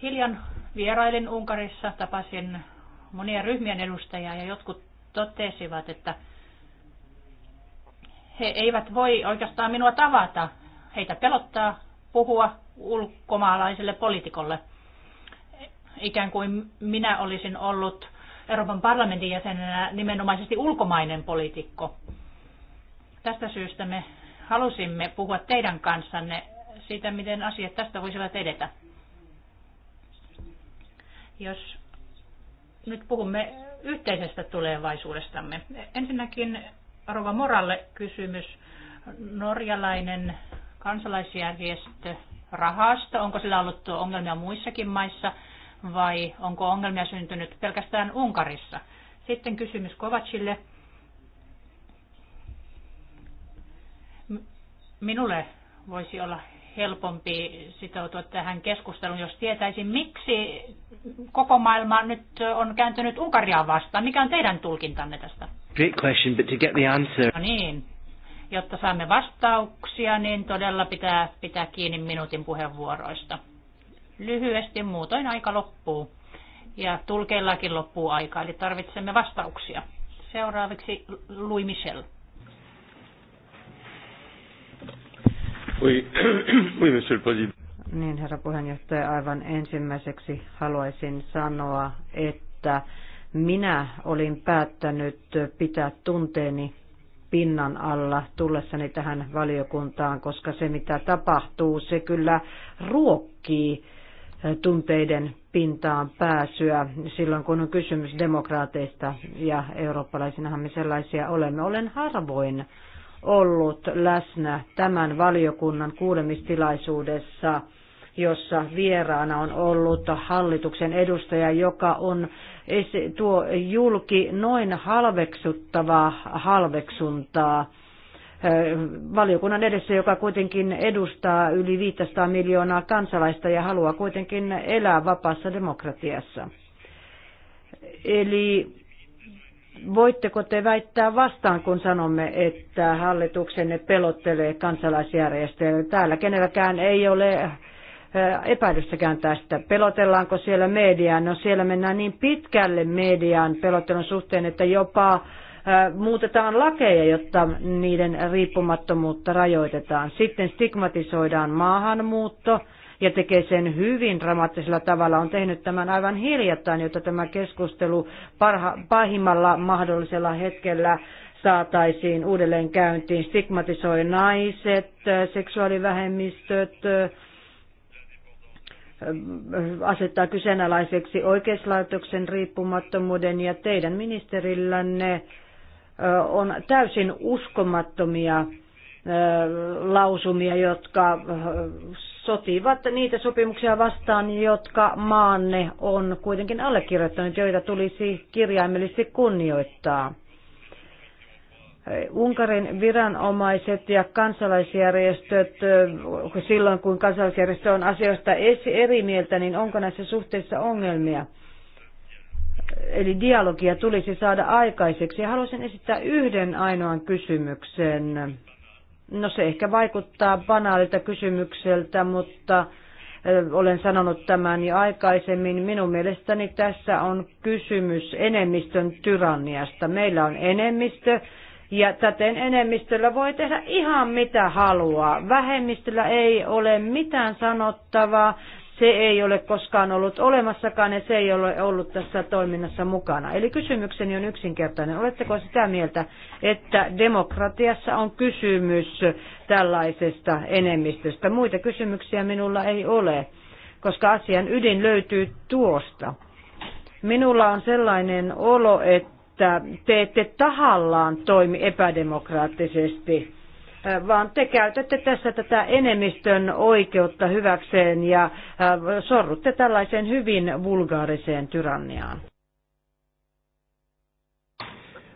Hiljan vierailin Unkarissa, tapasin monia ryhmien edustajia ja jotkut totesivat, että he eivät voi oikeastaan minua tavata. Heitä pelottaa puhua ulkomaalaiselle poliitikolle. Ikään kuin minä olisin ollut Euroopan parlamentin jäsenenä nimenomaisesti ulkomainen poliitikko. Tästä syystä me halusimme puhua teidän kanssanne siitä, miten asiat tästä voisivat edetä. Jos nyt puhumme yhteisestä tulevaisuudestamme. Ensinnäkin Rova Moralle kysymys. Norjalainen kansalaisjärjestö rahasta, onko sillä ollut ongelmia muissakin maissa vai onko ongelmia syntynyt pelkästään Unkarissa? Sitten kysymys Kovacille. Minulle voisi olla helpompi sitoutua tähän keskusteluun, jos tietäisin, miksi koko maailma nyt on kääntynyt Unkaria vastaan. Mikä on teidän tulkintanne tästä? Great question, but to get the answer... No niin, jotta saamme vastauksia, niin todella pitää pitää kiinni minuutin puheenvuoroista. Lyhyesti muutoin aika loppuu ja tulkeillakin loppuu aika, eli tarvitsemme vastauksia. Seuraavaksi Louis Michel. Oui, oui, monsieur le président. Niin, herra puheenjohtaja, aivan ensimmäiseksi haluaisin sanoa, että minä olin päättänyt pitää tunteeni pinnan alla tullessani tähän valiokuntaan, koska se mitä tapahtuu, se kyllä ruokkii tunteiden pintaan pääsyä silloin, kun on kysymys demokraateista ja eurooppalaisinahan me sellaisia olemme. Olen harvoin ollut läsnä tämän valiokunnan kuulemistilaisuudessa, jossa vieraana on ollut hallituksen edustaja, joka on tuo julki noin halveksuttavaa halveksuntaa valiokunnan edessä, joka kuitenkin edustaa yli 500 miljoonaa kansalaista ja haluaa kuitenkin elää vapaassa demokratiassa. Eli Voitteko te väittää vastaan, kun sanomme, että hallituksenne pelottelee kansalaisjärjestöjä? Täällä kenelläkään ei ole eh, epäilystäkään tästä. Pelotellaanko siellä mediaan? No siellä mennään niin pitkälle median pelottelun suhteen, että jopa eh, muutetaan lakeja, jotta niiden riippumattomuutta rajoitetaan. Sitten stigmatisoidaan maahanmuutto ja tekee sen hyvin dramaattisella tavalla. On tehnyt tämän aivan hiljattain, jotta tämä keskustelu parha, pahimmalla mahdollisella hetkellä saataisiin uudelleen käyntiin. Stigmatisoi naiset, seksuaalivähemmistöt, asettaa kyseenalaiseksi oikeuslaitoksen riippumattomuuden ja teidän ministerillänne on täysin uskomattomia lausumia, jotka sotivat niitä sopimuksia vastaan, jotka maanne on kuitenkin allekirjoittanut, joita tulisi kirjaimellisesti kunnioittaa. Unkarin viranomaiset ja kansalaisjärjestöt, silloin kun kansalaisjärjestö on asioista eri mieltä, niin onko näissä suhteissa ongelmia? Eli dialogia tulisi saada aikaiseksi. Haluaisin esittää yhden ainoan kysymyksen No se ehkä vaikuttaa banaalilta kysymykseltä, mutta olen sanonut tämän jo aikaisemmin. Minun mielestäni tässä on kysymys enemmistön tyranniasta. Meillä on enemmistö ja täten enemmistöllä voi tehdä ihan mitä haluaa. Vähemmistöllä ei ole mitään sanottavaa se ei ole koskaan ollut olemassakaan ja se ei ole ollut tässä toiminnassa mukana. Eli kysymykseni on yksinkertainen. Oletteko sitä mieltä, että demokratiassa on kysymys tällaisesta enemmistöstä? Muita kysymyksiä minulla ei ole, koska asian ydin löytyy tuosta. Minulla on sellainen olo, että te ette tahallaan toimi epädemokraattisesti vaan te käytätte tässä tätä enemmistön oikeutta hyväkseen ja sorrutte tällaiseen hyvin vulgaariseen tyranniaan.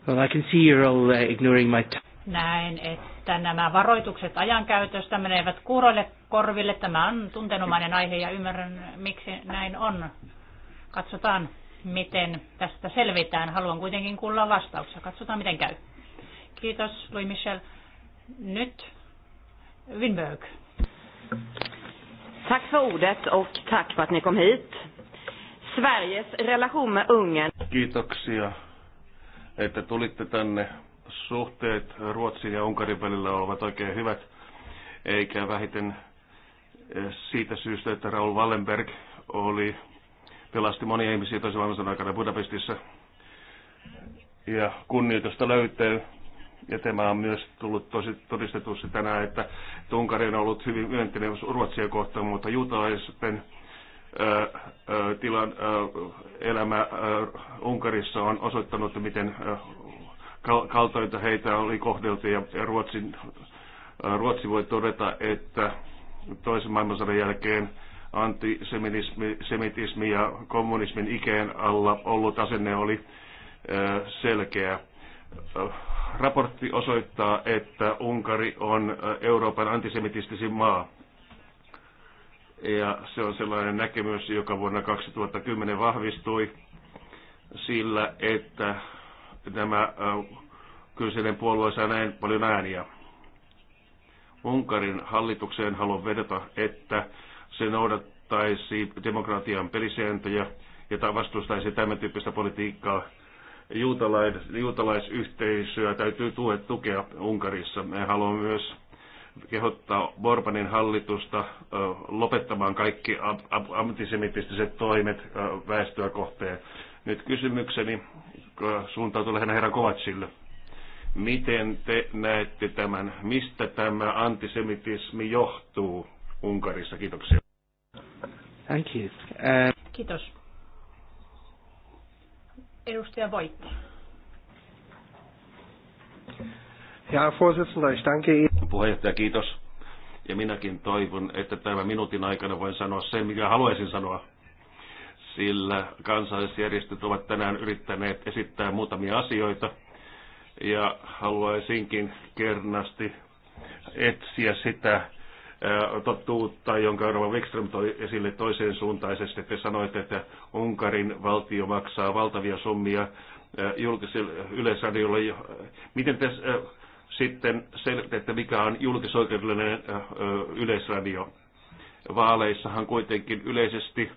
Well, I can see you're all uh, ignoring my Näin, että nämä varoitukset ajankäytöstä menevät kuuroille korville. Tämä on tuntenomainen aihe ja ymmärrän, miksi näin on. Katsotaan, miten tästä selvitään. Haluan kuitenkin kuulla vastauksia. Katsotaan, miten käy. Kiitos, Louis Michel. Nytt. Winberg. Tack för ordet och tack för att ni kom hit. Sveriges relation med Ungern. Kiitoksia, että tulitte tänne. Suhteet Ruotsin ja Unkarin välillä ovat oikein hyvät, eikä vähiten eh, siitä syystä, että Raul Wallenberg oli, pelasti monia ihmisiä toisen maailmansodan aikana Budapestissa. Ja kunnioitusta löytyy ja tämä on myös tullut tosi, todistetuksi tänään, että Unkari on ollut hyvin myönteinen Ruotsia kohtaan, mutta juutalaisten tilan elämä Unkarissa on osoittanut, miten kaltoita heitä oli kohdeltu ja Ruotsin, Ruotsi voi todeta, että toisen maailmansodan jälkeen antisemitismi ja kommunismin ikeen alla ollut asenne oli selkeä raportti osoittaa, että Unkari on äh, Euroopan antisemitistisin maa. Ja se on sellainen näkemys, joka vuonna 2010 vahvistui sillä, että tämä äh, kyseinen puolue saa näin paljon ääniä. Unkarin hallitukseen haluan vedota, että se noudattaisi demokratian pelisääntöjä ja vastustaisi tämän tyyppistä politiikkaa – juutalaisyhteisöä täytyy tukea Unkarissa. Me haluamme myös kehottaa Borbanin hallitusta lopettamaan kaikki antisemitistiset toimet väestöä kohteen. Nyt kysymykseni suuntautuu lähinnä herra Kovatsille. Miten te näette tämän? Mistä tämä antisemitismi johtuu Unkarissa? Kiitoksia. Thank you. Uh... Kiitos. Edustaja Voitti. Ja Vorsitzender, ich danke Ihnen. Puheenjohtaja, kiitos. Ja minäkin toivon, että tämän minuutin aikana voin sanoa sen, mikä haluaisin sanoa. Sillä kansallisjärjestöt ovat tänään yrittäneet esittää muutamia asioita. Ja haluaisinkin kernasti etsiä sitä, totuutta, jonka Arvo Wikström toi esille toiseen suuntaisesti. Te sanoitte, että Unkarin valtio maksaa valtavia summia julkiselle yleisradiolle. Miten te sitten selitätte, mikä on julkisoikeudellinen yleisradio? Vaaleissahan kuitenkin yleisesti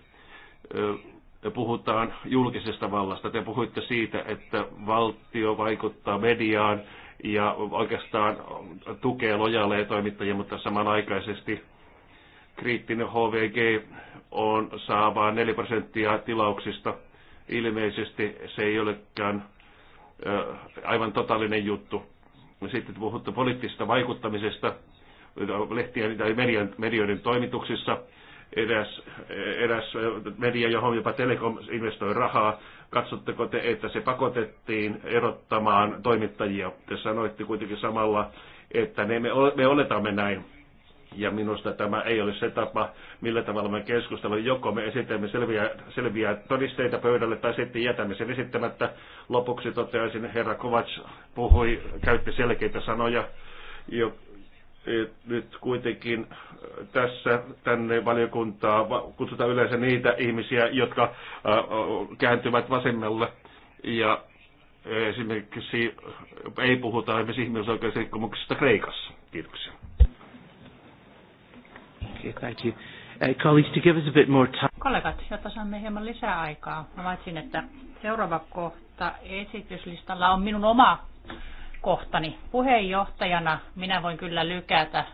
puhutaan julkisesta vallasta. Te puhuitte siitä, että valtio vaikuttaa mediaan ja oikeastaan tukee lojaaleja toimittajia, mutta samanaikaisesti kriittinen HVG on saa vain 4 prosenttia tilauksista. Ilmeisesti se ei olekään aivan totaalinen juttu. Sitten puhuttu poliittisesta vaikuttamisesta lehtien tai median, medioiden toimituksissa. Eräs, eräs media, johon jopa Telekom investoi rahaa, Katsotteko te, että se pakotettiin erottamaan toimittajia? Te sanoitte kuitenkin samalla, että ne, me oletamme näin. Ja minusta tämä ei ole se tapa, millä tavalla me keskustellaan. Joko me esitämme selviä, selviä todisteita pöydälle tai sitten jätämme sen esittämättä. Lopuksi toteaisin, herra Kovac puhui, käytti selkeitä sanoja, nyt kuitenkin äh, tässä tänne valiokuntaa kutsutaan yleensä niitä ihmisiä, jotka äh, äh, kääntyvät vasemmalle ja esimerkiksi ei puhuta esimerkiksi ihmisoikeusrikkomuksista Kreikassa. Kiitoksia. Okay, thank you. Uh, colleagues, to give us a bit more time. Kollegat, jotta saamme hieman lisää aikaa, havaitsin, että seuraava kohta esityslistalla on minun oma kohtani. Puheenjohtajana minä voin kyllä lykätä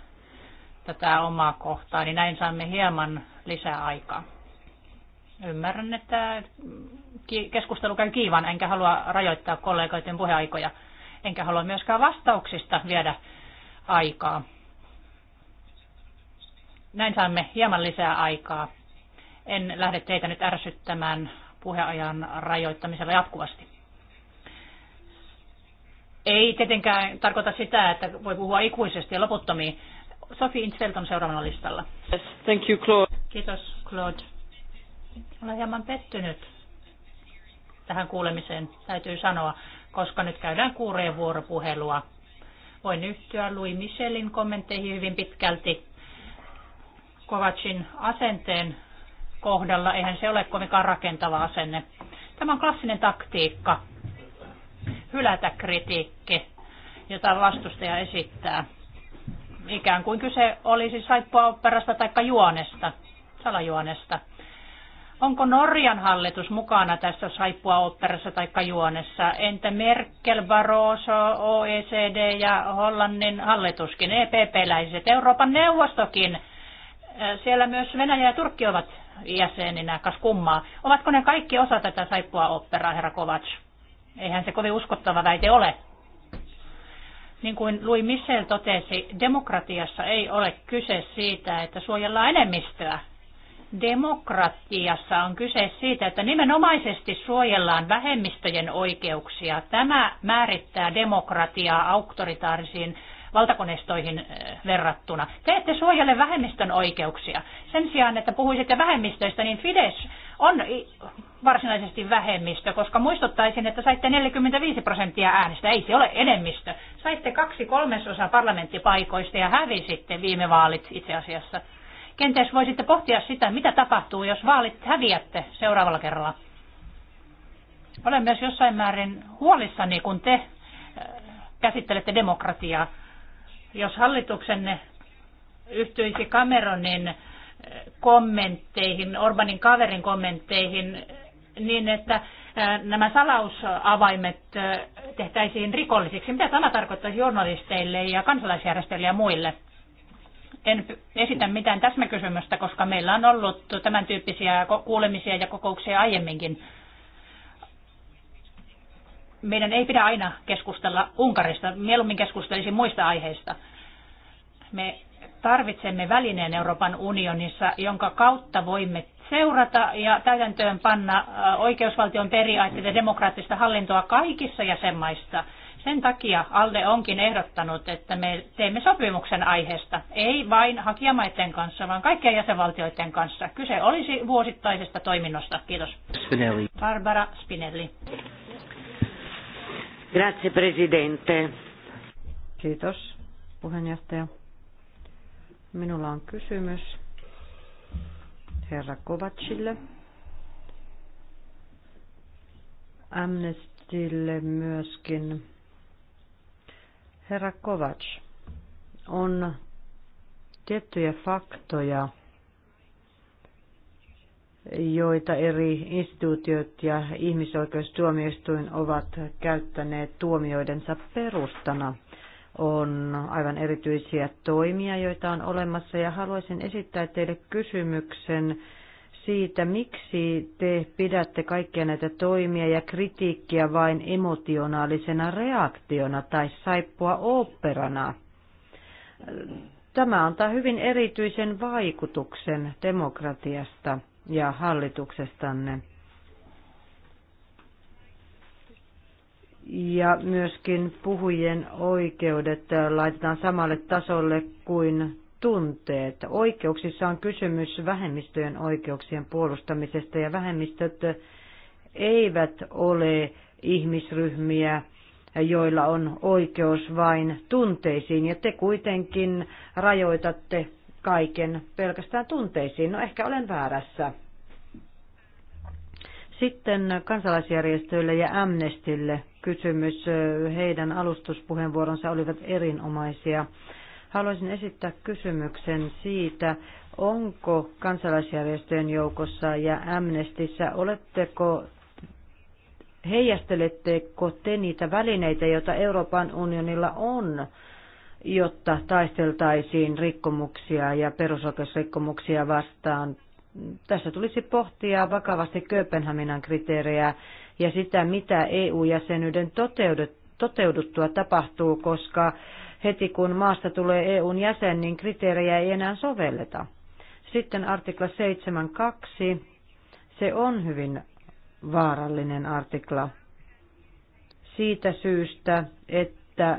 tätä omaa kohtaa, niin näin saamme hieman lisää aikaa. Ymmärrän, että keskustelu käy kiivan, enkä halua rajoittaa kollegoiden puheaikoja, enkä halua myöskään vastauksista viedä aikaa. Näin saamme hieman lisää aikaa. En lähde teitä nyt ärsyttämään puheajan rajoittamisella jatkuvasti ei tietenkään tarkoita sitä, että voi puhua ikuisesti ja loputtomiin. Sofi Intselt on seuraavana listalla. Yes, thank you, Claude. Kiitos, Claude. Olen hieman pettynyt tähän kuulemiseen, täytyy sanoa, koska nyt käydään kuureen vuoropuhelua. Voin yhtyä Louis Michelin kommentteihin hyvin pitkälti. Kovacin asenteen kohdalla eihän se ole kovinkaan rakentava asenne. Tämä on klassinen taktiikka hylätä kritiikki, jota vastustaja esittää. Ikään kuin kyse olisi operasta tai juonesta, salajuonesta. Onko Norjan hallitus mukana tässä operassa tai juonessa? Entä Merkel, Barroso, OECD ja Hollannin hallituskin, EPP-läiset, Euroopan neuvostokin? Äh, siellä myös Venäjä ja Turkki ovat jäseninä, kas kummaa. Ovatko ne kaikki osa tätä saippua operaa, herra Kovacs? Eihän se kovin uskottava väite ole. Niin kuin Louis Michel totesi, demokratiassa ei ole kyse siitä, että suojellaan enemmistöä. Demokratiassa on kyse siitä, että nimenomaisesti suojellaan vähemmistöjen oikeuksia. Tämä määrittää demokratiaa auktoritaarisiin valtakoneistoihin verrattuna. Te ette suojele vähemmistön oikeuksia. Sen sijaan, että puhuisitte vähemmistöistä, niin Fides on varsinaisesti vähemmistö, koska muistuttaisin, että saitte 45 prosenttia äänestä, ei se ole enemmistö. Saitte kaksi kolmesosaa parlamenttipaikoista ja hävisitte viime vaalit itse asiassa. Kenties voisitte pohtia sitä, mitä tapahtuu, jos vaalit häviätte seuraavalla kerralla. Olen myös jossain määrin huolissani, kun te käsittelette demokratiaa. Jos hallituksenne yhtyisi Cameronin eh, kommentteihin, Orbanin kaverin kommentteihin, niin että eh, nämä salausavaimet eh, tehtäisiin rikollisiksi. Mitä tämä tarkoittaa journalisteille ja kansalaisjärjestöille ja muille? En esitä mitään täsmäkysymystä, koska meillä on ollut tämän tyyppisiä kuulemisia ja kokouksia aiemminkin meidän ei pidä aina keskustella Unkarista, mieluummin keskustelisin muista aiheista. Me tarvitsemme välineen Euroopan unionissa, jonka kautta voimme seurata ja täytäntöön panna oikeusvaltion periaatteita ja demokraattista hallintoa kaikissa jäsenmaissa. Sen takia ALDE onkin ehdottanut, että me teemme sopimuksen aiheesta, ei vain hakijamaiden kanssa, vaan kaikkien jäsenvaltioiden kanssa. Kyse olisi vuosittaisesta toiminnosta. Kiitos. Spinelli. Barbara Spinelli. Grazie presidente. Kiitos puheenjohtaja. Minulla on kysymys herra Kovacille. Amnestille myöskin. Herra Kovac, on tiettyjä faktoja, joita eri instituutiot ja ihmisoikeustuomioistuin ovat käyttäneet tuomioidensa perustana. On aivan erityisiä toimia, joita on olemassa, ja haluaisin esittää teille kysymyksen siitä, miksi te pidätte kaikkia näitä toimia ja kritiikkiä vain emotionaalisena reaktiona tai saippua oopperana. Tämä antaa hyvin erityisen vaikutuksen demokratiasta ja hallituksestanne. Ja myöskin puhujien oikeudet laitetaan samalle tasolle kuin tunteet. Oikeuksissa on kysymys vähemmistöjen oikeuksien puolustamisesta ja vähemmistöt eivät ole ihmisryhmiä, joilla on oikeus vain tunteisiin ja te kuitenkin rajoitatte kaiken pelkästään tunteisiin. No ehkä olen väärässä. Sitten kansalaisjärjestöille ja Amnestille kysymys. Heidän alustuspuheenvuoronsa olivat erinomaisia. Haluaisin esittää kysymyksen siitä, onko kansalaisjärjestöjen joukossa ja Amnestissä, oletteko heijasteletteko te niitä välineitä, joita Euroopan unionilla on jotta taisteltaisiin rikkomuksia ja perusoikeusrikkomuksia vastaan. Tässä tulisi pohtia vakavasti Kööpenhaminan kriteerejä ja sitä, mitä EU-jäsenyyden toteuduttua tapahtuu, koska heti kun maasta tulee EUn jäsen, niin kriteerejä ei enää sovelleta. Sitten artikla 7.2. Se on hyvin vaarallinen artikla siitä syystä, että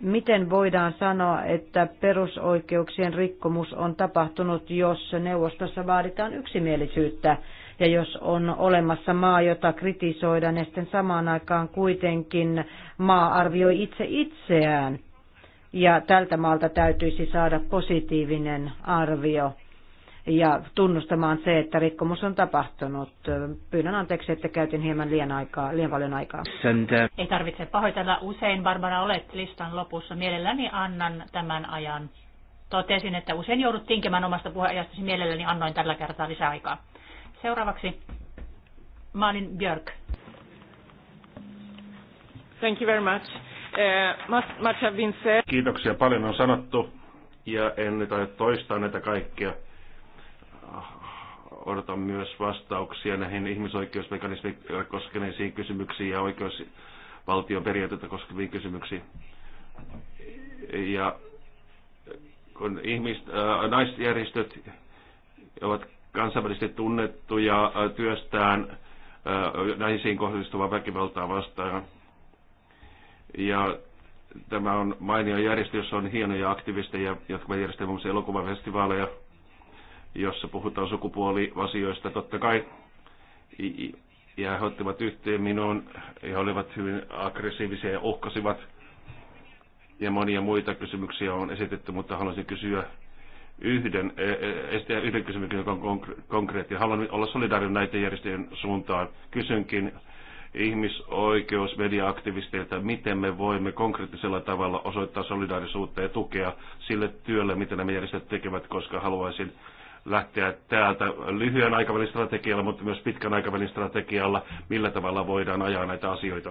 miten voidaan sanoa, että perusoikeuksien rikkomus on tapahtunut, jos neuvostossa vaaditaan yksimielisyyttä ja jos on olemassa maa, jota kritisoidaan ja sitten samaan aikaan kuitenkin maa arvioi itse itseään ja tältä maalta täytyisi saada positiivinen arvio ja tunnustamaan se, että rikkomus on tapahtunut. Pyydän anteeksi, että käytin hieman liian, aikaa, liian paljon aikaa. Ei tarvitse pahoitella. Usein, Barbara, olet listan lopussa. Mielelläni annan tämän ajan. Totesin, että usein joudut tinkemään omasta puheenjohtajasi. Mielelläni annoin tällä kertaa aikaa. Seuraavaksi Malin Björk. Thank you very much. Uh, much have been said. Kiitoksia. Paljon on sanottu ja en nyt aio toistaa näitä kaikkia odotan myös vastauksia näihin ihmisoikeusmekanismia koskeneisiin kysymyksiin ja oikeusvaltion periaatteita koskeviin kysymyksiin. Ja kun ihmis, äh, naisjärjestöt ovat kansainvälisesti tunnettuja äh, työstään äh, naisiin kohdistuvaa väkivaltaa vastaan. Ja tämä on mainio järjestö, jossa on hienoja aktivisteja, jotka järjestävät muun elokuvafestivaaleja jossa puhutaan sukupuoliasioista totta kai. Ja he ottivat yhteen minuun ja he olivat hyvin aggressiivisia ja uhkasivat. Ja monia muita kysymyksiä on esitetty, mutta haluaisin kysyä yhden, e, e, esittää yhden kysymyksen, joka on konkreettinen. Haluan olla solidaarinen näiden järjestöjen suuntaan. Kysynkin ihmisoikeus mediaaktivisteilta, miten me voimme konkreettisella tavalla osoittaa solidaarisuutta ja tukea sille työlle, mitä nämä järjestöt tekevät, koska haluaisin lähteä täältä lyhyen aikavälin strategialla, mutta myös pitkän aikavälin strategialla, millä tavalla voidaan ajaa näitä asioita.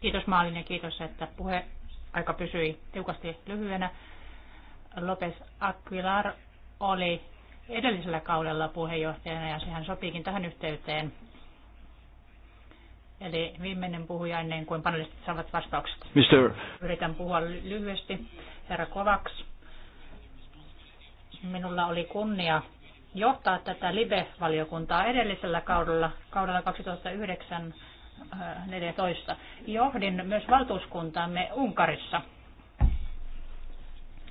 Kiitos ja kiitos, että puhe aika pysyi tiukasti lyhyenä. Lopes Aquilar oli edellisellä kaudella puheenjohtajana ja sehän sopiikin tähän yhteyteen. Eli viimeinen puhuja ennen kuin panelistit saavat vastaukset. Mister. Yritän puhua lyhyesti. Herra Kovaks Minulla oli kunnia johtaa tätä LIBE-valiokuntaa edellisellä kaudella, kaudella 2009 äh, Johdin myös valtuuskuntaamme Unkarissa.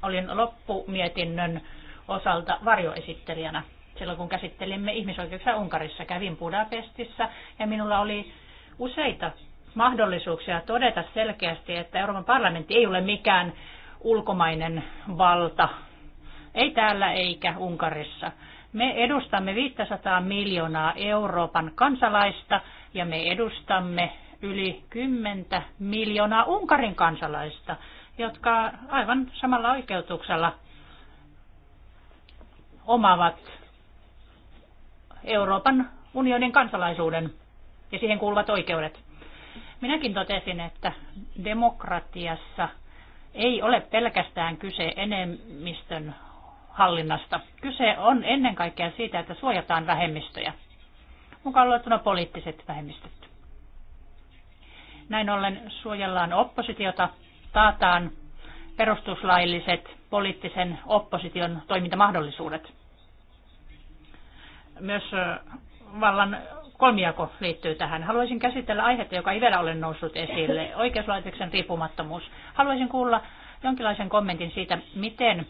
Olin loppumietinnön osalta varjoesittelijänä. Silloin kun käsittelimme ihmisoikeuksia Unkarissa, kävin Budapestissa ja minulla oli useita mahdollisuuksia todeta selkeästi, että Euroopan parlamentti ei ole mikään ulkomainen valta ei täällä eikä Unkarissa. Me edustamme 500 miljoonaa Euroopan kansalaista ja me edustamme yli 10 miljoonaa Unkarin kansalaista, jotka aivan samalla oikeutuksella omavat Euroopan unionin kansalaisuuden ja siihen kuuluvat oikeudet. Minäkin totesin, että demokratiassa ei ole pelkästään kyse enemmistön hallinnasta. Kyse on ennen kaikkea siitä, että suojataan vähemmistöjä, mukaan luettuna poliittiset vähemmistöt. Näin ollen suojellaan oppositiota, taataan perustuslailliset poliittisen opposition toimintamahdollisuudet. Myös vallan kolmijako liittyy tähän. Haluaisin käsitellä aihetta, joka ei vielä ole noussut esille, oikeuslaitoksen riippumattomuus. Haluaisin kuulla jonkinlaisen kommentin siitä, miten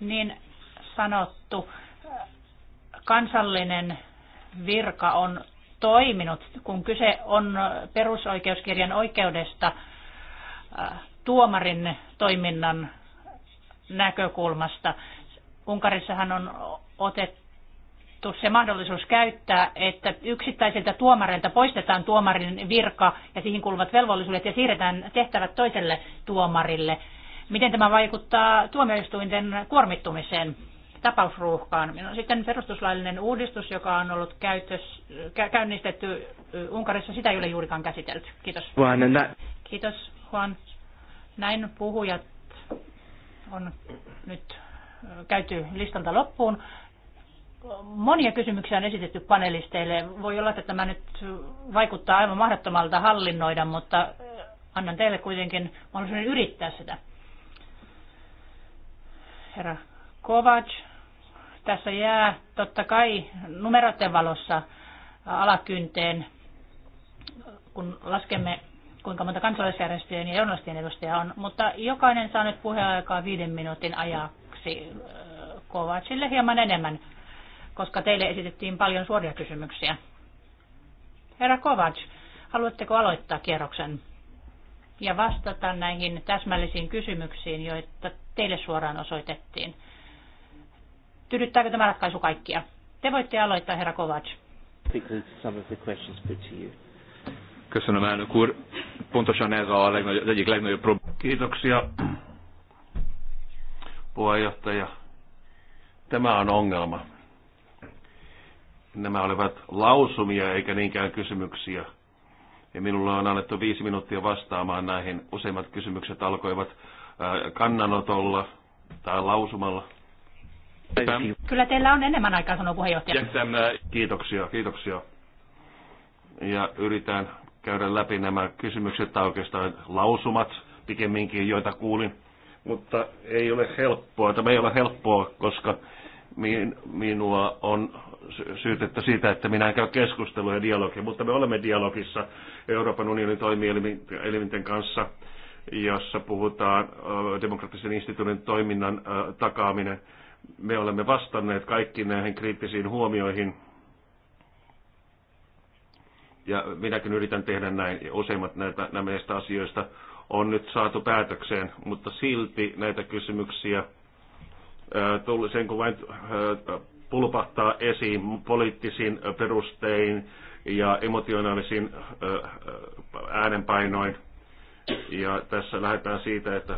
niin sanottu kansallinen virka on toiminut, kun kyse on perusoikeuskirjan oikeudesta äh, tuomarin toiminnan näkökulmasta. Unkarissahan on otettu se mahdollisuus käyttää, että yksittäisiltä tuomareilta poistetaan tuomarin virka ja siihen kuuluvat velvollisuudet ja siirretään tehtävät toiselle tuomarille – Miten tämä vaikuttaa tuomioistuinten kuormittumiseen, tapausruuhkaan? sitten perustuslaillinen uudistus, joka on ollut käytös, käynnistetty Unkarissa, sitä ei ole juurikaan käsitelty. Kiitos. Kiitos, Juan. Näin puhujat on nyt käyty listalta loppuun. Monia kysymyksiä on esitetty panelisteille. Voi olla, että tämä nyt vaikuttaa aivan mahdottomalta hallinnoida, mutta annan teille kuitenkin mahdollisuuden yrittää sitä herra Kovac. Tässä jää totta kai numeroiden valossa alakynteen, kun laskemme kuinka monta kansalaisjärjestöjen ja journalistien edustajaa on, mutta jokainen saa nyt puheaikaa viiden minuutin ajaksi äh, Kovacille hieman enemmän, koska teille esitettiin paljon suoria kysymyksiä. Herra Kovac, haluatteko aloittaa kierroksen ja vastata näihin täsmällisiin kysymyksiin, joita teille suoraan osoitettiin. Tyydyttääkö tämä ratkaisu kaikkia? Te voitte aloittaa, herra Kovac. Köszönöm, elnök úr. Pontosan ez a legnagyobb, egyik legnagyobb probléma. Kiitoksia, puheenjohtaja. Tämä on ongelma. Nämä olivat lausumia eikä niinkään kysymyksiä. Ja minulle on annettu viisi minuuttia vastaamaan näihin. Useimmat kysymykset alkoivat Äh, kannanotolla tai lausumalla. Kyllä teillä on enemmän aikaa, sanoo puheenjohtaja. Äh, kiitoksia, kiitoksia. Ja yritän käydä läpi nämä kysymykset tai oikeastaan lausumat pikemminkin, joita kuulin. Mutta ei ole helppoa, tämä ei ole helppoa, koska minua on syytettä siitä, että minä en käy keskustelua ja dialogia, mutta me olemme dialogissa Euroopan unionin toimielinten kanssa jossa puhutaan demokraattisen instituutin toiminnan takaaminen. Me olemme vastanneet kaikkiin näihin kriittisiin huomioihin ja minäkin yritän tehdä näin, useimmat näitä, näistä asioista on nyt saatu päätökseen, mutta silti näitä kysymyksiä, sen kun vain pulpahtaa esiin poliittisiin perustein ja emotionaalisiin äänenpainoin, ja tässä lähdetään siitä, että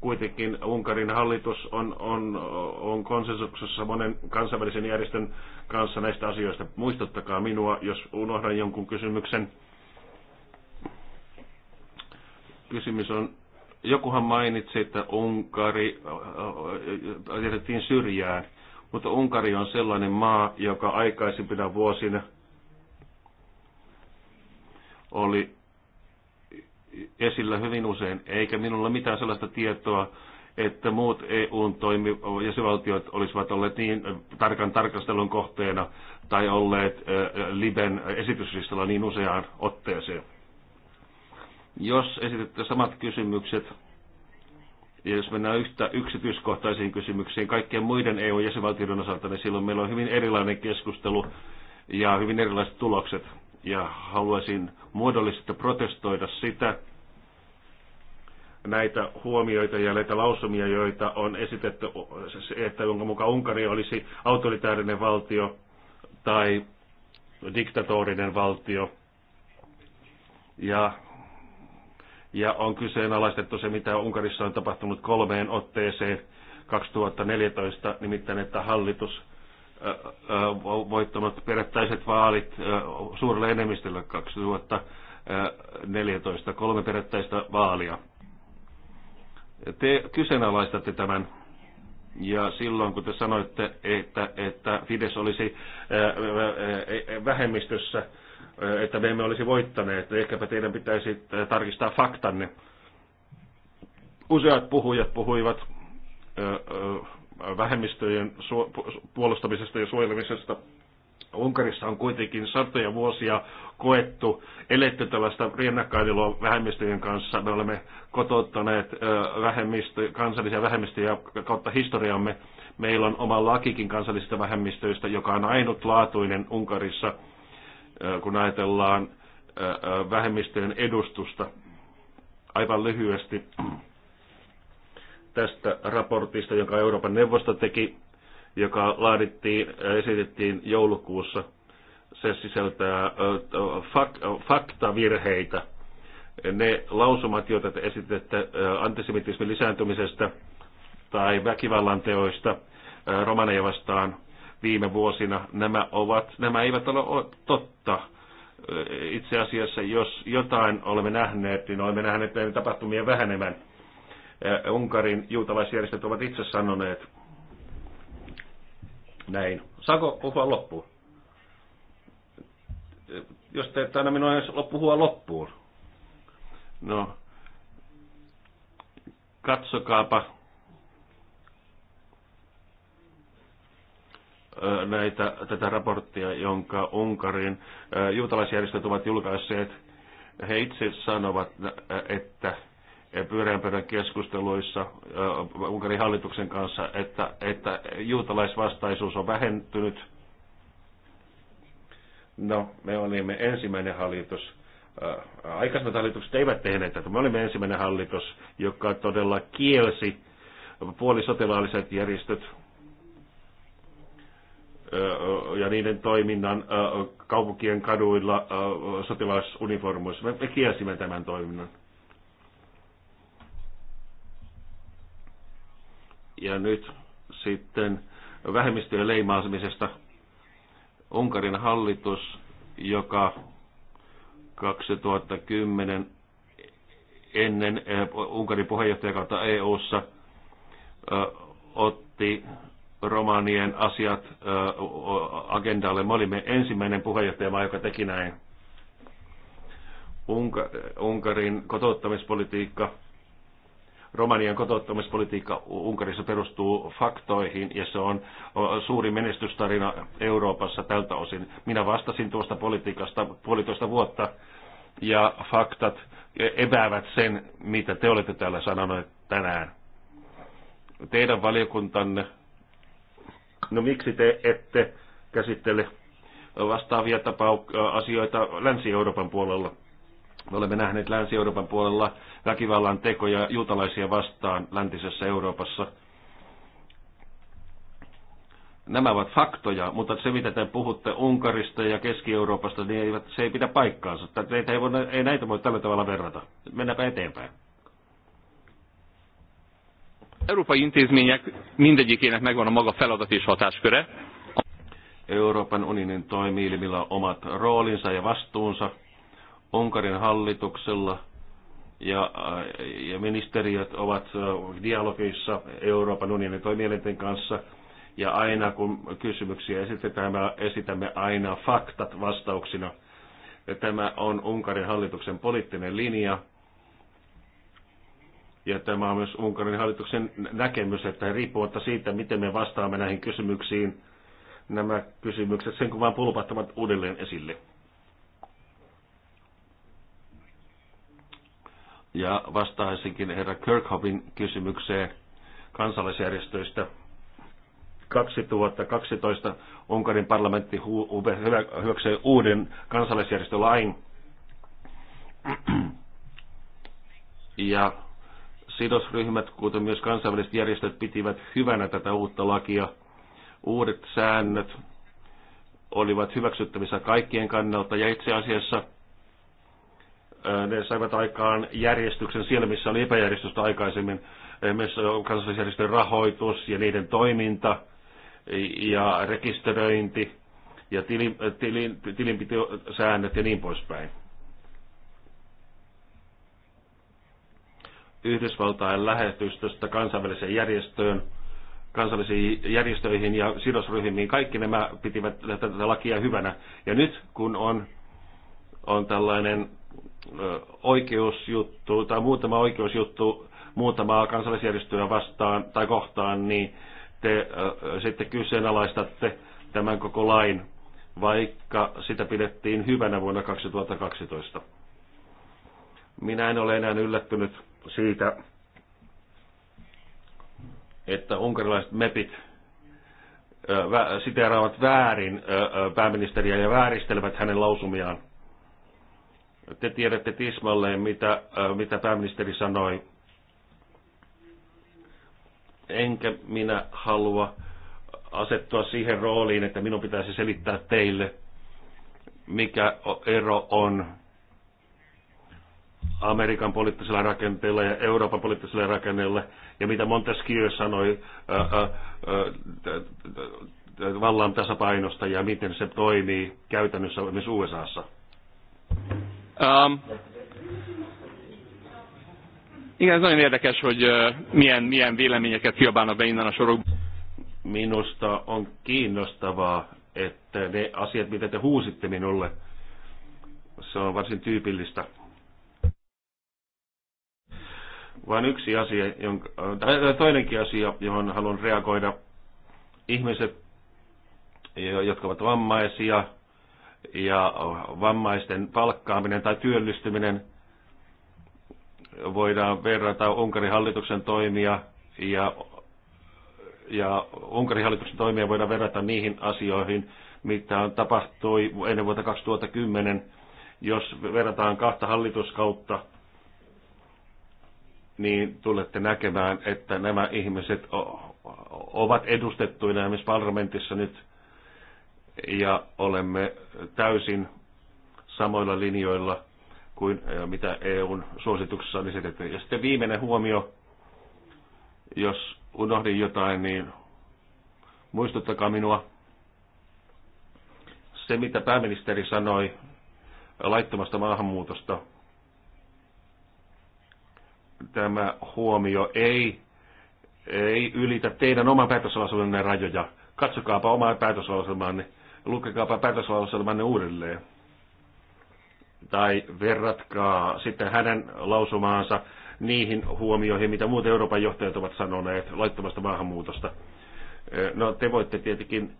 kuitenkin Unkarin hallitus on, on, on konsensuksessa monen kansainvälisen järjestön kanssa näistä asioista. Muistuttakaa minua, jos unohdan jonkun kysymyksen. Kysymys on, jokuhan mainitsi, että Unkari äh, äh, jätettiin syrjään, mutta Unkari on sellainen maa, joka aikaisempina vuosina oli esillä hyvin usein, eikä minulla mitään sellaista tietoa, että muut EUn toimi- jäsenvaltiot olisivat olleet niin tarkan tarkastelun kohteena tai olleet Liben esityslistalla niin useaan otteeseen. Jos esitätte samat kysymykset, ja jos mennään yhtä yksityiskohtaisiin kysymyksiin kaikkien muiden EU-jäsenvaltioiden osalta, niin silloin meillä on hyvin erilainen keskustelu ja hyvin erilaiset tulokset ja haluaisin muodollisesti protestoida sitä, näitä huomioita ja näitä lausumia, joita on esitetty, että jonka mukaan Unkari olisi autoritäärinen valtio tai diktatorinen valtio. Ja, ja on kyseenalaistettu se, mitä Unkarissa on tapahtunut kolmeen otteeseen 2014, nimittäin että hallitus voittamat perättäiset vaalit suurella enemmistöllä 2014, kolme perättäistä vaalia. Te kyseenalaistatte tämän ja silloin kun te sanoitte, että, että Fides olisi vähemmistössä, että me emme olisi voittaneet, niin ehkäpä teidän pitäisi tarkistaa faktanne. Useat puhujat puhuivat vähemmistöjen puolustamisesta ja suojelemisesta. Unkarissa on kuitenkin satoja vuosia koettu, eletty tällaista rinnakkailua vähemmistöjen kanssa. Me olemme kotouttaneet vähemmistö, kansallisia vähemmistöjä kautta historiamme. Meillä on oma lakikin kansallisista vähemmistöistä, joka on ainutlaatuinen Unkarissa, kun ajatellaan vähemmistöjen edustusta. Aivan lyhyesti tästä raportista, jonka Euroopan neuvosto teki, joka laadittiin, ja äh, esitettiin joulukuussa. Se sisältää äh, faktavirheitä. Ne lausumat, joita te esitette äh, antisemitismin lisääntymisestä tai väkivallan teoista romaneja vastaan viime vuosina, nämä, ovat, nämä eivät ole totta itse asiassa, jos jotain olemme nähneet, niin olemme nähneet näiden tapahtumien vähenemän. Unkarin juutalaisjärjestöt ovat itse sanoneet näin. Saako puhua loppuun? Jos te ette aina minua edes puhua loppuun. No, katsokaapa näitä, tätä raporttia, jonka Unkarin juutalaisjärjestöt ovat julkaisseet. He itse sanovat, että pyöränpöydän keskusteluissa äh, Unkarin hallituksen kanssa, että, että juutalaisvastaisuus on vähentynyt. No, me olimme ensimmäinen hallitus. Äh, aikaisemmat hallitukset eivät tehneet tätä. Me olimme ensimmäinen hallitus, joka todella kielsi puolisotilaalliset järjestöt äh, ja niiden toiminnan kaupunkien kaduilla sotilasuniformuissa. Me kielsimme tämän toiminnan Ja nyt sitten vähemmistöjen leimaamisesta Unkarin hallitus, joka 2010 ennen eh, Unkarin puheenjohtajakautta EU-ssa otti romanien asiat agendalle. Me olimme ensimmäinen puheenjohtajamaa, joka teki näin. Unkarin kotouttamispolitiikka Romanian kotouttamispolitiikka Unkarissa perustuu faktoihin ja se on suuri menestystarina Euroopassa tältä osin. Minä vastasin tuosta politiikasta puolitoista vuotta ja faktat epäävät sen, mitä te olette täällä sanoneet tänään. Teidän valiokuntanne, no miksi te ette käsittele vastaavia tapauksia asioita Länsi-Euroopan puolella? Me olemme nähneet Länsi-Euroopan puolella väkivallan tekoja juutalaisia vastaan läntisessä Euroopassa. Nämä ovat faktoja, mutta se mitä te puhutte Unkarista ja Keski-Euroopasta, niin eivät, se ei pidä paikkaansa. Teitä ei, voi, ei näitä voi tällä tavalla verrata. Mennäänpä eteenpäin. Euroopan intézmények mindegyikének megvan a maga feladat és hatásköre. Euroopan unionin toimii on omat roolinsa ja vastuunsa Unkarin hallituksella ja, ja ministeriöt ovat dialogissa Euroopan unionin toimielinten kanssa. Ja aina kun kysymyksiä esitetään, me esitämme aina faktat vastauksina. Ja tämä on Unkarin hallituksen poliittinen linja. Ja tämä on myös Unkarin hallituksen näkemys, että riippumatta siitä, miten me vastaamme näihin kysymyksiin, nämä kysymykset sen kuvaan pulpahtavat uudelleen esille. Ja vastaisinkin herra Kirkhovin kysymykseen kansalaisjärjestöistä. 2012 Unkarin parlamentti hyväksyi uuden kansalaisjärjestölain. Ja sidosryhmät, kuten myös kansainväliset järjestöt, pitivät hyvänä tätä uutta lakia. Uudet säännöt olivat hyväksyttävissä kaikkien kannalta ja itse asiassa ne saivat aikaan järjestyksen siellä, missä oli epäjärjestystä aikaisemmin, missä on kansallisjärjestön rahoitus ja niiden toiminta e, ja rekisteröinti ja tilin, tilin, tilinpitosäännöt ja niin poispäin. Yhdysvaltain lähetystöstä kansainväliseen järjestöön, kansallisiin järjestöihin ja sidosryhmiin. Kaikki nämä pitivät tätä lakia hyvänä. Ja nyt kun on, on tällainen oikeusjuttu tai muutama oikeusjuttu muutamaa kansallisjärjestöä vastaan tai kohtaan, niin te sitten kyseenalaistatte tämän koko lain, vaikka sitä pidettiin hyvänä vuonna 2012. Minä en ole enää yllättynyt siitä, että unkarilaiset mepit siteeraavat väärin pääministeriä ja vääristelevät hänen lausumiaan. Te tiedätte tismalleen, mitä, mitä pääministeri sanoi. Enkä minä halua asettua siihen rooliin, että minun pitäisi selittää teille, mikä ero on Amerikan poliittisella rakenteella ja Euroopan poliittisella rakenteella, ja mitä Montesquieu sanoi vallan tasapainosta ja miten se toimii käytännössä myös USAssa. Um, igen, ez nagyon érdekes, hogy uh, milyen, milyen véleményeket kiabálnak be innen a sorokban. Minusta on kiinnostavaa, että ne asiat, mitä te huusitte minulle, niin se on varsin tyypillistä. Vain yksi asia, jonka, tai äh, toinenkin asia, johon haluan reagoida. Ihmiset, jotka ovat vammaisia, ja vammaisten palkkaaminen tai työllistyminen voidaan verrata Unkarin hallituksen toimia ja, ja Unkarin hallituksen toimia voidaan verrata niihin asioihin, mitä on tapahtui ennen vuotta 2010, jos verrataan kahta hallituskautta, niin tulette näkemään, että nämä ihmiset ovat edustettuina esimerkiksi parlamentissa nyt – ja olemme täysin samoilla linjoilla kuin äh, mitä EUn suosituksessa on esitetty. Ja sitten viimeinen huomio, jos unohdin jotain, niin muistuttakaa minua. Se, mitä pääministeri sanoi laittomasta maahanmuutosta, tämä huomio ei, ei ylitä teidän oman päätöslauselmanne rajoja. Katsokaapa omaa niin lukekaapa päätöslauselmanne uudelleen. Tai verratkaa sitten hänen lausumaansa niihin huomioihin, mitä muut Euroopan johtajat ovat sanoneet laittomasta maahanmuutosta. No te voitte tietenkin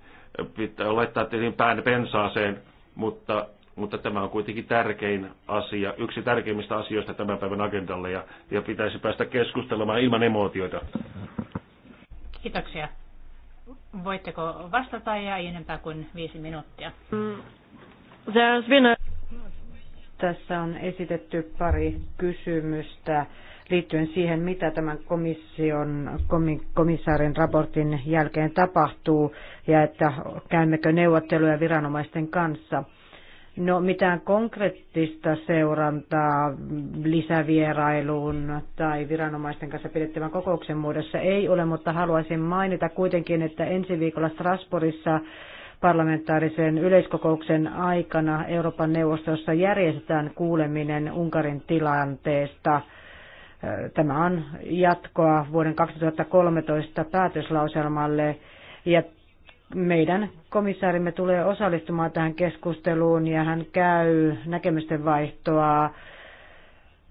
pitää, laittaa tietenkin pään pensaaseen, mutta, mutta tämä on kuitenkin tärkein asia, yksi tärkeimmistä asioista tämän päivän agendalle ja, ja pitäisi päästä keskustelemaan ilman emootioita. Kiitoksia. Voitteko vastata ja ei enempää kuin viisi minuuttia? Mm. Tässä on esitetty pari kysymystä liittyen siihen, mitä tämän komission, komissaarin raportin jälkeen tapahtuu ja että käymmekö neuvotteluja viranomaisten kanssa – No mitään konkreettista seurantaa lisävierailuun tai viranomaisten kanssa pidettävän kokouksen muodossa ei ole, mutta haluaisin mainita kuitenkin, että ensi viikolla Strasbourgissa parlamentaarisen yleiskokouksen aikana Euroopan neuvostossa järjestetään kuuleminen Unkarin tilanteesta. Tämä on jatkoa vuoden 2013 päätöslauselmalle ja meidän komissaarimme tulee osallistumaan tähän keskusteluun ja hän käy näkemysten vaihtoa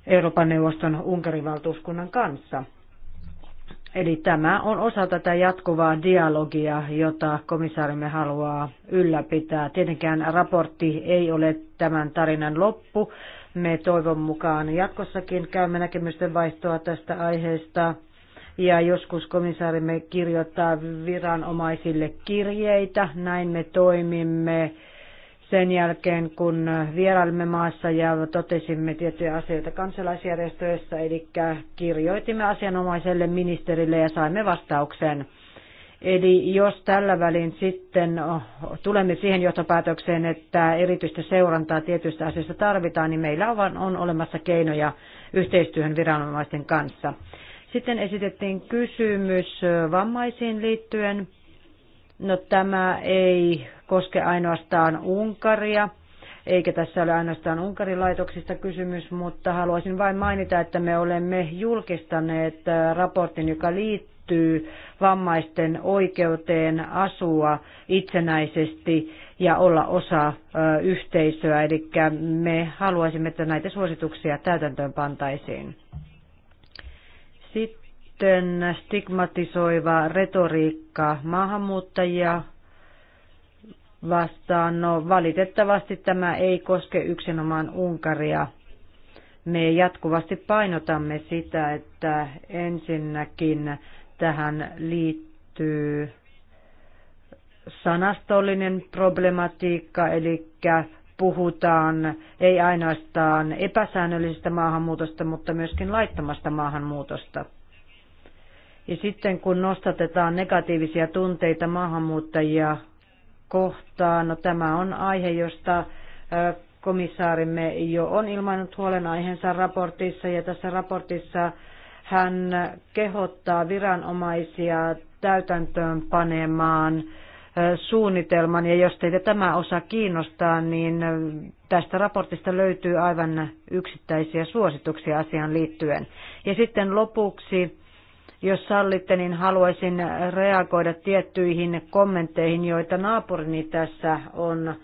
Euroopan neuvoston Unkarin valtuuskunnan kanssa. Eli tämä on osa tätä jatkuvaa dialogia, jota komissaarimme haluaa ylläpitää. Tietenkään raportti ei ole tämän tarinan loppu. Me toivon mukaan jatkossakin käymme näkemysten vaihtoa tästä aiheesta ja joskus komissaarimme kirjoittaa viranomaisille kirjeitä. Näin me toimimme sen jälkeen, kun vierailimme maassa ja totesimme tiettyjä asioita kansalaisjärjestöissä, eli kirjoitimme asianomaiselle ministerille ja saimme vastauksen. Eli jos tällä välin sitten tulemme siihen johtopäätökseen, että erityistä seurantaa tietyistä asioista tarvitaan, niin meillä on, on olemassa keinoja yhteistyöhön viranomaisten kanssa. Sitten esitettiin kysymys vammaisiin liittyen. No tämä ei koske ainoastaan Unkaria, eikä tässä ole ainoastaan Unkarin laitoksista kysymys, mutta haluaisin vain mainita, että me olemme julkistaneet raportin, joka liittyy vammaisten oikeuteen asua itsenäisesti ja olla osa yhteisöä. Eli me haluaisimme, että näitä suosituksia täytäntöön pantaisiin sitten stigmatisoiva retoriikka maahanmuuttajia vastaan. No valitettavasti tämä ei koske yksinomaan Unkaria. Me jatkuvasti painotamme sitä, että ensinnäkin tähän liittyy sanastollinen problematiikka, eli puhutaan ei ainoastaan epäsäännöllisestä maahanmuutosta, mutta myöskin laittomasta maahanmuutosta. Ja sitten kun nostatetaan negatiivisia tunteita maahanmuuttajia kohtaan, no tämä on aihe, josta komissaarimme jo on ilmainnut huolenaiheensa raportissa ja tässä raportissa hän kehottaa viranomaisia täytäntöön panemaan suunnitelman ja jos teitä tämä osa kiinnostaa, niin tästä raportista löytyy aivan yksittäisiä suosituksia asiaan liittyen. Ja sitten lopuksi jos sallitte, niin haluaisin reagoida tiettyihin kommentteihin, joita naapurini tässä on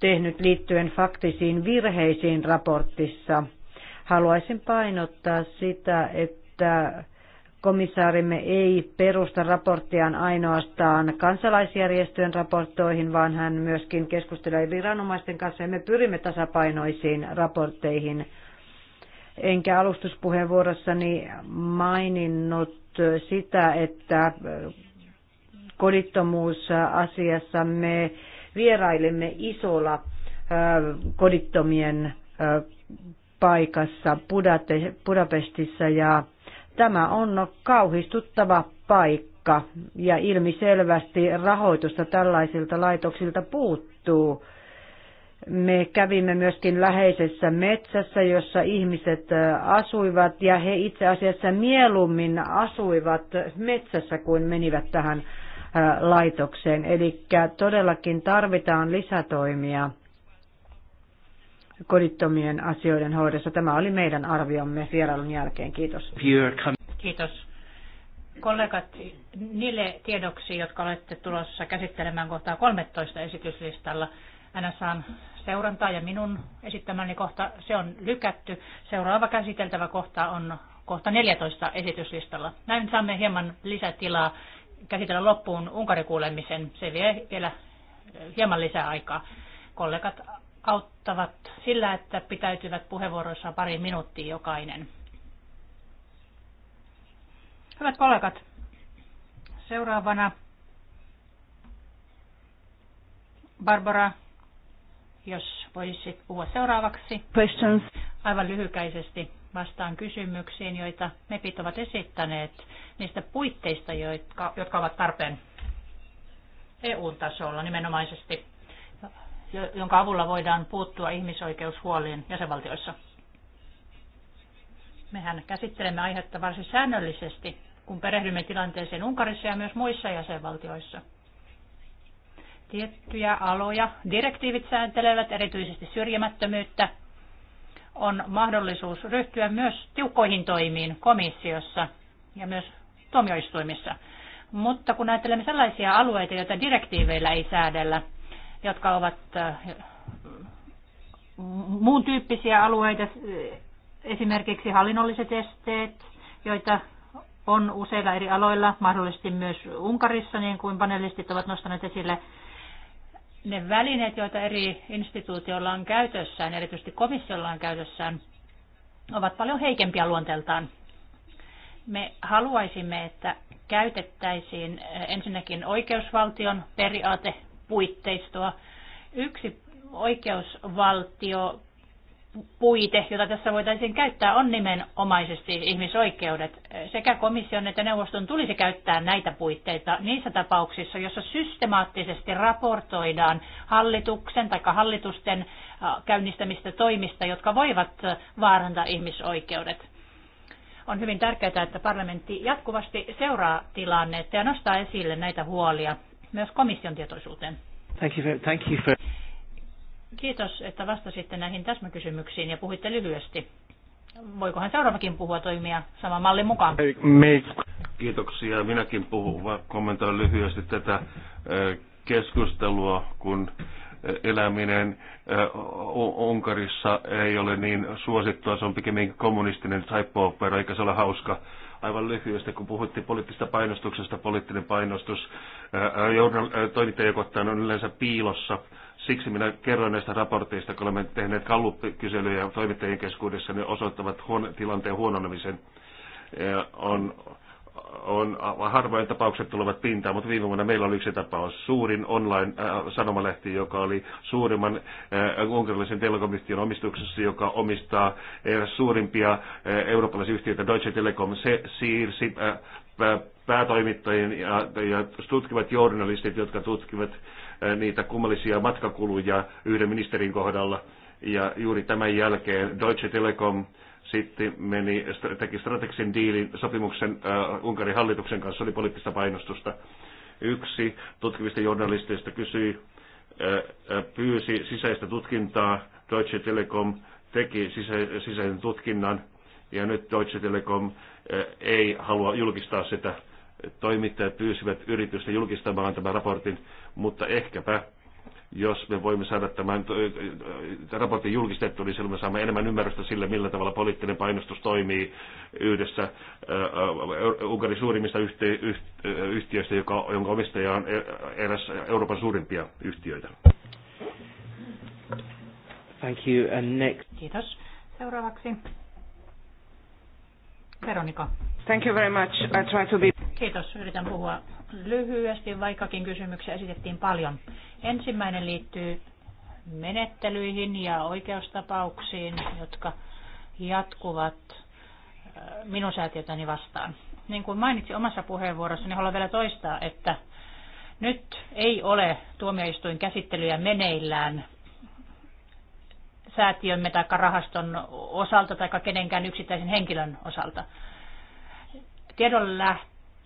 tehnyt liittyen faktisiin virheisiin raportissa. Haluaisin painottaa sitä, että komissaarimme ei perusta raporttiaan ainoastaan kansalaisjärjestöjen raporttoihin, vaan hän myöskin keskustelee viranomaisten kanssa ja me pyrimme tasapainoisiin raportteihin enkä alustuspuheenvuorossani maininnut sitä, että kodittomuusasiassa me vierailimme isolla kodittomien paikassa Budapestissa ja tämä on kauhistuttava paikka ja ilmiselvästi rahoitusta tällaisilta laitoksilta puuttuu me kävimme myöskin läheisessä metsässä, jossa ihmiset asuivat ja he itse asiassa mieluummin asuivat metsässä kuin menivät tähän laitokseen. Eli todellakin tarvitaan lisätoimia kodittomien asioiden hoidossa. Tämä oli meidän arviomme vierailun jälkeen. Kiitos. Kiitos. Kollegat, niille tiedoksi, jotka olette tulossa käsittelemään kohtaa 13 esityslistalla, NSA seurantaa ja minun esittämäni kohta, se on lykätty. Seuraava käsiteltävä kohta on kohta 14 esityslistalla. Näin saamme hieman lisätilaa käsitellä loppuun unkarikuulemisen Se vie vielä hieman lisää aikaa. Kollegat auttavat sillä, että pitäytyvät puheenvuoroissa pari minuuttia jokainen. Hyvät kollegat, seuraavana Barbara jos voisit puhua seuraavaksi. Questions. Aivan lyhykäisesti vastaan kysymyksiin, joita MEPit ovat esittäneet niistä puitteista, jotka, jotka ovat tarpeen EU-tasolla nimenomaisesti, jonka avulla voidaan puuttua ihmisoikeushuoliin jäsenvaltioissa. Mehän käsittelemme aihetta varsin säännöllisesti, kun perehdymme tilanteeseen Unkarissa ja myös muissa jäsenvaltioissa tiettyjä aloja. Direktiivit sääntelevät erityisesti syrjimättömyyttä. On mahdollisuus ryhtyä myös tiukkoihin toimiin komissiossa ja myös tuomioistuimissa. Mutta kun ajattelemme sellaisia alueita, joita direktiiveillä ei säädellä, jotka ovat muun tyyppisiä alueita, esimerkiksi hallinnolliset esteet, joita on useilla eri aloilla, mahdollisesti myös Unkarissa, niin kuin panelistit ovat nostaneet esille, ne välineet, joita eri instituutioilla on käytössään, erityisesti komissiolla on käytössään, ovat paljon heikempiä luonteeltaan. Me haluaisimme, että käytettäisiin eh, ensinnäkin oikeusvaltion periaatepuitteistoa. Yksi oikeusvaltio puite, jota tässä voitaisiin käyttää, on nimenomaisesti ihmisoikeudet. Sekä komission että neuvoston tulisi käyttää näitä puitteita niissä tapauksissa, joissa systemaattisesti raportoidaan hallituksen tai hallitusten käynnistämistä toimista, jotka voivat vaarantaa ihmisoikeudet. On hyvin tärkeää, että parlamentti jatkuvasti seuraa tilannetta ja nostaa esille näitä huolia myös komission tietoisuuteen. Thank you for, thank you for... Kiitos, että vastasitte näihin täsmäkysymyksiin ja puhuitte lyhyesti. Voikohan seuraavakin puhua toimia saman mallin mukaan? Kiitoksia. Minäkin puhun, kommentoin lyhyesti tätä keskustelua, kun eläminen Unkarissa ei ole niin suosittua, se on pikemminkin kommunistinen saippuopera, eikä se ole hauska. Aivan lyhyesti, kun puhuttiin poliittisesta painostuksesta, poliittinen painostus, toimittajakohtaan on yleensä piilossa Siksi minä kerroin näistä raporteista, kun olemme tehneet kalluppikyselyjä toimittajien keskuudessa, ne osoittavat huon, tilanteen huononemisen. On, on, harvoin tapaukset tulevat pintaan, mutta viime vuonna meillä oli yksi tapaus. Suurin online-sanomalehti, äh, joka oli suurimman äh, unkarilaisen telekomistion omistuksessa, joka omistaa äh, suurimpia äh, eurooppalaisia yhtiöitä Deutsche Telekom, se siirsi äh, päätoimittajien ja, ja tutkivat journalistit, jotka tutkivat niitä kummallisia matkakuluja yhden ministerin kohdalla. Ja juuri tämän jälkeen Deutsche Telekom sitten meni, teki strategisen diilin sopimuksen äh, Unkarin hallituksen kanssa, oli poliittista painostusta. Yksi tutkivista journalisteista kysyi, äh, pyysi sisäistä tutkintaa, Deutsche Telekom teki sisä, sisäisen tutkinnan ja nyt Deutsche Telekom äh, ei halua julkistaa sitä. Toimittajat pyysivät yritystä julkistamaan tämän raportin mutta ehkäpä jos me voimme saada tämän raportin julkistettu, niin silloin me saamme enemmän ymmärrystä sille, millä tavalla poliittinen painostus toimii yhdessä Unkarin suurimmista yhtiöistä, jonka omistaja on eräs Euroopan suurimpia yhtiöitä. Thank you. And next. Kiitos. Seuraavaksi Veronika. Thank you very much. I try to be Kiitos. Yritän puhua lyhyesti, vaikkakin kysymyksiä esitettiin paljon. Ensimmäinen liittyy menettelyihin ja oikeustapauksiin, jotka jatkuvat äh, minun säätiötäni vastaan. Niin kuin mainitsin omassa puheenvuorossani, haluan vielä toistaa, että nyt ei ole tuomioistuin käsittelyjä meneillään säätiömme tai rahaston osalta tai kenenkään yksittäisen henkilön osalta. Tiedon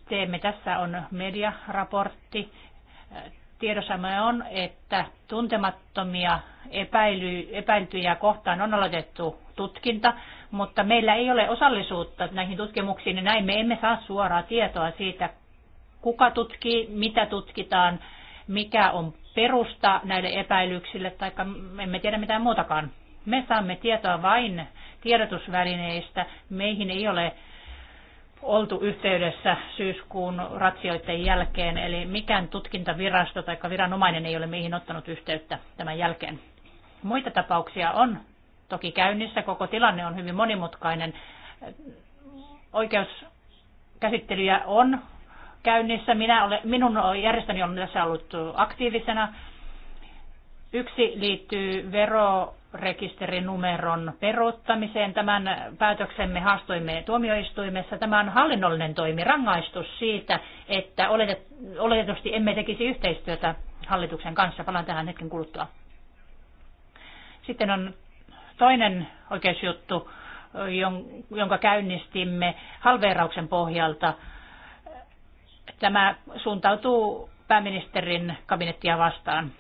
teemme tässä on mediaraportti. Tiedossamme on, että tuntemattomia epäily, epäiltyjä kohtaan on aloitettu tutkinta, mutta meillä ei ole osallisuutta näihin tutkimuksiin ja näin me emme saa suoraa tietoa siitä, kuka tutkii, mitä tutkitaan, mikä on perusta näille epäilyksille, tai emme tiedä mitään muutakaan. Me saamme tietoa vain tiedotusvälineistä. Meihin ei ole oltu yhteydessä syyskuun ratsioiden jälkeen, eli mikään tutkintavirasto tai viranomainen ei ole meihin ottanut yhteyttä tämän jälkeen. Muita tapauksia on toki käynnissä, koko tilanne on hyvin monimutkainen. Oikeuskäsittelyjä on käynnissä, Minä olen, minun järjestäni on tässä ollut aktiivisena. Yksi liittyy vero rekisterinumeron peruuttamiseen. Tämän päätöksemme haastoimme tuomioistuimessa. Tämä on hallinnollinen toimi, rangaistus siitä, että oletetusti emme tekisi yhteistyötä hallituksen kanssa. Palaan tähän hetken kuluttua. Sitten on toinen oikeusjuttu, jonka käynnistimme halveerauksen pohjalta. Tämä suuntautuu pääministerin kabinettia vastaan.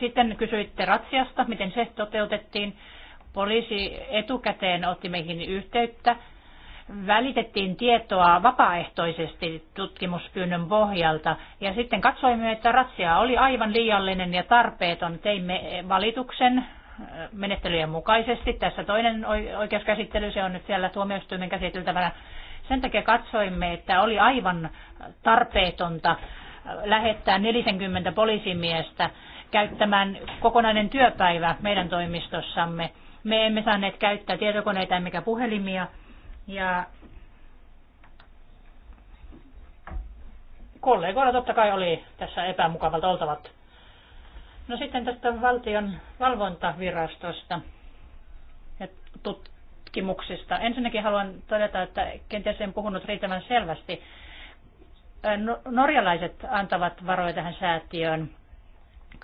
Sitten kysyitte ratsiasta, miten se toteutettiin. Poliisi etukäteen otti meihin yhteyttä. Välitettiin tietoa vapaaehtoisesti tutkimuspyynnön pohjalta ja sitten katsoimme, että ratsia oli aivan liiallinen ja tarpeeton. Teimme valituksen äh, menettelyjen mukaisesti. Tässä toinen oikeuskäsittely, se on nyt siellä tuomioistuimen käsiteltävänä. Sen takia katsoimme, että oli aivan tarpeetonta äh, lähettää 40 poliisimiestä käyttämään kokonainen työpäivä meidän toimistossamme. Me emme saaneet käyttää tietokoneita emmekä puhelimia. Ja kollegoilla totta kai oli tässä epämukavalta oltavat. No sitten tästä valtion valvontavirastosta ja tutkimuksista. Ensinnäkin haluan todeta, että kenties en puhunut riittävän selvästi. Äh, no- norjalaiset antavat varoja tähän säätiöön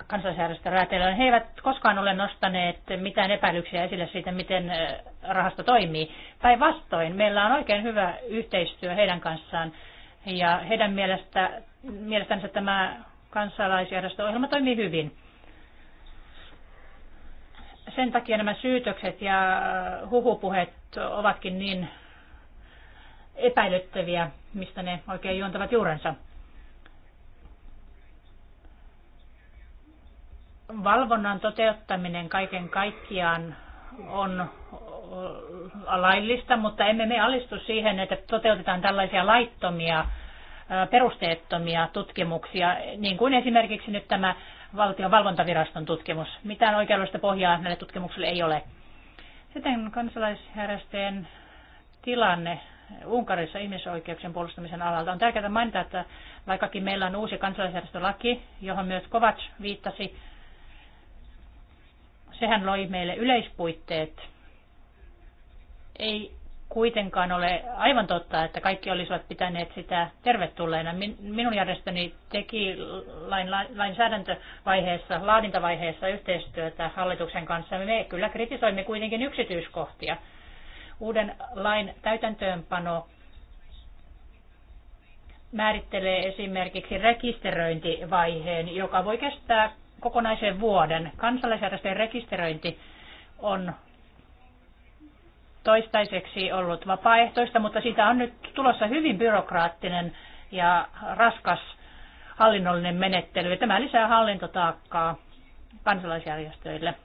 kansallisjärjestö räätälöön. Niin he eivät koskaan ole nostaneet mitään epäilyksiä esille siitä, miten rahasto toimii. Päinvastoin, meillä on oikein hyvä yhteistyö heidän kanssaan ja heidän mielestä, mielestänsä tämä kansalaisjärjestöohjelma toimii hyvin. Sen takia nämä syytökset ja huhupuheet ovatkin niin epäilyttäviä, mistä ne oikein juontavat juurensa. valvonnan toteuttaminen kaiken kaikkiaan on laillista, mutta emme me alistu siihen, että toteutetaan tällaisia laittomia, perusteettomia tutkimuksia, niin kuin esimerkiksi nyt tämä valtion valvontaviraston tutkimus. Mitään oikeudellista pohjaa näille tutkimuksille ei ole. Sitten kansalaisjärjestöjen tilanne Unkarissa ihmisoikeuksien puolustamisen alalta. On tärkeää mainita, että vaikkakin meillä on uusi kansalaisjärjestölaki, johon myös Kovac viittasi, Sehän loi meille yleispuitteet. Ei kuitenkaan ole aivan totta, että kaikki olisivat pitäneet sitä tervetulleena. Minun järjestöni teki lain, lainsäädäntövaiheessa, laadintavaiheessa yhteistyötä hallituksen kanssa. Me kyllä kritisoimme kuitenkin yksityiskohtia. Uuden lain täytäntöönpano määrittelee esimerkiksi rekisteröintivaiheen, joka voi kestää kokonaisen vuoden. Kansalaisjärjestöjen rekisteröinti on toistaiseksi ollut vapaaehtoista, mutta siitä on nyt tulossa hyvin byrokraattinen ja raskas hallinnollinen menettely. Tämä lisää hallintotaakkaa kansalaisjärjestöille.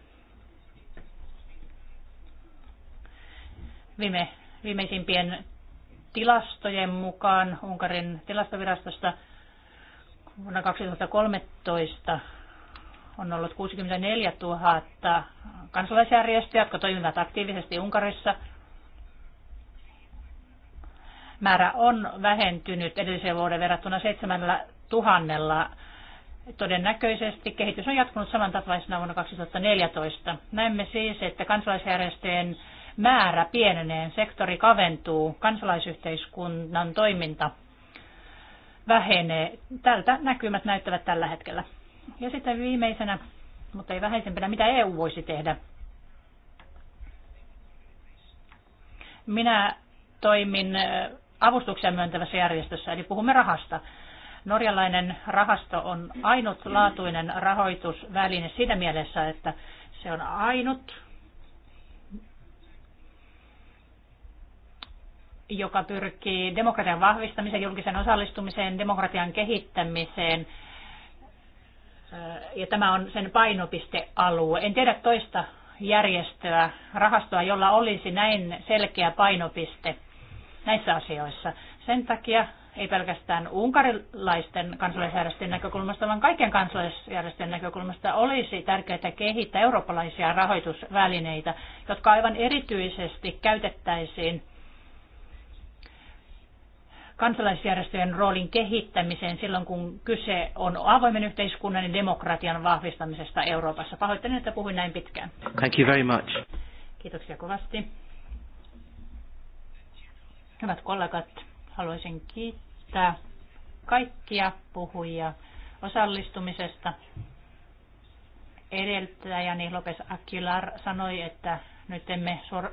Viime, viimeisimpien tilastojen mukaan Unkarin tilastovirastosta vuonna 2013 on ollut 64 000 kansalaisjärjestöä, jotka toimivat aktiivisesti Unkarissa. Määrä on vähentynyt edelliseen vuoden verrattuna 7 000. Todennäköisesti kehitys on jatkunut samantapaisena vuonna 2014. Näemme siis, että kansalaisjärjestöjen määrä pienenee, sektori kaventuu, kansalaisyhteiskunnan toiminta vähenee. Tältä näkymät näyttävät tällä hetkellä. Ja sitten viimeisenä, mutta ei vähäisempänä, mitä EU voisi tehdä? Minä toimin avustuksia myöntävässä järjestössä, eli puhumme rahasta. Norjalainen rahasto on ainutlaatuinen rahoitusväline siinä mielessä, että se on ainut, joka pyrkii demokratian vahvistamiseen, julkisen osallistumiseen, demokratian kehittämiseen – ja tämä on sen painopistealue. En tiedä toista järjestöä, rahastoa, jolla olisi näin selkeä painopiste näissä asioissa. Sen takia ei pelkästään unkarilaisten kansalaisjärjestöjen näkökulmasta, vaan kaiken kansalaisjärjestöjen näkökulmasta olisi tärkeää kehittää eurooppalaisia rahoitusvälineitä, jotka aivan erityisesti käytettäisiin kansalaisjärjestöjen roolin kehittämiseen silloin, kun kyse on avoimen yhteiskunnan ja demokratian vahvistamisesta Euroopassa. Pahoittelen, että puhuin näin pitkään. Thank you very much. Kiitoksia kovasti. Hyvät kollegat, haluaisin kiittää kaikkia puhujia osallistumisesta. Edeltäjäni Lopes Aguilar sanoi, että nyt emme suor-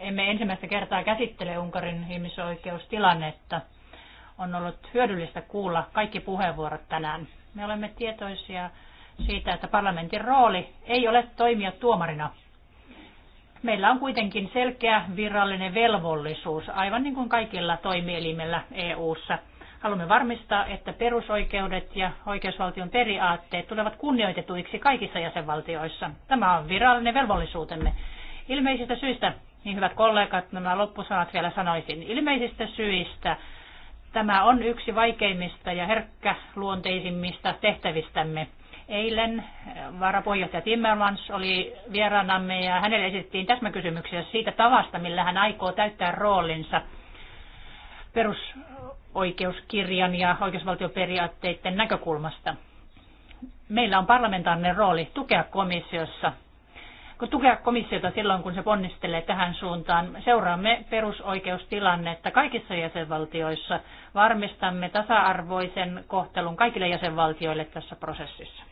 emme ensimmäistä kertaa käsittele Unkarin ihmisoikeustilannetta. On ollut hyödyllistä kuulla kaikki puheenvuorot tänään. Me olemme tietoisia siitä, että parlamentin rooli ei ole toimia tuomarina. Meillä on kuitenkin selkeä virallinen velvollisuus, aivan niin kuin kaikilla toimielimellä EU:ssa. Haluamme varmistaa, että perusoikeudet ja oikeusvaltion periaatteet tulevat kunnioitetuiksi kaikissa jäsenvaltioissa. Tämä on virallinen velvollisuutemme. Ilmeisistä syistä niin hyvät kollegat, nämä loppusanat vielä sanoisin. Ilmeisistä syistä tämä on yksi vaikeimmista ja herkkäluonteisimmista tehtävistämme. Eilen varapuheenjohtaja Timmermans oli vieraanamme ja hänelle esitettiin täsmäkysymyksiä siitä tavasta, millä hän aikoo täyttää roolinsa perusoikeuskirjan ja oikeusvaltioperiaatteiden näkökulmasta. Meillä on parlamentaarinen rooli tukea komissiossa tukea komissiota silloin, kun se ponnistelee tähän suuntaan. Seuraamme perusoikeustilannetta kaikissa jäsenvaltioissa. Varmistamme tasa-arvoisen kohtelun kaikille jäsenvaltioille tässä prosessissa.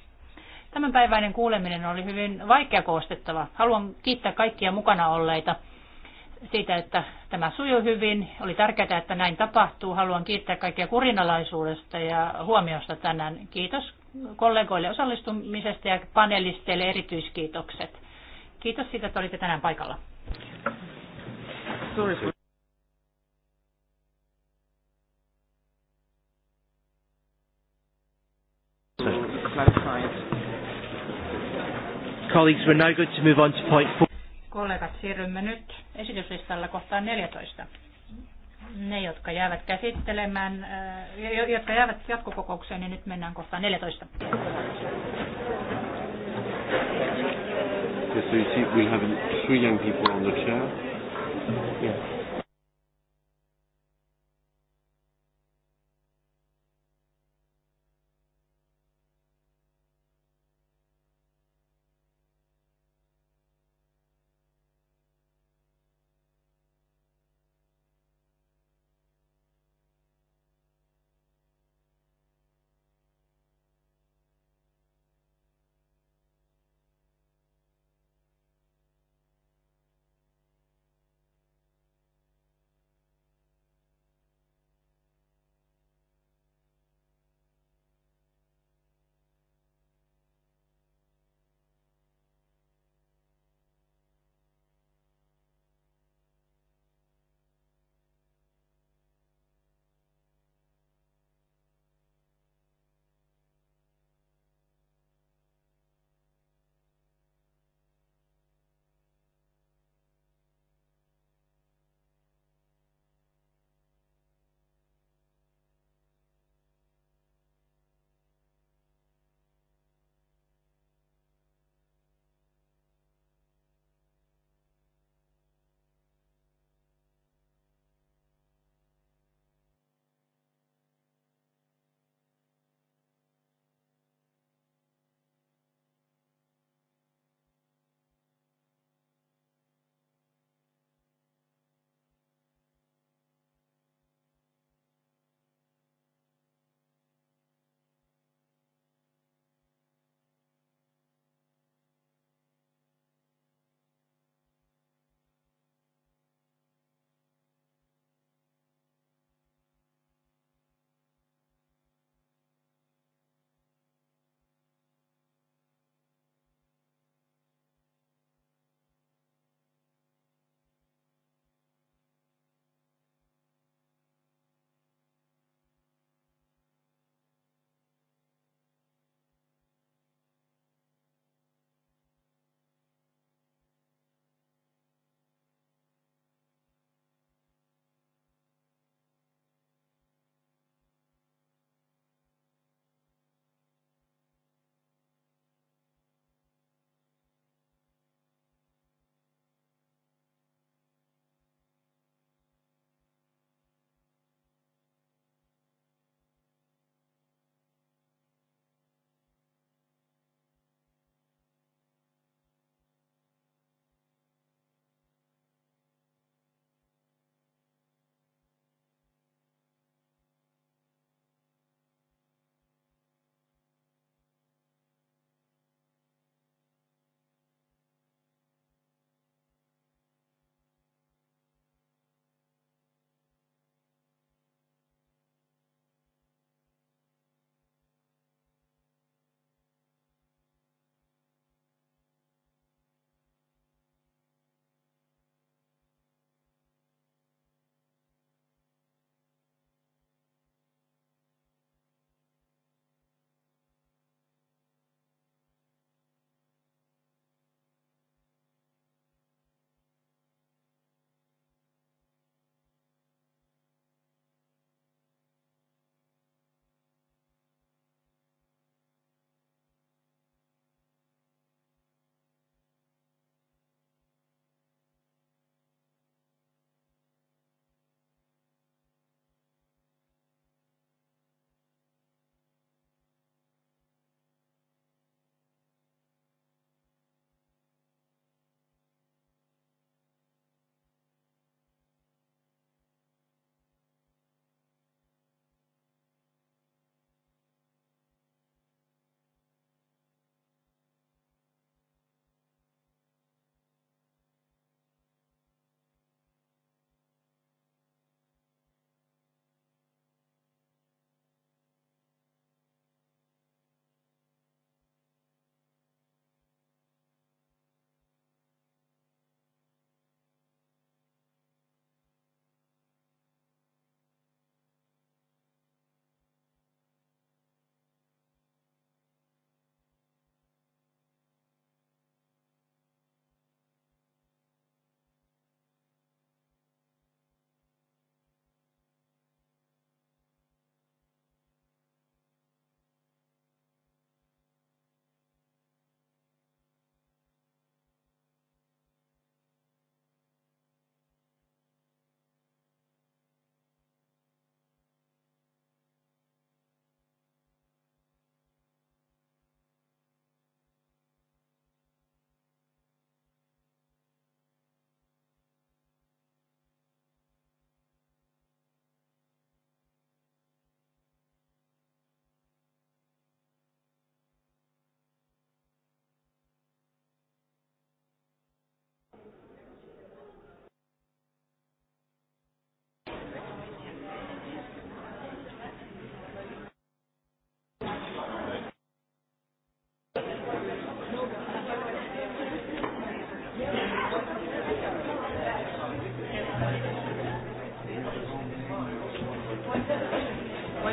Tämänpäiväinen kuuleminen oli hyvin vaikea koostettava. Haluan kiittää kaikkia mukana olleita siitä, että tämä sujuu hyvin. Oli tärkeää, että näin tapahtuu. Haluan kiittää kaikkia kurinalaisuudesta ja huomiosta tänään. Kiitos kollegoille osallistumisesta ja panelisteille erityiskiitokset. Kiitos siitä, että olitte tänään paikalla. Colleagues, we're now going to move on to point four. Kollegat, siirrymme nyt esityslistalla kohtaan 14. Ne, jotka jäävät käsittelemään, äh, jotka jäävät jatkokokoukseen, niin nyt mennään kohtaan 14. Okay, so you see, we have three young people on the chair. Yeah.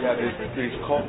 had his, his cough.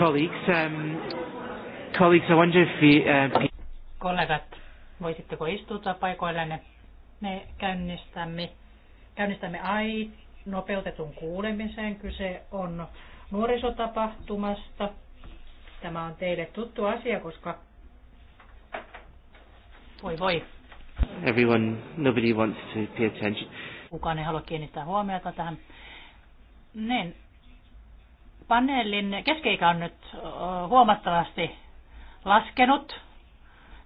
Colleagues, um, colleagues, I wonder if we, uh, Kollegat, voisitteko istua paikoillenne? Me käynnistämme, käynnistämme AI nopeutetun kuulemisen. Kyse on nuorisotapahtumasta. Tämä on teille tuttu asia, koska... Voi voi. Everyone, nobody wants to pay attention. Kukaan ei halua kiinnittää huomiota tähän. Niin, paneelin keskeikä on nyt huomattavasti laskenut.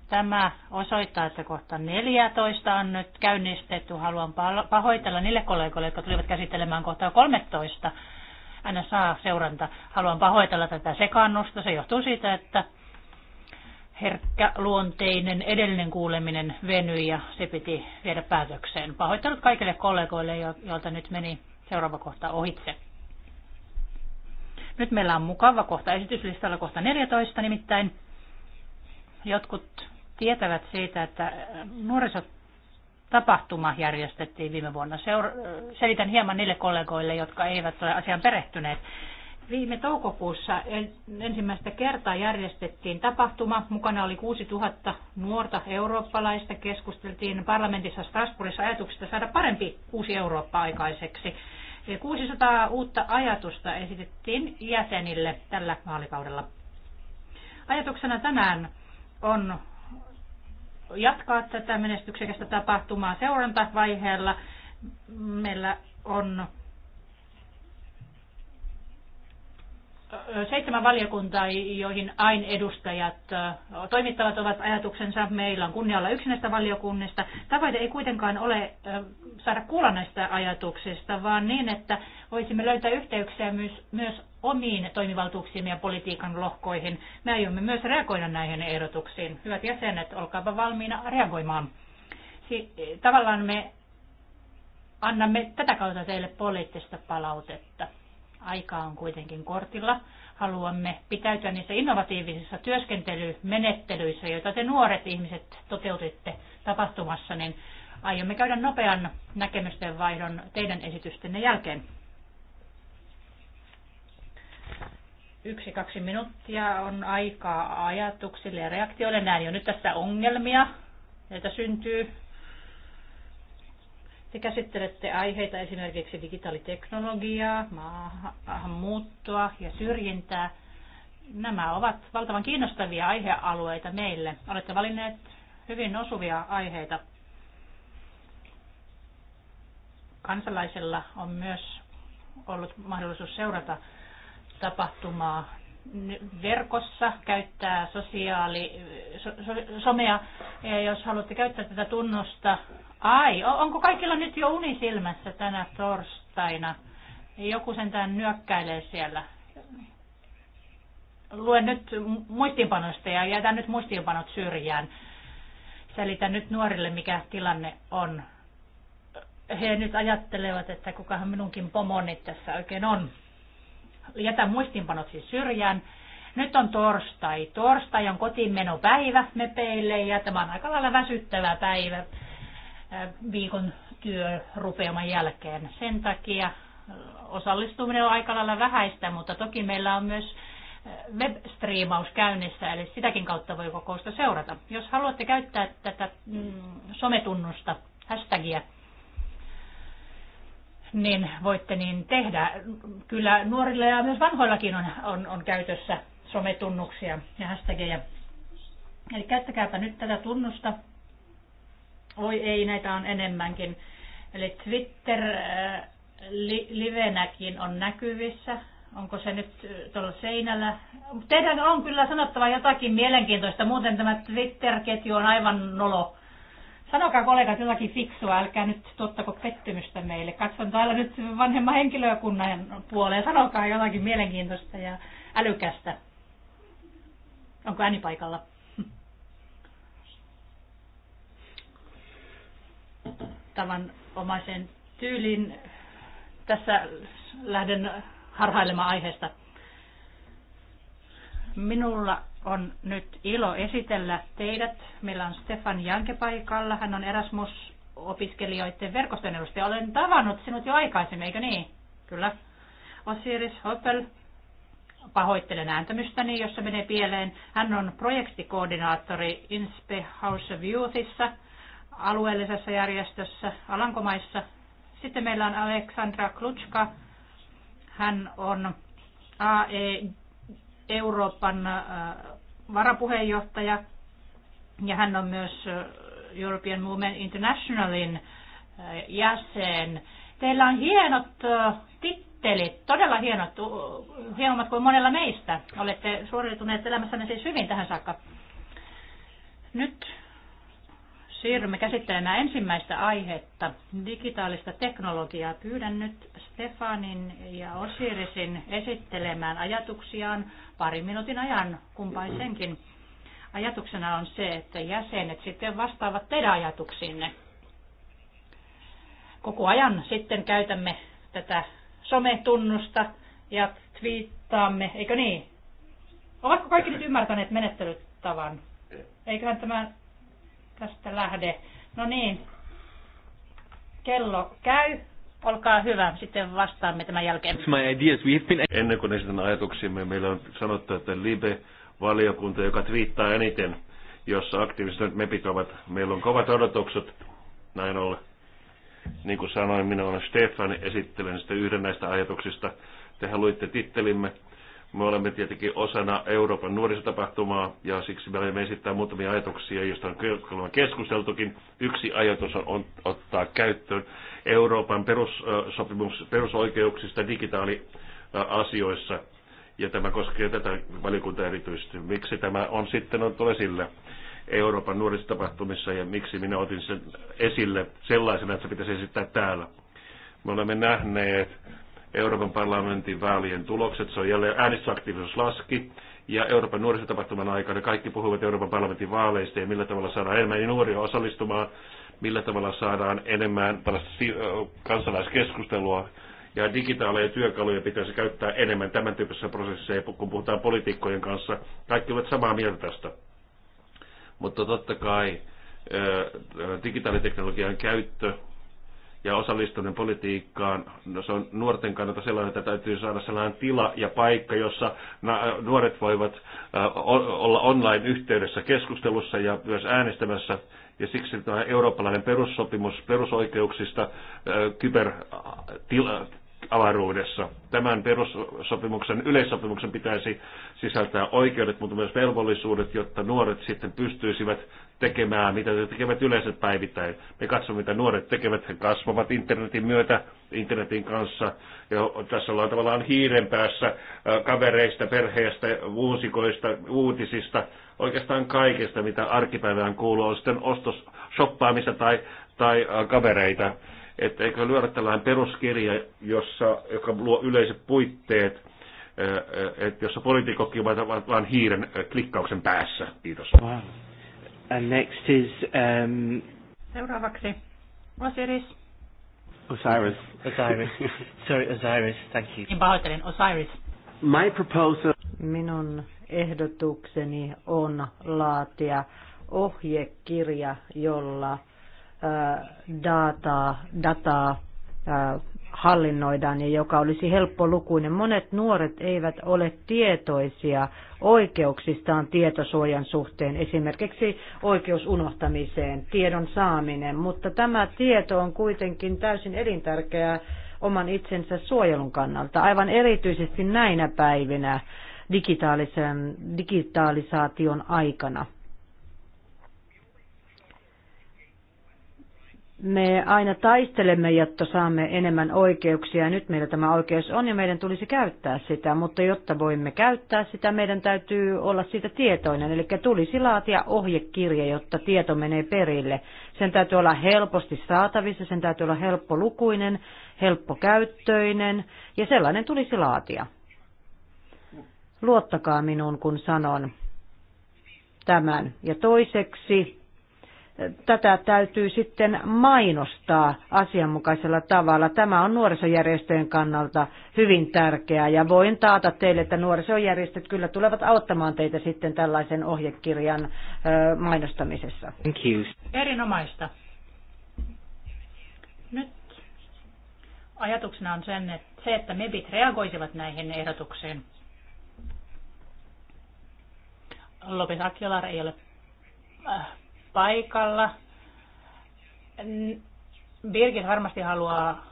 Tämä osoittaa, että kohta 14 on nyt käynnistetty. Haluan pahoitella niille kollegoille, jotka tulivat käsittelemään kohtaa 13. Aina saa seuranta. Haluan pahoitella tätä sekannusta. Se johtuu siitä, että herkkä luonteinen edellinen kuuleminen venyi ja se piti viedä päätökseen. Pahoittelut kaikille kollegoille, joilta nyt meni seuraava kohta ohitse. Nyt meillä on mukava kohta esityslistalla kohta 14 nimittäin. Jotkut tietävät siitä, että nuorisotapahtuma järjestettiin viime vuonna. Seura- selitän hieman niille kollegoille, jotka eivät ole asiaan perehtyneet. Viime toukokuussa ensimmäistä kertaa järjestettiin tapahtuma. Mukana oli 6000 nuorta eurooppalaista. Keskusteltiin parlamentissa Strasbourgissa ajatuksesta saada parempi uusi Eurooppa aikaiseksi. 600 uutta ajatusta esitettiin jäsenille tällä vaalikaudella. Ajatuksena tänään on jatkaa tätä menestyksekästä tapahtumaa seurantavaiheella. Meillä on seitsemän valiokuntaa, joihin AIN edustajat toimittavat ovat ajatuksensa. Meillä on kunnia olla yksi näistä valiokunnista. Tavoite ei kuitenkaan ole saada kuulla näistä ajatuksista, vaan niin, että voisimme löytää yhteyksiä myös, myös omiin toimivaltuuksiin ja politiikan lohkoihin. Me aiomme myös reagoida näihin ehdotuksiin. Hyvät jäsenet, olkaapa valmiina reagoimaan. Tavallaan me annamme tätä kautta teille poliittista palautetta Aika on kuitenkin kortilla. Haluamme pitäytyä niissä innovatiivisissa työskentelymenettelyissä, joita te nuoret ihmiset toteutitte tapahtumassa, niin aiomme käydä nopean näkemysten vaihdon teidän esitystenne jälkeen. yksi, kaksi minuuttia on aikaa ajatuksille ja reaktioille. Näin jo nyt tässä ongelmia, joita syntyy te käsittelette aiheita esimerkiksi digitaaliteknologiaa, maahanmuuttoa ja syrjintää. Nämä ovat valtavan kiinnostavia aihealueita meille. Olette valinneet hyvin osuvia aiheita. Kansalaisella on myös ollut mahdollisuus seurata tapahtumaa verkossa, käyttää sosiaali, so, so, somea. Ja jos haluatte käyttää tätä tunnusta Ai, onko kaikilla nyt jo unisilmässä tänä torstaina? Joku sentään nyökkäilee siellä. Luen nyt muistiinpanosta ja jätän nyt muistiinpanot syrjään. Selitän nyt nuorille, mikä tilanne on. He nyt ajattelevat, että kukahan minunkin pomoni tässä oikein on. Jätän muistiinpanot siis syrjään. Nyt on torstai. Torstai on kotiin kotiinmenopäivä mepeille ja tämä on aika lailla väsyttävä päivä viikon rupeaman jälkeen. Sen takia osallistuminen on aika lailla vähäistä, mutta toki meillä on myös webstreamaus käynnissä, eli sitäkin kautta voi kokousta seurata. Jos haluatte käyttää tätä mm, sometunnusta, hashtagia, niin voitte niin tehdä. Kyllä nuorilla ja myös vanhoillakin on, on, on käytössä sometunnuksia ja hashtageja. Eli käyttäkääpä nyt tätä tunnusta Oi ei, näitä on enemmänkin. Eli Twitter äh, li, livenäkin on näkyvissä. Onko se nyt äh, tuolla seinällä? Teidän on kyllä sanottava jotakin mielenkiintoista, muuten tämä Twitter-ketju on aivan nolo. Sanokaa kollegat jotakin fiksua, älkää nyt tuottako pettymystä meille. Katson täällä nyt vanhemman henkilökunnan puoleen, sanokaa jotakin mielenkiintoista ja älykästä. Onko ääni paikalla? tavanomaisen tyylin tässä lähden harhailemaan aiheesta. Minulla on nyt ilo esitellä teidät. Meillä on Stefan Janke paikalla. Hän on Erasmus-opiskelijoiden verkoston edustaja. Olen tavannut sinut jo aikaisemmin, eikö niin? Kyllä. Osiris Hoppel, pahoittelen ääntämystäni, jossa menee pieleen. Hän on projektikoordinaattori Inspe House of Youthissa – alueellisessa järjestössä Alankomaissa. Sitten meillä on Aleksandra Klutska. Hän on AE Euroopan äh, varapuheenjohtaja ja hän on myös äh, European Movement Internationalin äh, jäsen. Teillä on hienot tittelit, todella hienot, hienommat kuin monella meistä. Olette suoriutuneet elämässänne siis hyvin tähän saakka. Nyt siirrymme käsittelemään ensimmäistä aihetta, digitaalista teknologiaa. Pyydän nyt Stefanin ja Osirisin esittelemään ajatuksiaan parin minuutin ajan kumpaisenkin. Ajatuksena on se, että jäsenet sitten vastaavat teidän ajatuksiinne. Koko ajan sitten käytämme tätä sometunnusta ja twiittaamme, eikö niin? Ovatko kaikki nyt ymmärtäneet menettelytavan? Eiköhän tämä tästä lähde. No niin, kello käy. Olkaa hyvä, sitten vastaamme tämän jälkeen. My ideas. We been... Ennen kuin esitän ajatuksiamme, meillä on sanottu, että Libe-valiokunta, joka twiittaa eniten, jossa aktiiviset mepit ovat, meillä on kovat odotukset, näin ollen. Niin kuin sanoin, minä olen Stefan, esittelen sitten yhden näistä ajatuksista. Tehän luitte tittelimme me olemme tietenkin osana Euroopan nuorisotapahtumaa ja siksi me olemme esittää muutamia ajatuksia, joista on keskusteltukin. Yksi ajatus on, ottaa käyttöön Euroopan perussopimus perusoikeuksista digitaaliasioissa. Ja tämä koskee tätä valiokunta erityisesti. Miksi tämä on sitten on esillä Euroopan nuorisotapahtumissa ja miksi minä otin sen esille sellaisena, että se pitäisi esittää täällä. Me olemme nähneet Euroopan parlamentin vaalien tulokset, se on jälleen äänestysaktiivisuus laski, ja Euroopan nuorisotapahtuman aikana kaikki puhuvat Euroopan parlamentin vaaleista ja millä tavalla saadaan enemmän nuoria osallistumaan, millä tavalla saadaan enemmän tällaista kansalaiskeskustelua, ja digitaaleja työkaluja pitäisi käyttää enemmän tämän tyyppisessä prosessissa, kun puhutaan poliitikkojen kanssa. Kaikki ovat samaa mieltä tästä. Mutta totta kai digitaaliteknologian käyttö ja osallistuminen politiikkaan, no se on nuorten kannalta sellainen, että täytyy saada sellainen tila ja paikka, jossa nuoret voivat olla online-yhteydessä keskustelussa ja myös äänestämässä. Ja siksi tämä eurooppalainen perussopimus perusoikeuksista kyber avaruudessa. Tämän perussopimuksen, yleissopimuksen pitäisi sisältää oikeudet, mutta myös velvollisuudet, jotta nuoret sitten pystyisivät tekemään, mitä he tekevät yleensä päivittäin. Me katsomme, mitä nuoret tekevät. He kasvavat internetin myötä, internetin kanssa. Ja tässä ollaan tavallaan hiiren päässä kavereista, perheestä, muusikoista, uutisista, oikeastaan kaikesta, mitä arkipäivään kuuluu, on sitten ostos, shoppaamista tai, tai kavereita että eikö lyödä tällainen peruskirja, jossa, joka luo yleiset puitteet, että jossa poliitikotkin ovat vain hiiren klikkauksen päässä. Kiitos. Wow. And next is, um... Seuraavaksi Osiris. Osiris. Osiris. Sorry, Osiris. Thank you. Niin pahoittelen, Osiris. My proposal... Minun ehdotukseni on laatia ohjekirja, jolla dataa, dataa hallinnoidaan ja joka olisi helppolukuinen. Monet nuoret eivät ole tietoisia oikeuksistaan tietosuojan suhteen, esimerkiksi oikeus unohtamiseen, tiedon saaminen, mutta tämä tieto on kuitenkin täysin elintärkeää oman itsensä suojelun kannalta, aivan erityisesti näinä päivinä digitaalisen, digitalisaation aikana. Me aina taistelemme, jotta saamme enemmän oikeuksia. Nyt meillä tämä oikeus on ja meidän tulisi käyttää sitä, mutta jotta voimme käyttää sitä, meidän täytyy olla siitä tietoinen. Eli tulisi laatia ohjekirja, jotta tieto menee perille. Sen täytyy olla helposti saatavissa, sen täytyy olla helppolukuinen, helppokäyttöinen ja sellainen tulisi laatia. Luottakaa minuun, kun sanon tämän. Ja toiseksi tätä täytyy sitten mainostaa asianmukaisella tavalla. Tämä on nuorisojärjestöjen kannalta hyvin tärkeää ja voin taata teille, että nuorisojärjestöt kyllä tulevat auttamaan teitä sitten tällaisen ohjekirjan mainostamisessa. Thank you. Erinomaista. Nyt ajatuksena on sen, että se, että MEBit reagoisivat näihin ehdotuksiin. Lopes Akjolar ei ole äh, paikalla. Birgit varmasti haluaa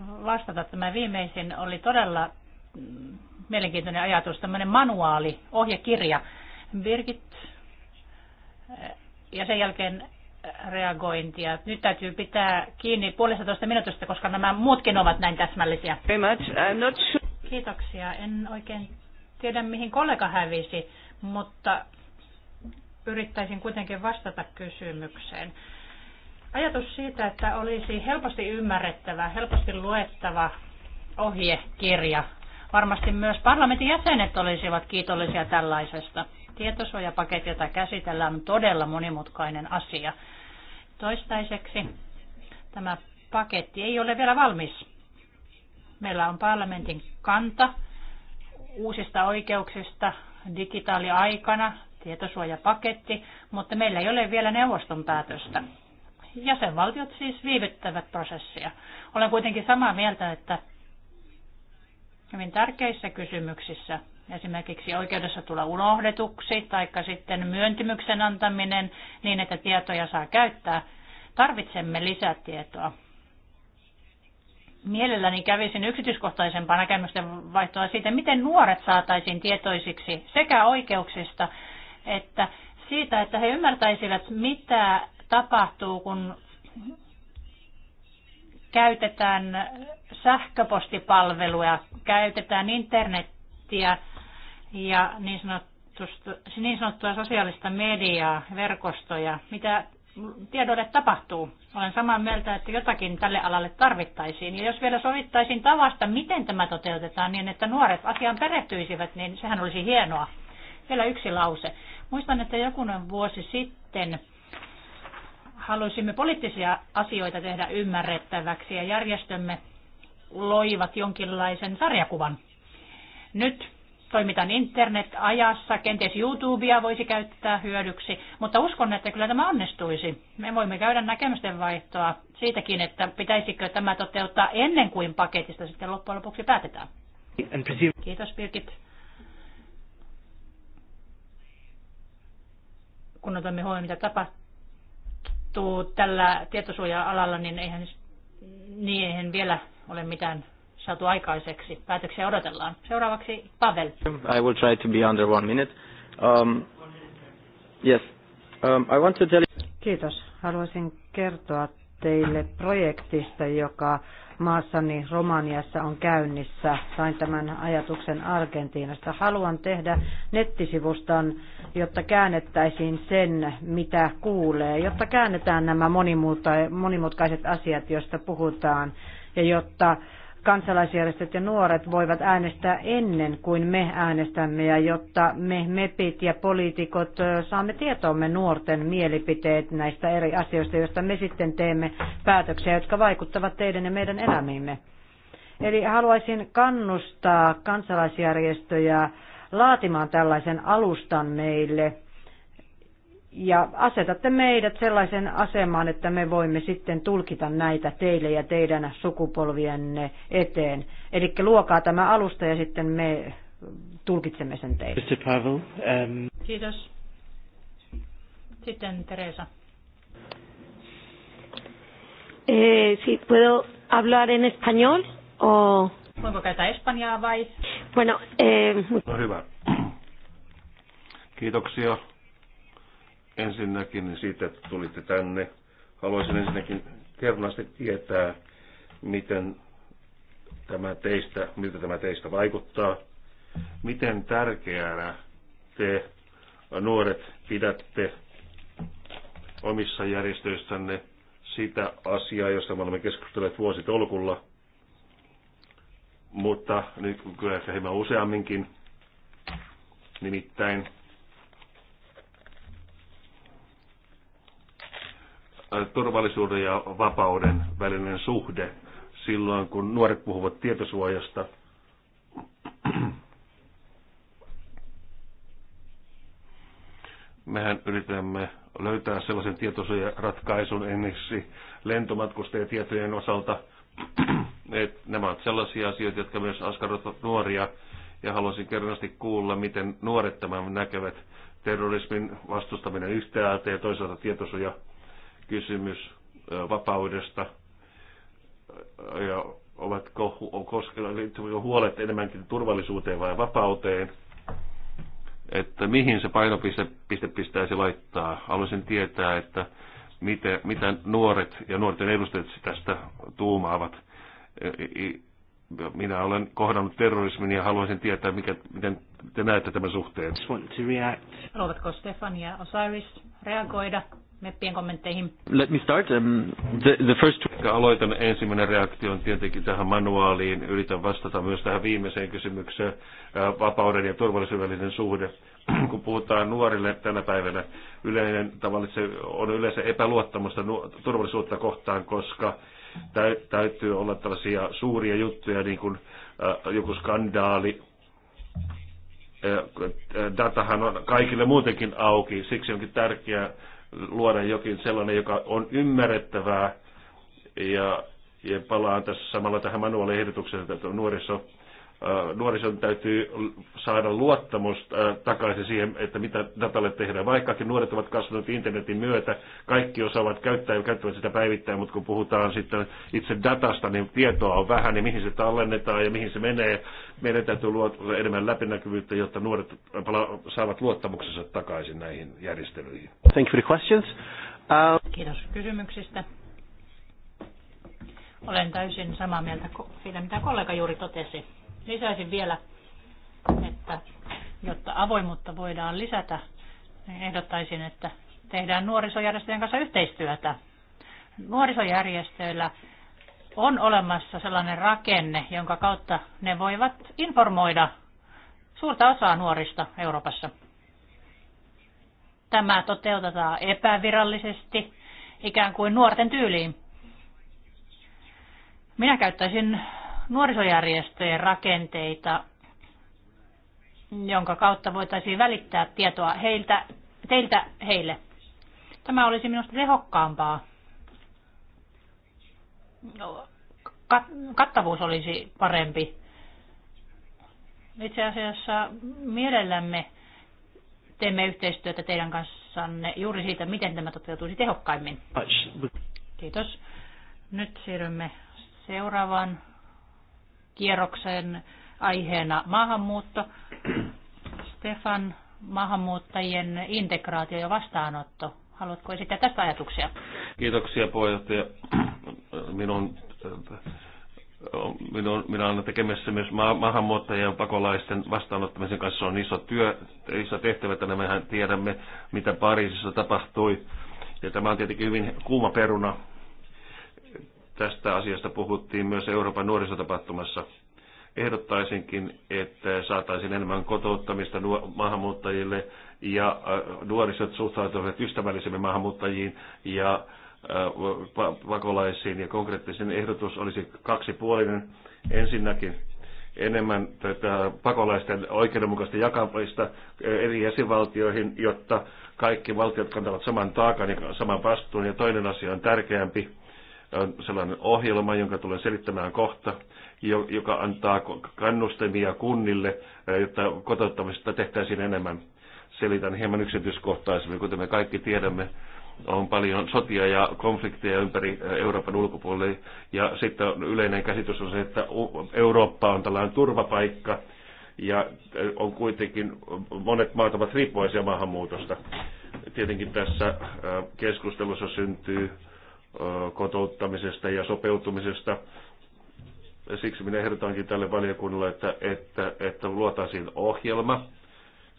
vastata. Tämä viimeisin oli todella mielenkiintoinen ajatus, tämmöinen manuaali, ohjekirja. Birgit, eh, ja sen jälkeen reagointia. Nyt täytyy pitää kiinni puolestatoista minuutista, koska nämä muutkin ovat näin täsmällisiä. Kiitoksia. En oikein tiedä, mihin kollega hävisi, mutta yrittäisin kuitenkin vastata kysymykseen. Ajatus siitä, että olisi helposti ymmärrettävä, helposti luettava ohjekirja. Varmasti myös parlamentin jäsenet olisivat kiitollisia tällaisesta. Tietosuojapaketti, jota käsitellään, on todella monimutkainen asia. Toistaiseksi tämä paketti ei ole vielä valmis. Meillä on parlamentin kanta uusista oikeuksista digitaaliaikana, tietosuojapaketti, mutta meillä ei ole vielä neuvoston päätöstä. Jäsenvaltiot siis viivyttävät prosessia. Olen kuitenkin samaa mieltä, että hyvin tärkeissä kysymyksissä, esimerkiksi oikeudessa tulla unohdetuksi tai sitten myöntymyksen antaminen niin, että tietoja saa käyttää, tarvitsemme lisätietoa. Mielelläni kävisin yksityiskohtaisempaa näkemysten vaihtoa siitä, miten nuoret saataisiin tietoisiksi sekä oikeuksista että siitä, että he ymmärtäisivät, mitä tapahtuu, kun käytetään sähköpostipalveluja, käytetään internettiä ja niin, niin sanottua sosiaalista mediaa, verkostoja, mitä tiedolle tapahtuu. Olen samaa mieltä, että jotakin tälle alalle tarvittaisiin. Ja jos vielä sovittaisiin tavasta, miten tämä toteutetaan niin, että nuoret asiaan perehtyisivät, niin sehän olisi hienoa. Vielä yksi lause. Muistan, että jokunen vuosi sitten halusimme poliittisia asioita tehdä ymmärrettäväksi ja järjestömme loivat jonkinlaisen sarjakuvan. Nyt toimitaan internet-ajassa, kenties YouTubea voisi käyttää hyödyksi, mutta uskon, että kyllä tämä onnistuisi. Me voimme käydä näkemysten vaihtoa siitäkin, että pitäisikö tämä toteuttaa ennen kuin paketista sitten loppujen lopuksi päätetään. Kiitos Birgit. kun otamme huomioon, mitä tapahtuu tällä tietosuoja-alalla, niin eihän, niin eihän vielä ole mitään saatu aikaiseksi. Päätöksiä odotellaan. Seuraavaksi Pavel. I will try to be under one minute. Um, yes. Um, I want to tell you... Kiitos. Haluaisin kertoa teille projektista, joka maassani Romaniassa on käynnissä. Sain tämän ajatuksen Argentiinasta. Haluan tehdä nettisivuston, jotta käännettäisiin sen, mitä kuulee, jotta käännetään nämä monimutkaiset asiat, joista puhutaan, ja jotta kansalaisjärjestöt ja nuoret voivat äänestää ennen kuin me äänestämme ja jotta me mepit ja poliitikot saamme tietoomme nuorten mielipiteet näistä eri asioista, joista me sitten teemme päätöksiä, jotka vaikuttavat teidän ja meidän elämiimme. Eli haluaisin kannustaa kansalaisjärjestöjä laatimaan tällaisen alustan meille – ja asetatte meidät sellaisen asemaan, että me voimme sitten tulkita näitä teille ja teidän sukupolvienne eteen. Eli luokaa tämä alusta ja sitten me tulkitsemme sen teille. Mr. Pavel, um... Kiitos. Sitten Teresa. Eh, si puedo hablar en español o... Voinko käyttää espanjaa vai? Bueno, eh... no hyvä. Kiitoksia ensinnäkin siitä, että tulitte tänne. Haluaisin ensinnäkin kernaasti tietää, miten tämä teistä, miltä tämä teistä vaikuttaa. Miten tärkeänä te nuoret pidätte omissa järjestöissänne sitä asiaa, josta me olemme keskustelleet vuositolkulla, mutta nyt kyllä ehkä hieman useamminkin, nimittäin turvallisuuden ja vapauden välinen suhde silloin, kun nuoret puhuvat tietosuojasta. Mehän yritämme löytää sellaisen tietosuojaratkaisun enniksi lentomatkustajatietojen osalta, että nämä ovat sellaisia asioita, jotka myös askarruttavat nuoria, ja haluaisin kerrasti kuulla, miten nuoret tämän näkevät. Terrorismin vastustaminen yhtäältä ja toisaalta tietosuoja kysymys vapaudesta ja ovatko liittyvätkö huolet enemmänkin turvallisuuteen vai vapauteen, että mihin se painopiste piste pistäisi laittaa. Haluaisin tietää, että mitä, mitä nuoret ja nuorten edustajat tästä tuumaavat. E, minä olen kohdannut terrorismin ja haluaisin tietää, mikä, miten te näette tämän suhteen. Haluatko Stefania Osiris reagoida? meppien kommentteihin. Let me start. Um, the, the first... Aloitan ensimmäinen reaktio on tietenkin tähän manuaaliin. Yritän vastata myös tähän viimeiseen kysymykseen, vapauden ja turvallisuuden suhde. Kun puhutaan nuorille tänä päivänä, yleinen, on yleensä epäluottamusta turvallisuutta kohtaan, koska täytyy olla tällaisia suuria juttuja, niin kuin joku skandaali datahan on kaikille muutenkin auki, siksi onkin tärkeää luoda jokin sellainen, joka on ymmärrettävää ja, ja palaan tässä samalla tähän manuaaliehdotukseen, että nuorissa nuorison täytyy saada luottamus takaisin siihen, että mitä datalle tehdään. Vaikkakin nuoret ovat kasvaneet internetin myötä, kaikki osaavat käyttää ja käyttävät sitä päivittäin, mutta kun puhutaan sitten itse datasta, niin tietoa on vähän, niin mihin se tallennetaan ja mihin se menee. Meidän täytyy luoda enemmän läpinäkyvyyttä, jotta nuoret saavat luottamuksensa takaisin näihin järjestelyihin. Thank you for the questions. Uh... Kiitos kysymyksistä. Olen täysin samaa mieltä siitä, mitä kollega juuri totesi Lisäisin vielä, että jotta avoimuutta voidaan lisätä, niin ehdottaisin, että tehdään nuorisojärjestöjen kanssa yhteistyötä. Nuorisojärjestöillä on olemassa sellainen rakenne, jonka kautta ne voivat informoida suurta osaa nuorista Euroopassa. Tämä toteutetaan epävirallisesti, ikään kuin nuorten tyyliin. Minä käyttäisin nuorisojärjestöjen rakenteita, jonka kautta voitaisiin välittää tietoa heiltä, teiltä heille. Tämä olisi minusta tehokkaampaa. Kattavuus olisi parempi. Itse asiassa mielellämme teemme yhteistyötä teidän kanssanne juuri siitä, miten tämä toteutuisi tehokkaimmin. Kiitos. Nyt siirrymme seuraavaan kierroksen aiheena maahanmuutto. Stefan, maahanmuuttajien integraatio ja vastaanotto. Haluatko esittää tästä ajatuksia? Kiitoksia puheenjohtaja. Minun, minun, minä olen tekemässä myös maahanmuuttajien pakolaisten vastaanottamisen kanssa. Se on iso, työ, iso tehtävä, että mehän tiedämme, mitä Pariisissa tapahtui. Ja tämä on tietenkin hyvin kuuma peruna Tästä asiasta puhuttiin myös Euroopan nuorisotapahtumassa. Ehdottaisinkin, että saataisiin enemmän kotouttamista maahanmuuttajille ja äh, nuorisot suhtautuvat ystävällisemmin maahanmuuttajiin ja äh, pakolaisiin. Ja konkreettisen ehdotus olisi kaksipuolinen. Ensinnäkin enemmän tätä pakolaisten oikeudenmukaista jakamista äh, eri jäsenvaltioihin, jotta kaikki valtiot kantavat saman taakan ja saman vastuun. Ja toinen asia on tärkeämpi, on sellainen ohjelma, jonka tulen selittämään kohta, joka antaa kannustamia kunnille, jotta kotouttamista tehtäisiin enemmän. Selitän hieman yksityiskohtaisemmin, kuten me kaikki tiedämme, on paljon sotia ja konflikteja ympäri Euroopan ulkopuolelle. Ja sitten yleinen käsitys on se, että Eurooppa on tällainen turvapaikka ja on kuitenkin, monet maat ovat riippuvaisia maahanmuutosta. Tietenkin tässä keskustelussa syntyy kotouttamisesta ja sopeutumisesta. Siksi minä ehdotankin tälle valiokunnalle, että, että, että luotaisiin ohjelma,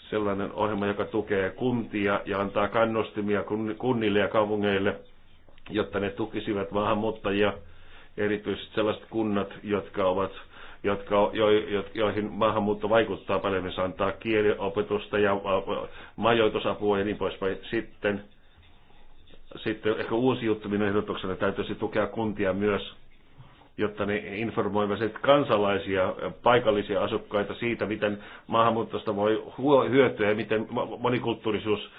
sellainen ohjelma, joka tukee kuntia ja antaa kannustimia kunnille ja kaupungeille, jotta ne tukisivat maahanmuuttajia, erityisesti sellaiset kunnat, jotka ovat jotka, jo, jo, joihin maahanmuutto vaikuttaa paljon, missä antaa kieliopetusta ja majoitusapua ja niin poispäin. Sitten sitten ehkä minun ehdotuksena täytyisi tukea kuntia myös, jotta ne informoivat kansalaisia, paikallisia asukkaita siitä, miten maahanmuutosta voi hyötyä ja miten monikulttuurisuus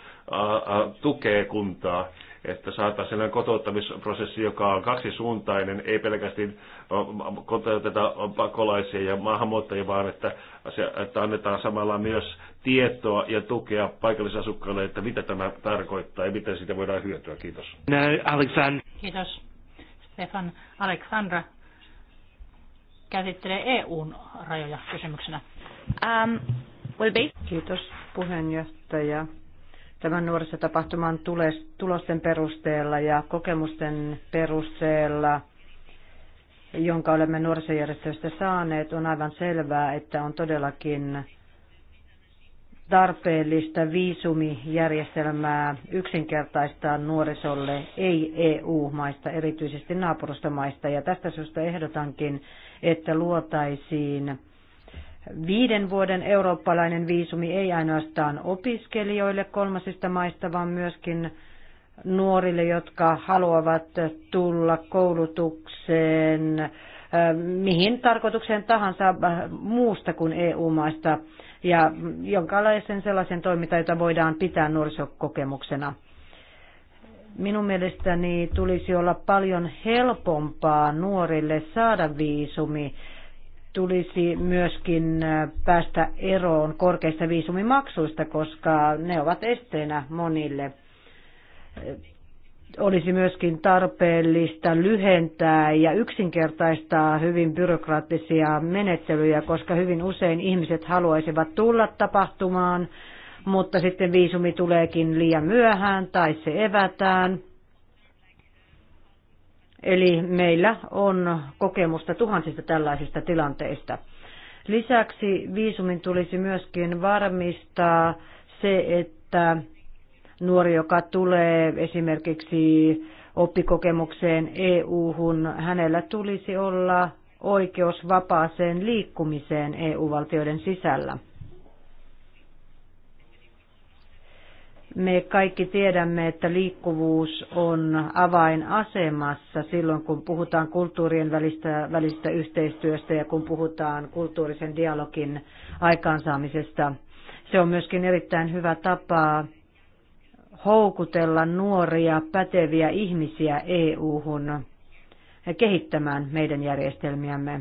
tukee kuntaa että saataisiin sellainen kotouttamisprosessi, joka on kaksisuuntainen, ei pelkästään kotouteta pakolaisia ja maahanmuuttajia, vaan että, se, että annetaan samalla myös tietoa ja tukea paikallisasukkaille, että mitä tämä tarkoittaa ja miten siitä voidaan hyötyä. Kiitos. No, Alexander. Kiitos. Stefan Aleksandra käsittelee EUn rajoja kysymyksenä. Um, be. Kiitos puheenjohtaja. Tämän nuorisotapahtuman tulosten perusteella ja kokemusten perusteella – jonka olemme nuorisojärjestöistä saaneet, on aivan selvää, että on todellakin tarpeellista viisumijärjestelmää yksinkertaistaa nuorisolle ei-EU-maista, erityisesti naapurustomaista. Ja tästä syystä ehdotankin, että luotaisiin viiden vuoden eurooppalainen viisumi ei ainoastaan opiskelijoille kolmasista maista, vaan myöskin nuorille, jotka haluavat tulla koulutukseen, mihin tarkoitukseen tahansa äh, muusta kuin EU-maista ja jonkinlaisen sellaisen toiminta, jota voidaan pitää nuorisokokemuksena. Minun mielestäni tulisi olla paljon helpompaa nuorille saada viisumi tulisi myöskin äh, päästä eroon korkeista viisumimaksuista, koska ne ovat esteenä monille olisi myöskin tarpeellista lyhentää ja yksinkertaistaa hyvin byrokraattisia menettelyjä, koska hyvin usein ihmiset haluaisivat tulla tapahtumaan, mutta sitten viisumi tuleekin liian myöhään tai se evätään. Eli meillä on kokemusta tuhansista tällaisista tilanteista. Lisäksi viisumin tulisi myöskin varmistaa se, että Nuori, joka tulee esimerkiksi oppikokemukseen EU-hun, hänellä tulisi olla oikeus vapaaseen liikkumiseen EU-valtioiden sisällä. Me kaikki tiedämme, että liikkuvuus on avainasemassa silloin, kun puhutaan kulttuurien välistä, välistä yhteistyöstä ja kun puhutaan kulttuurisen dialogin aikaansaamisesta. Se on myöskin erittäin hyvä tapa houkutella nuoria päteviä ihmisiä EU-hun kehittämään meidän järjestelmiämme.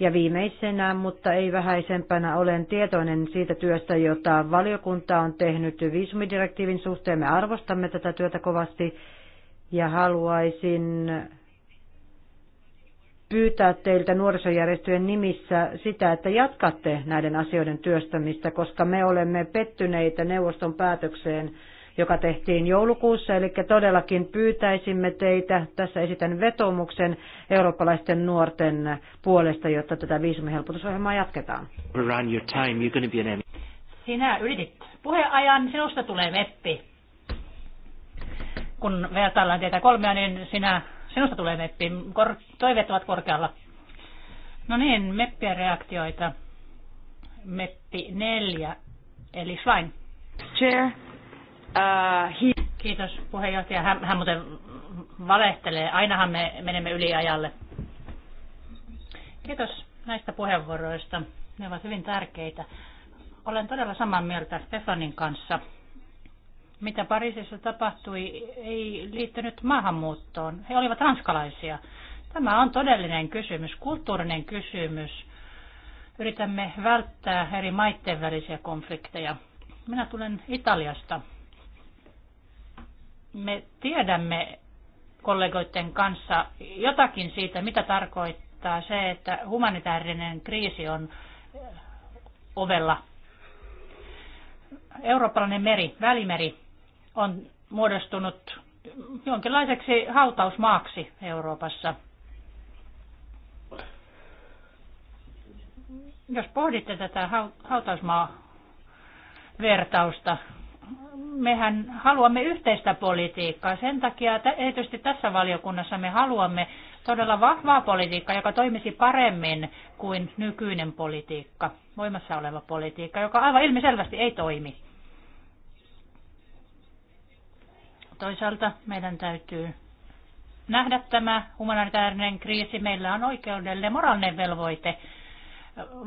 Ja viimeisenä, mutta ei vähäisempänä, olen tietoinen siitä työstä, jota valiokunta on tehnyt viisumidirektiivin suhteen. Me arvostamme tätä työtä kovasti ja haluaisin pyytää teiltä nuorisojärjestöjen nimissä sitä, että jatkatte näiden asioiden työstämistä, koska me olemme pettyneitä neuvoston päätökseen joka tehtiin joulukuussa. Eli todellakin pyytäisimme teitä, tässä esitän vetomuksen eurooppalaisten nuorten puolesta, jotta tätä viisumihelpotusohjelmaa jatketaan. Sinä yritit puheajan, sinusta tulee meppi. Kun vertaillaan teitä kolmea, niin sinä, sinusta tulee meppi. Kor- toiveet ovat korkealla. No niin, meppiä reaktioita. Meppi neljä, eli Schwein. Chair, Uh, he... Kiitos puheenjohtaja. Hän, hän muuten valehtelee. Ainahan me menemme yliajalle. Kiitos näistä puheenvuoroista. Ne ovat hyvin tärkeitä. Olen todella samaa mieltä Stefanin kanssa. Mitä Pariisissa tapahtui, ei liittynyt maahanmuuttoon. He olivat ranskalaisia. Tämä on todellinen kysymys, kulttuurinen kysymys. Yritämme välttää eri maiden välisiä konflikteja. Minä tulen Italiasta me tiedämme kollegoiden kanssa jotakin siitä, mitä tarkoittaa se, että humanitaarinen kriisi on eh, ovella. Eurooppalainen meri, välimeri, on muodostunut jonkinlaiseksi hautausmaaksi Euroopassa. Jos pohditte tätä hautausmaa-vertausta, mehän haluamme yhteistä politiikkaa. Sen takia erityisesti tässä valiokunnassa me haluamme todella vahvaa politiikkaa, joka toimisi paremmin kuin nykyinen politiikka, voimassa oleva politiikka, joka aivan ilmiselvästi ei toimi. Toisaalta meidän täytyy nähdä tämä humanitaarinen kriisi. Meillä on oikeudellinen moraalinen velvoite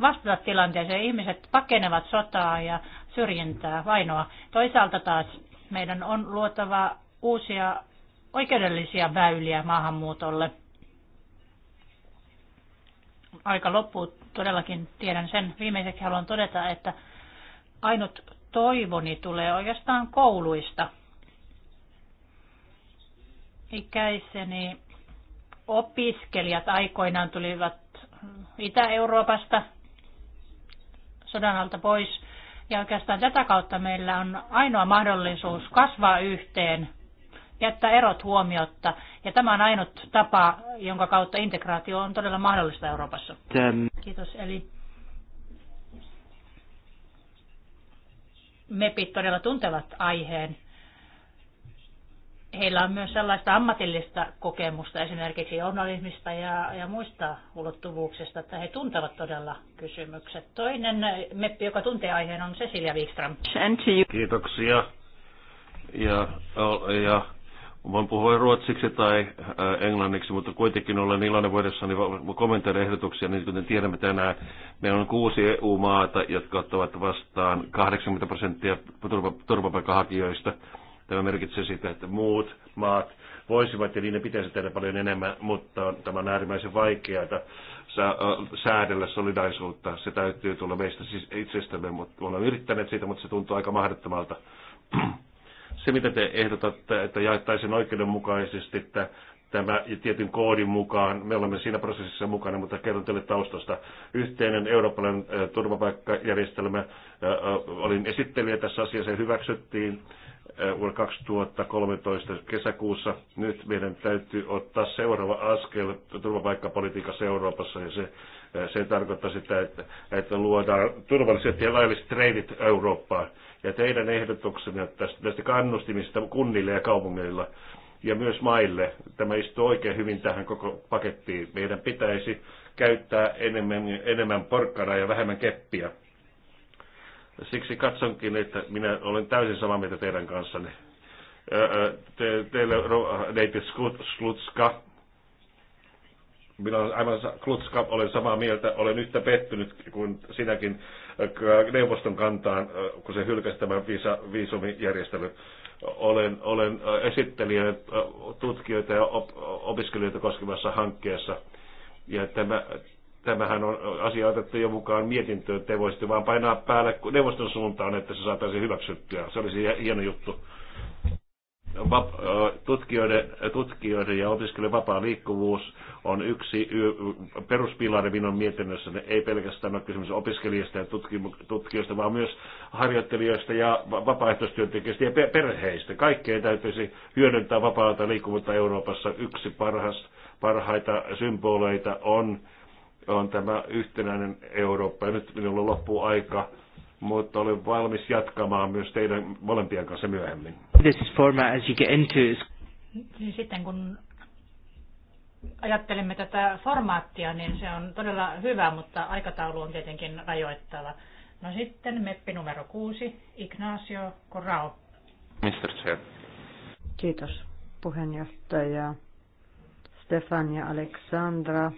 vastata tilanteeseen. Ihmiset pakenevat sotaa ja syrjintää, vainoa. Toisaalta taas meidän on luotava uusia oikeudellisia väyliä maahanmuutolle. Aika loppuu todellakin, tiedän sen. Viimeiseksi haluan todeta, että ainut toivoni tulee oikeastaan kouluista. Ikäiseni opiskelijat aikoinaan tulivat Itä-Euroopasta sodan alta pois. Ja oikeastaan tätä kautta meillä on ainoa mahdollisuus kasvaa yhteen, jättää erot huomiotta. Ja tämä on ainut tapa, jonka kautta integraatio on todella mahdollista Euroopassa. Kiitos. Eli MEPit todella tuntevat aiheen heillä on myös sellaista ammatillista kokemusta esimerkiksi journalismista ja, ja muista ulottuvuuksista, että he tuntevat todella kysymykset. Toinen meppi, joka tuntee aiheen, on Cecilia Wikström. Kiitoksia. Ja, ja voin puhua ruotsiksi tai äh, englanniksi, mutta kuitenkin olen iloinen voidessani kommentoida ehdotuksia, niin kuten tiedämme tänään, meillä on kuusi EU-maata, jotka ottavat vastaan 80 prosenttia turvapaikanhakijoista. Turva- Tämä merkitsee sitä, että muut maat voisivat ja niiden pitäisi tehdä paljon enemmän, mutta tämä on äärimmäisen vaikeaa säädellä solidaisuutta. Se täytyy tulla meistä siis itsestämme, mutta olemme yrittäneet siitä, mutta se tuntuu aika mahdottomalta. Se, mitä te ehdotatte, että jaettaisiin oikeudenmukaisesti, että tämä tietyn koodin mukaan. Me olemme siinä prosessissa mukana, mutta kerron teille taustasta. Yhteinen eurooppalainen turvapaikkajärjestelmä, olin esittelijä tässä asiassa, ja hyväksyttiin vuonna 2013 kesäkuussa. Nyt meidän täytyy ottaa seuraava askel turvapaikkapolitiikassa Euroopassa ja se, eh, se tarkoittaa sitä, että, että luodaan turvalliset ja lailliset reitit Eurooppaan. Ja teidän ehdotuksenne tästä, tästä kannustimista kunnille ja kaupungeilla ja myös maille, tämä istuu oikein hyvin tähän koko pakettiin. Meidän pitäisi käyttää enemmän, enemmän porkkana ja vähemmän keppiä Siksi katsonkin, että minä olen täysin samaa mieltä teidän kanssanne. Te, teille neiti Slutska, minä olen aivan klutska, olen samaa mieltä, olen yhtä pettynyt kuin sinäkin neuvoston kantaan, kun se hylkäsi tämän visa, viisumijärjestelyn. Olen, olen esittelijä tutkijoita ja op, opiskelijoita koskevassa hankkeessa. Ja tämä, tämähän on asia otettu jo mukaan mietintöön. Te voisitte vaan painaa päälle neuvoston suuntaan, että se saataisiin hyväksyttyä. Se olisi hieno juttu. tutkijoiden, tutkijoiden ja opiskelijoiden vapaa liikkuvuus on yksi peruspilari minun mietinnössä. Ei pelkästään ole kysymys opiskelijoista ja tutkijoista, vaan myös harjoittelijoista ja vapaaehtoistyöntekijöistä ja perheistä. Kaikkeen täytyisi hyödyntää vapaata liikkuvuutta Euroopassa. Yksi parhaita symboleita on on tämä yhtenäinen Eurooppa. Ja nyt minulla loppuu aika, mutta olen valmis jatkamaan myös teidän molempien kanssa myöhemmin. This is format as you get into is... Niin sitten kun ajattelemme tätä formaattia, niin se on todella hyvä, mutta aikataulu on tietenkin rajoittava. No sitten meppi numero kuusi, Ignacio Corrao. Mr. Chair. Kiitos puheenjohtaja Stefania Aleksandra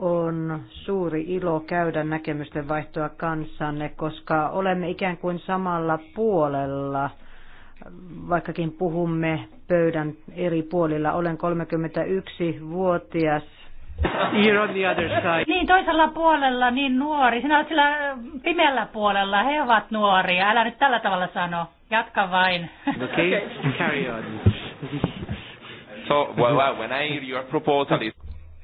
on suuri ilo käydä näkemysten vaihtoa kanssanne, koska olemme ikään kuin samalla puolella, vaikkakin puhumme pöydän eri puolilla. Olen 31-vuotias. You're on the other side. Niin, toisella puolella niin nuori. Sinä olet sillä pimeällä puolella. He ovat nuoria. Älä nyt tällä tavalla sano. Jatka vain. Okay, carry on. So, well, well, when I hear your proposal,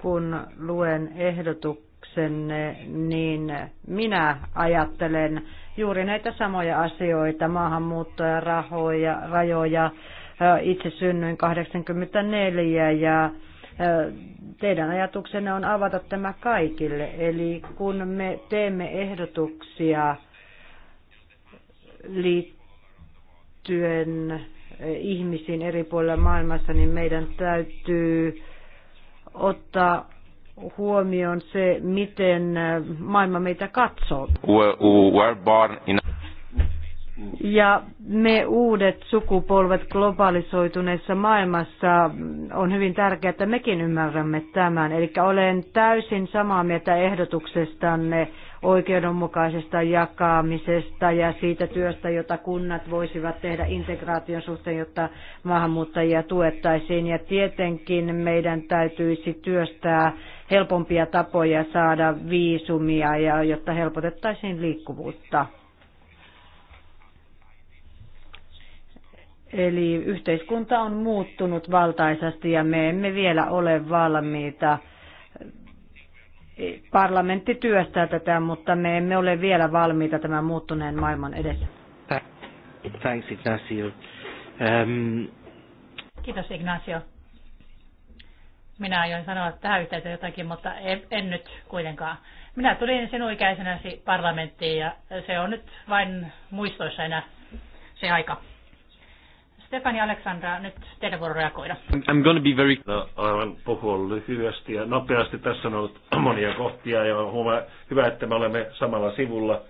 kun luen ehdotuksenne, niin minä ajattelen juuri näitä samoja asioita, maahanmuuttoja, rahoja, rajoja. Itse synnyin 84 ja teidän ajatuksenne on avata tämä kaikille. Eli kun me teemme ehdotuksia liittyen ihmisiin eri puolilla maailmassa, niin meidän täytyy ottaa huomioon se, miten äh, maailma meitä katsoo. Ja me uudet sukupolvet globalisoituneessa maailmassa on hyvin tärkeää, että mekin ymmärrämme tämän. Eli olen täysin samaa mieltä ehdotuksestanne oikeudenmukaisesta jakamisesta ja siitä työstä, jota kunnat voisivat tehdä integraation suhteen, jotta maahanmuuttajia tuettaisiin. Ja tietenkin meidän täytyisi työstää helpompia tapoja saada viisumia, ja, jotta helpotettaisiin liikkuvuutta. Eli yhteiskunta on muuttunut valtaisasti ja me emme vielä ole valmiita Parlamentti työstää tätä, mutta me emme ole vielä valmiita tämän muuttuneen maailman edessä. Thanks, Ignacio. Um... Kiitos, Ignacio. Minä aion sanoa tähän yhteyteen jotakin, mutta en, en nyt kuitenkaan. Minä tulin sinun ikäisenäsi parlamenttiin ja se on nyt vain muistoissa enää se aika. Stefani Aleksandra, nyt teidän vuoro reagoida. I'm going to be very... No, aivan puhua lyhyesti ja nopeasti. Tässä on ollut monia kohtia ja on hyvä, että me olemme samalla sivulla.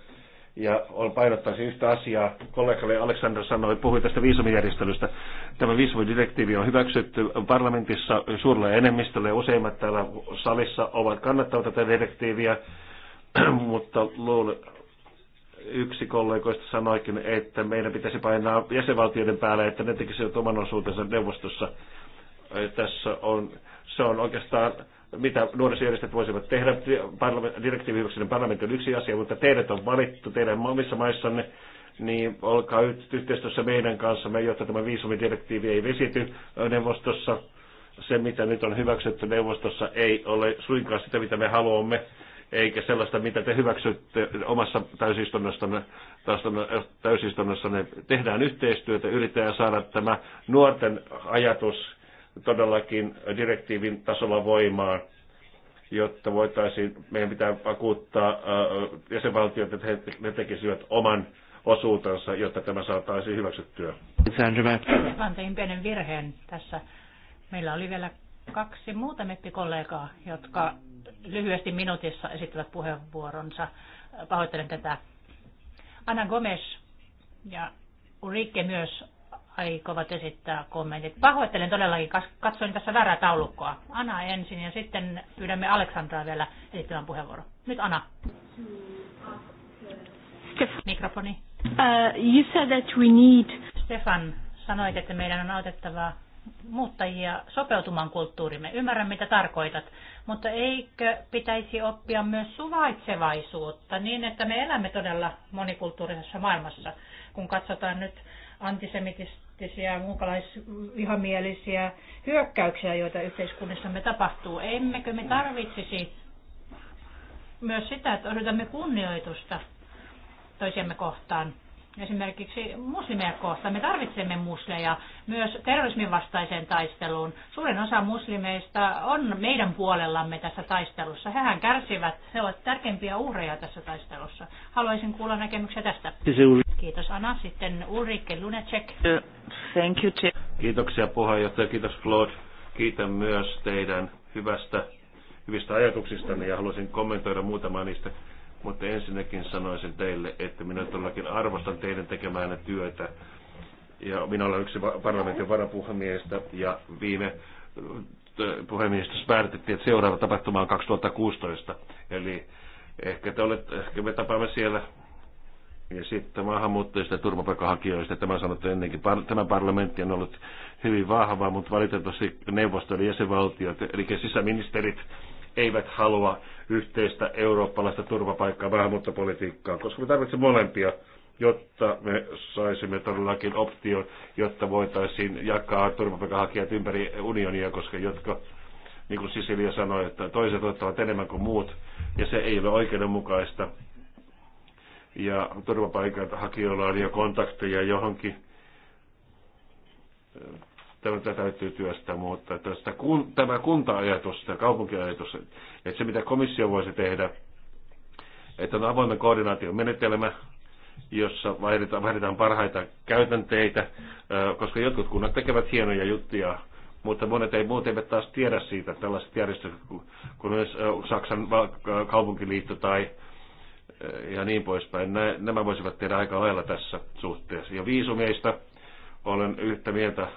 Ja painottaisin yhtä asiaa. Kollegalle Aleksandra sanoi, puhui tästä viisumijärjestelystä. Tämä viisumidirektiivi on hyväksytty parlamentissa suurella enemmistöllä ja useimmat täällä salissa ovat kannattavat tätä direktiiviä, mutta luulen, yksi kollegoista sanoikin, että meidän pitäisi painaa jäsenvaltioiden päälle, että ne tekisivät oman osuutensa neuvostossa. Tässä on, se on oikeastaan, mitä nuorisojärjestöt voisivat tehdä. Direktiivihyväksyinen parlamentti on yksi asia, mutta teidät on valittu teidän omissa maissanne, niin olkaa yhteistyössä meidän kanssa, me jotta tämä viisumidirektiivi ei vesity neuvostossa. Se, mitä nyt on hyväksytty neuvostossa, ei ole suinkaan sitä, mitä me haluamme eikä sellaista, mitä te hyväksytte omassa täysistunnossanne, äh, täysistunnossanne. Tehdään yhteistyötä, yritetään saada tämä nuorten ajatus todellakin direktiivin tasolla voimaan, jotta voitaisiin, meidän pitää vakuuttaa äh, jäsenvaltiot, että he, tekisivät oman osuutensa, jotta tämä saataisiin hyväksyttyä. Mä tein pienen virheen tässä. Meillä oli vielä kaksi muuta meppikollegaa, jotka lyhyesti minuutissa esittävät puheenvuoronsa. Pahoittelen tätä. Anna Gomes ja Ulrike myös aikovat esittää kommentit. Pahoittelen todellakin, katsoin tässä väärää taulukkoa. Anna ensin ja sitten pyydämme Aleksandraa vielä esittämään puheenvuoro. Nyt Anna. Mikrofoni. Uh, you said that we need... Stefan, sanoit, että meidän on autettava muuttajia sopeutumaan kulttuurimme. Ymmärrän, mitä tarkoitat, mutta eikö pitäisi oppia myös suvaitsevaisuutta niin, että me elämme todella monikulttuurisessa maailmassa, kun katsotaan nyt antisemitistisiä, muukalaisvihamielisiä hyökkäyksiä, joita yhteiskunnissamme tapahtuu. Emmekö me tarvitsisi myös sitä, että odotamme kunnioitusta toisiamme kohtaan? esimerkiksi muslimeja kohtaan. Me tarvitsemme musleja myös terrorismin vastaiseen taisteluun. Suurin osa muslimeista on meidän puolellamme tässä taistelussa. Hehän kärsivät, he ovat tärkeimpiä uhreja tässä taistelussa. Haluaisin kuulla näkemyksiä tästä. Kiitos Anna. Sitten Ulrike Lunacek. Thank you. Kiitoksia puheenjohtaja, kiitos Claude. Kiitän myös teidän hyvästä, hyvistä ajatuksistanne ja haluaisin kommentoida muutamaa niistä mutta ensinnäkin sanoisin teille, että minä todellakin arvostan teidän tekemäänne työtä. Ja minä olen yksi parlamentin varapuhemiestä ja viime puhemiehistössä päätettiin, että seuraava tapahtuma on 2016. Eli ehkä, te olet, ehkä me tapaamme siellä ja sitten maahanmuuttajista ja turvapaikanhakijoista, tämä sanottu ennenkin, tämä parlamentti on ollut hyvin vahva, mutta valitettavasti neuvoston jäsenvaltiot, eli sisäministerit, eivät halua yhteistä eurooppalaista turvapaikkaa maahanmuuttopolitiikkaa, koska me tarvitsemme molempia, jotta me saisimme todellakin option, jotta voitaisiin jakaa turvapaikanhakijat ympäri unionia, koska jotka, niin kuin Sisilia sanoi, että toiset ottavat enemmän kuin muut, ja se ei ole oikeudenmukaista. Ja turvapaikanhakijoilla on jo kontakteja johonkin tätä täytyy työstää, mutta tästä kun, tämä kunta-ajatus, tämä kaupunkiajatus, että se mitä komissio voisi tehdä, että on avoimen koordinaation menetelmä, jossa vaihdetaan, vaihdetaan parhaita käytänteitä, koska jotkut kunnat tekevät hienoja juttuja, mutta monet ei, muuten eivät taas tiedä siitä, tällaiset järjestöt kuin myös Saksan kaupunkiliitto tai ja niin poispäin. Nämä voisivat tehdä aika lailla tässä suhteessa. Ja viisumeista olen yhtä mieltä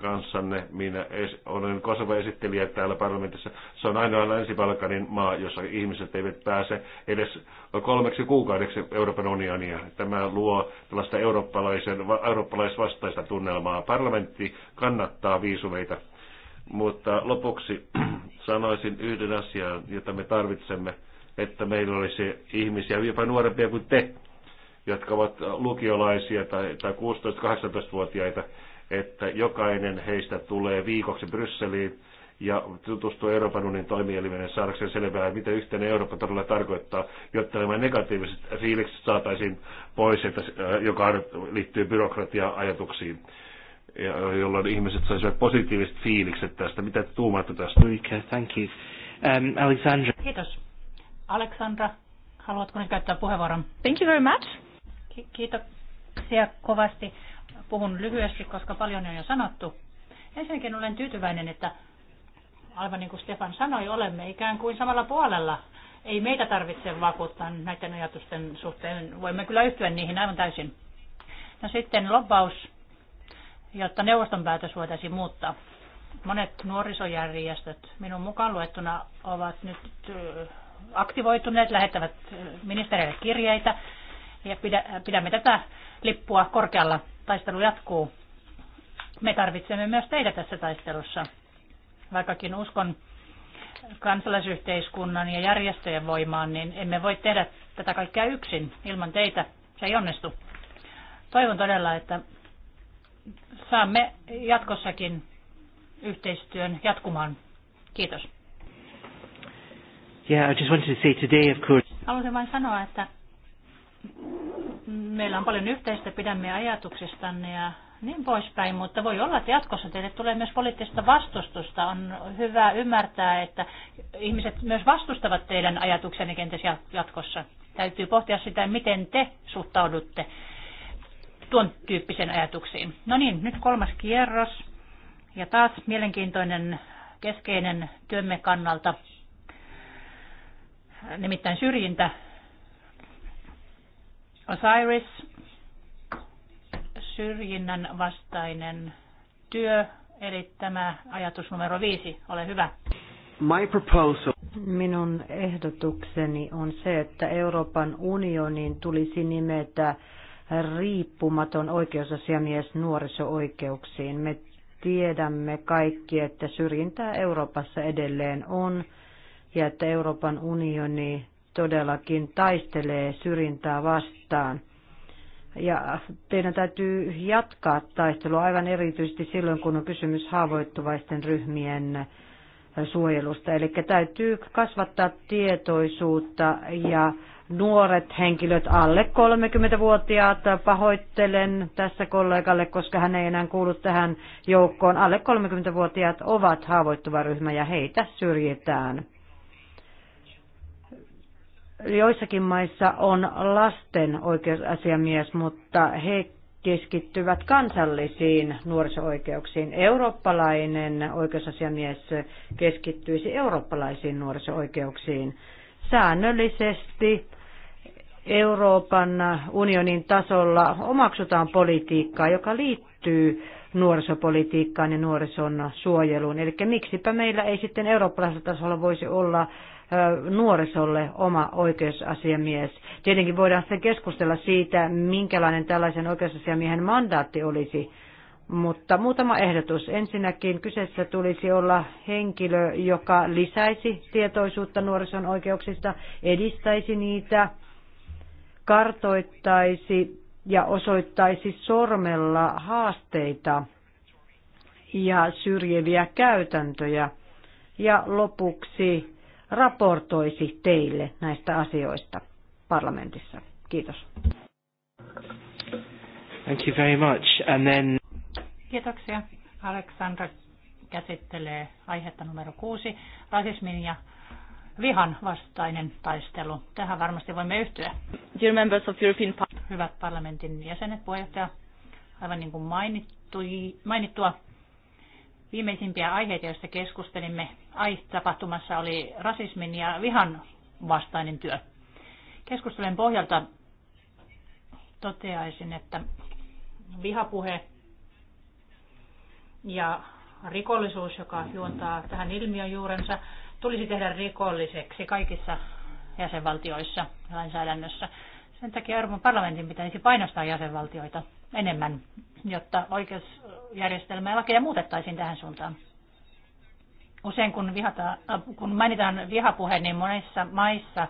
kanssanne. Minä es, olen Kosovo esittelijä täällä parlamentissa. Se on ainoa Länsi-Balkanin maa, jossa ihmiset eivät pääse edes kolmeksi kuukaudeksi Euroopan unionia. Tämä luo tällaista eurooppalaisen, eurooppalaisvastaista tunnelmaa. Parlamentti kannattaa viisumeita. Mutta lopuksi sanoisin yhden asian, jota me tarvitsemme, että meillä olisi ihmisiä jopa nuorempia kuin te, jotka ovat lukiolaisia tai, tai 16-18-vuotiaita, että jokainen heistä tulee viikoksi Brysseliin ja tutustuu Euroopan unionin toimielimeen saadakseen selvää, mitä yhteinen Eurooppa todella tarkoittaa, jotta nämä negatiiviset fiilikset saataisiin pois, että, äh, joka liittyy byrokratia-ajatuksiin, äh, jolloin ihmiset saisivat positiiviset fiilikset tästä. Mitä te tuumaatte tästä? Okay, thank you. Um, Alexandra. Kiitos. Alexandra, haluatko nyt käyttää puheenvuoron? Thank you very much. Ki- kiitoksia kovasti Puhun lyhyesti, koska paljon on jo sanottu. Ensinnäkin olen tyytyväinen, että aivan niin kuin Stefan sanoi, olemme ikään kuin samalla puolella. Ei meitä tarvitse vakuuttaa näiden ajatusten suhteen. Voimme kyllä yhtyä niihin aivan täysin. No sitten lobbaus, jotta neuvoston päätös voitaisiin muuttaa. Monet nuorisojärjestöt minun mukaan luettuna ovat nyt äh, aktivoituneet, lähettävät ministereille kirjeitä ja äh, pidämme tätä lippua korkealla taistelu jatkuu. Me tarvitsemme myös teitä tässä taistelussa. Vaikkakin uskon kansalaisyhteiskunnan ja järjestöjen voimaan, niin emme voi tehdä tätä kaikkea yksin. Ilman teitä se ei onnistu. Toivon todella, että saamme jatkossakin yhteistyön jatkumaan. Kiitos. Yeah, I just wanted to say today, of course. Haluaisin vain sanoa, että meillä on paljon yhteistä, pidämme ajatuksistanne ja niin poispäin, mutta voi olla, että jatkossa teille tulee myös poliittista vastustusta. On hyvä ymmärtää, että ihmiset myös vastustavat teidän ajatuksenne kenties jatkossa. Täytyy pohtia sitä, miten te suhtaudutte tuon tyyppisen ajatuksiin. No niin, nyt kolmas kierros. Ja taas mielenkiintoinen keskeinen työmme kannalta, nimittäin syrjintä Osiris, syrjinnän vastainen työ, eli tämä ajatus numero viisi, ole hyvä. My proposal. Minun ehdotukseni on se, että Euroopan unionin tulisi nimetä riippumaton oikeusasiamies nuoriso-oikeuksiin. Me tiedämme kaikki, että syrjintää Euroopassa edelleen on ja että Euroopan unioni todellakin taistelee syrjintää vastaan. Ja teidän täytyy jatkaa taistelua aivan erityisesti silloin, kun on kysymys haavoittuvaisten ryhmien suojelusta. Eli täytyy kasvattaa tietoisuutta ja nuoret henkilöt, alle 30-vuotiaat, pahoittelen tässä kollegalle, koska hän ei enää kuulu tähän joukkoon, alle 30-vuotiaat ovat haavoittuva ryhmä ja heitä syrjitään. Joissakin maissa on lasten oikeusasiamies, mutta he keskittyvät kansallisiin nuoriso-oikeuksiin. Eurooppalainen oikeusasiamies keskittyisi eurooppalaisiin nuoriso-oikeuksiin säännöllisesti. Euroopan unionin tasolla omaksutaan politiikkaa, joka liittyy nuorisopolitiikkaan ja nuorison suojeluun. Eli miksipä meillä ei sitten eurooppalaisella tasolla voisi olla nuorisolle oma oikeusasiamies. Tietenkin voidaan sitten keskustella siitä, minkälainen tällaisen oikeusasiamiehen mandaatti olisi, mutta muutama ehdotus. Ensinnäkin kyseessä tulisi olla henkilö, joka lisäisi tietoisuutta nuorison oikeuksista, edistäisi niitä, kartoittaisi ja osoittaisi sormella haasteita ja syrjiviä käytäntöjä. Ja lopuksi raportoisi teille näistä asioista parlamentissa. Kiitos. Thank you very much. And then... Kiitoksia. Aleksandra käsittelee aihetta numero kuusi, rasismin ja vihan vastainen taistelu. Tähän varmasti voimme yhtyä. Dear members of European Parliament. Hyvät parlamentin jäsenet, puheenjohtaja, aivan niin kuin mainittua, Viimeisimpiä aiheita, joista keskustelimme AI-tapahtumassa, oli rasismin ja vihan vastainen työ. Keskustelun pohjalta toteaisin, että vihapuhe ja rikollisuus, joka juontaa tähän ilmiön juurensa, tulisi tehdä rikolliseksi kaikissa jäsenvaltioissa lainsäädännössä. Sen takia Euroopan parlamentin pitäisi painostaa jäsenvaltioita enemmän, jotta oikeus järjestelmää ja lakeja muutettaisiin tähän suuntaan. Usein kun, vihata, kun mainitaan vihapuhe, niin monissa maissa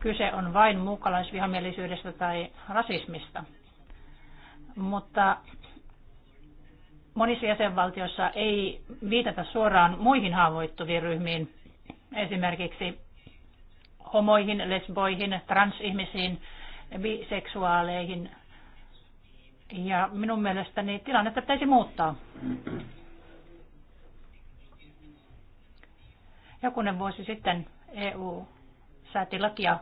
kyse on vain muukalaisvihamielisyydestä tai rasismista. Mutta monissa jäsenvaltioissa ei viitata suoraan muihin haavoittuviin ryhmiin, esimerkiksi homoihin, lesboihin, transihmisiin, biseksuaaleihin ja minun mielestäni tilannetta pitäisi muuttaa. Jokunen vuosi sitten EU sääti lakia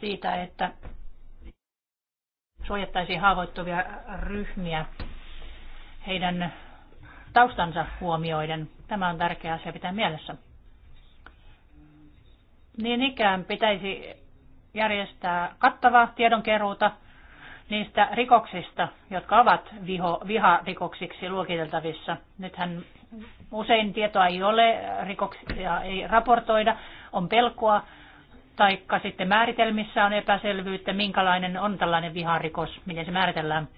siitä, että suojattaisiin haavoittuvia ryhmiä heidän taustansa huomioiden. Tämä on tärkeä asia pitää mielessä. Niin ikään pitäisi järjestää kattavaa tiedonkeruuta niistä rikoksista, jotka ovat viho, viharikoksiksi luokiteltavissa. Nythän usein tietoa ei ole, rikoksia ei raportoida, on pelkoa, taikka sitten määritelmissä on epäselvyyttä, minkälainen on tällainen viharikos, miten se määritellään.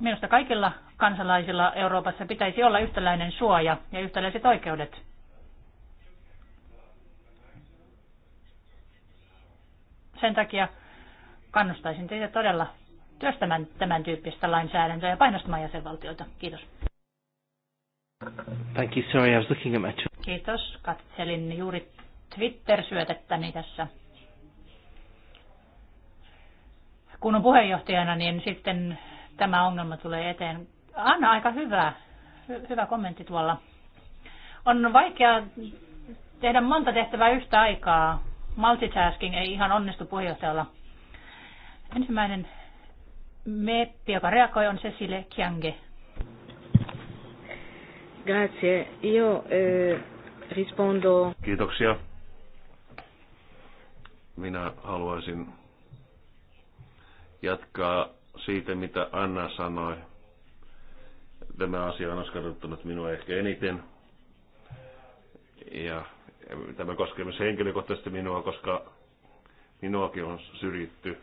Minusta kaikilla kansalaisilla Euroopassa pitäisi olla yhtäläinen suoja ja yhtäläiset oikeudet Sen takia kannustaisin teitä todella työstämään tämän tyyppistä lainsäädäntöä ja painostamaan jäsenvaltioita. Kiitos. Thank you. Sorry, I was looking at my... Kiitos. Katselin juuri Twitter-syötettäni tässä. Kun on puheenjohtajana, niin sitten tämä ongelma tulee eteen. Anna aika hyvä, hy- hyvä kommentti tuolla. On vaikea tehdä monta tehtävää yhtä aikaa. Multitasking ei ihan onnistu puheenjohtajalla. Ensimmäinen meppi, joka reagoi, on Cecile Kiange. Grazie. Io eh, rispondo. Kiitoksia. Minä haluaisin jatkaa siitä, mitä Anna sanoi. Tämä asia on askarruttanut minua ehkä eniten. Ja Tämä koskee myös henkilökohtaisesti minua, koska minuakin on syrjitty.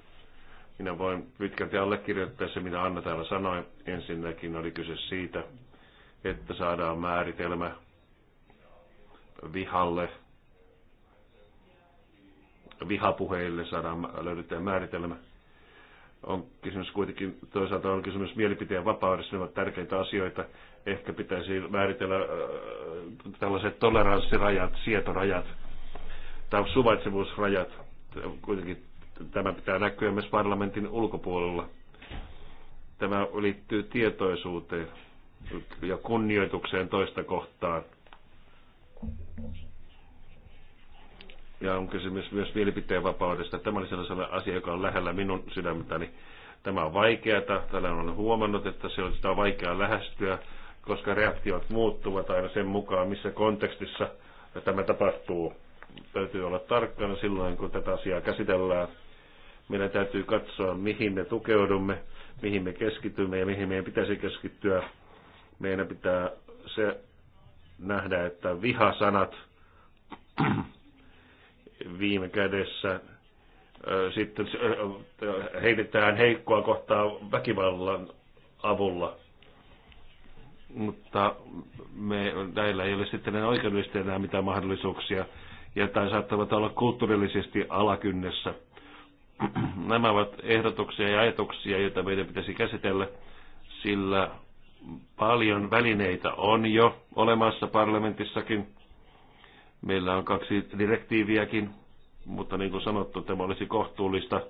Minä voin pitkälti allekirjoittaa se, mitä Anna täällä sanoi. Ensinnäkin oli kyse siitä, että saadaan määritelmä vihalle, vihapuheille saadaan löydetään määritelmä. On kysymys kuitenkin, toisaalta on kysymys mielipiteen vapaudesta, ne ovat tärkeitä asioita. Ehkä pitäisi määritellä äh, tällaiset toleranssirajat, sietorajat tai suvaitsevuusrajat. Kuitenkin tämä pitää näkyä myös parlamentin ulkopuolella. Tämä liittyy tietoisuuteen ja kunnioitukseen toista kohtaan. Ja on kysymys myös mielipiteen vapaudesta. Tämä oli sellainen asia, joka on lähellä minun sydämeni. Tämä on vaikeaa. Tällä on huomannut, että se on sitä vaikeaa lähestyä koska reaktiot muuttuvat aina sen mukaan, missä kontekstissa tämä tapahtuu. Täytyy olla tarkkana silloin, kun tätä asiaa käsitellään. Meidän täytyy katsoa, mihin me tukeudumme, mihin me keskitymme ja mihin meidän pitäisi keskittyä. Meidän pitää se nähdä, että vihasanat viime kädessä sitten heitetään heikkoa kohtaa väkivallan avulla mutta me, näillä ei ole sitten enää oikeudellisesti enää mitään mahdollisuuksia, ja tai saattavat olla kulttuurillisesti alakynnessä. Nämä ovat ehdotuksia ja ajatuksia, joita meidän pitäisi käsitellä, sillä paljon välineitä on jo olemassa parlamentissakin. Meillä on kaksi direktiiviäkin, mutta niin kuin sanottu, tämä olisi kohtuullista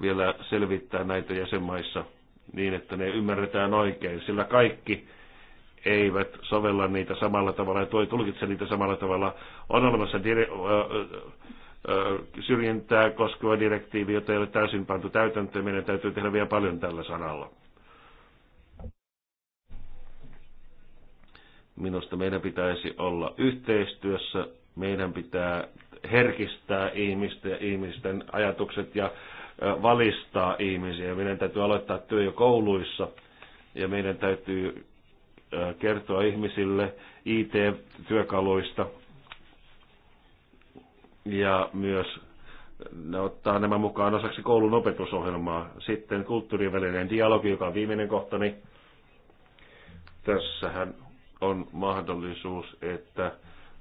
vielä selvittää näitä jäsenmaissa niin, että ne ymmärretään oikein, sillä kaikki eivät sovella niitä samalla tavalla ja tulkitse niitä samalla tavalla. On olemassa dire- syrjintää koskeva direktiivi, jota ei ole täysin pantu täytäntöön. Meidän täytyy tehdä vielä paljon tällä sanalla. Minusta meidän pitäisi olla yhteistyössä. Meidän pitää herkistää ihmisten, ja ihmisten ajatukset ja valistaa ihmisiä. Meidän täytyy aloittaa työ jo kouluissa ja meidän täytyy kertoa ihmisille IT-työkaluista ja myös ne ottaa nämä mukaan osaksi koulun opetusohjelmaa. Sitten kulttuurivälinen dialogi, joka on viimeinen kohtani. Tässähän on mahdollisuus, että,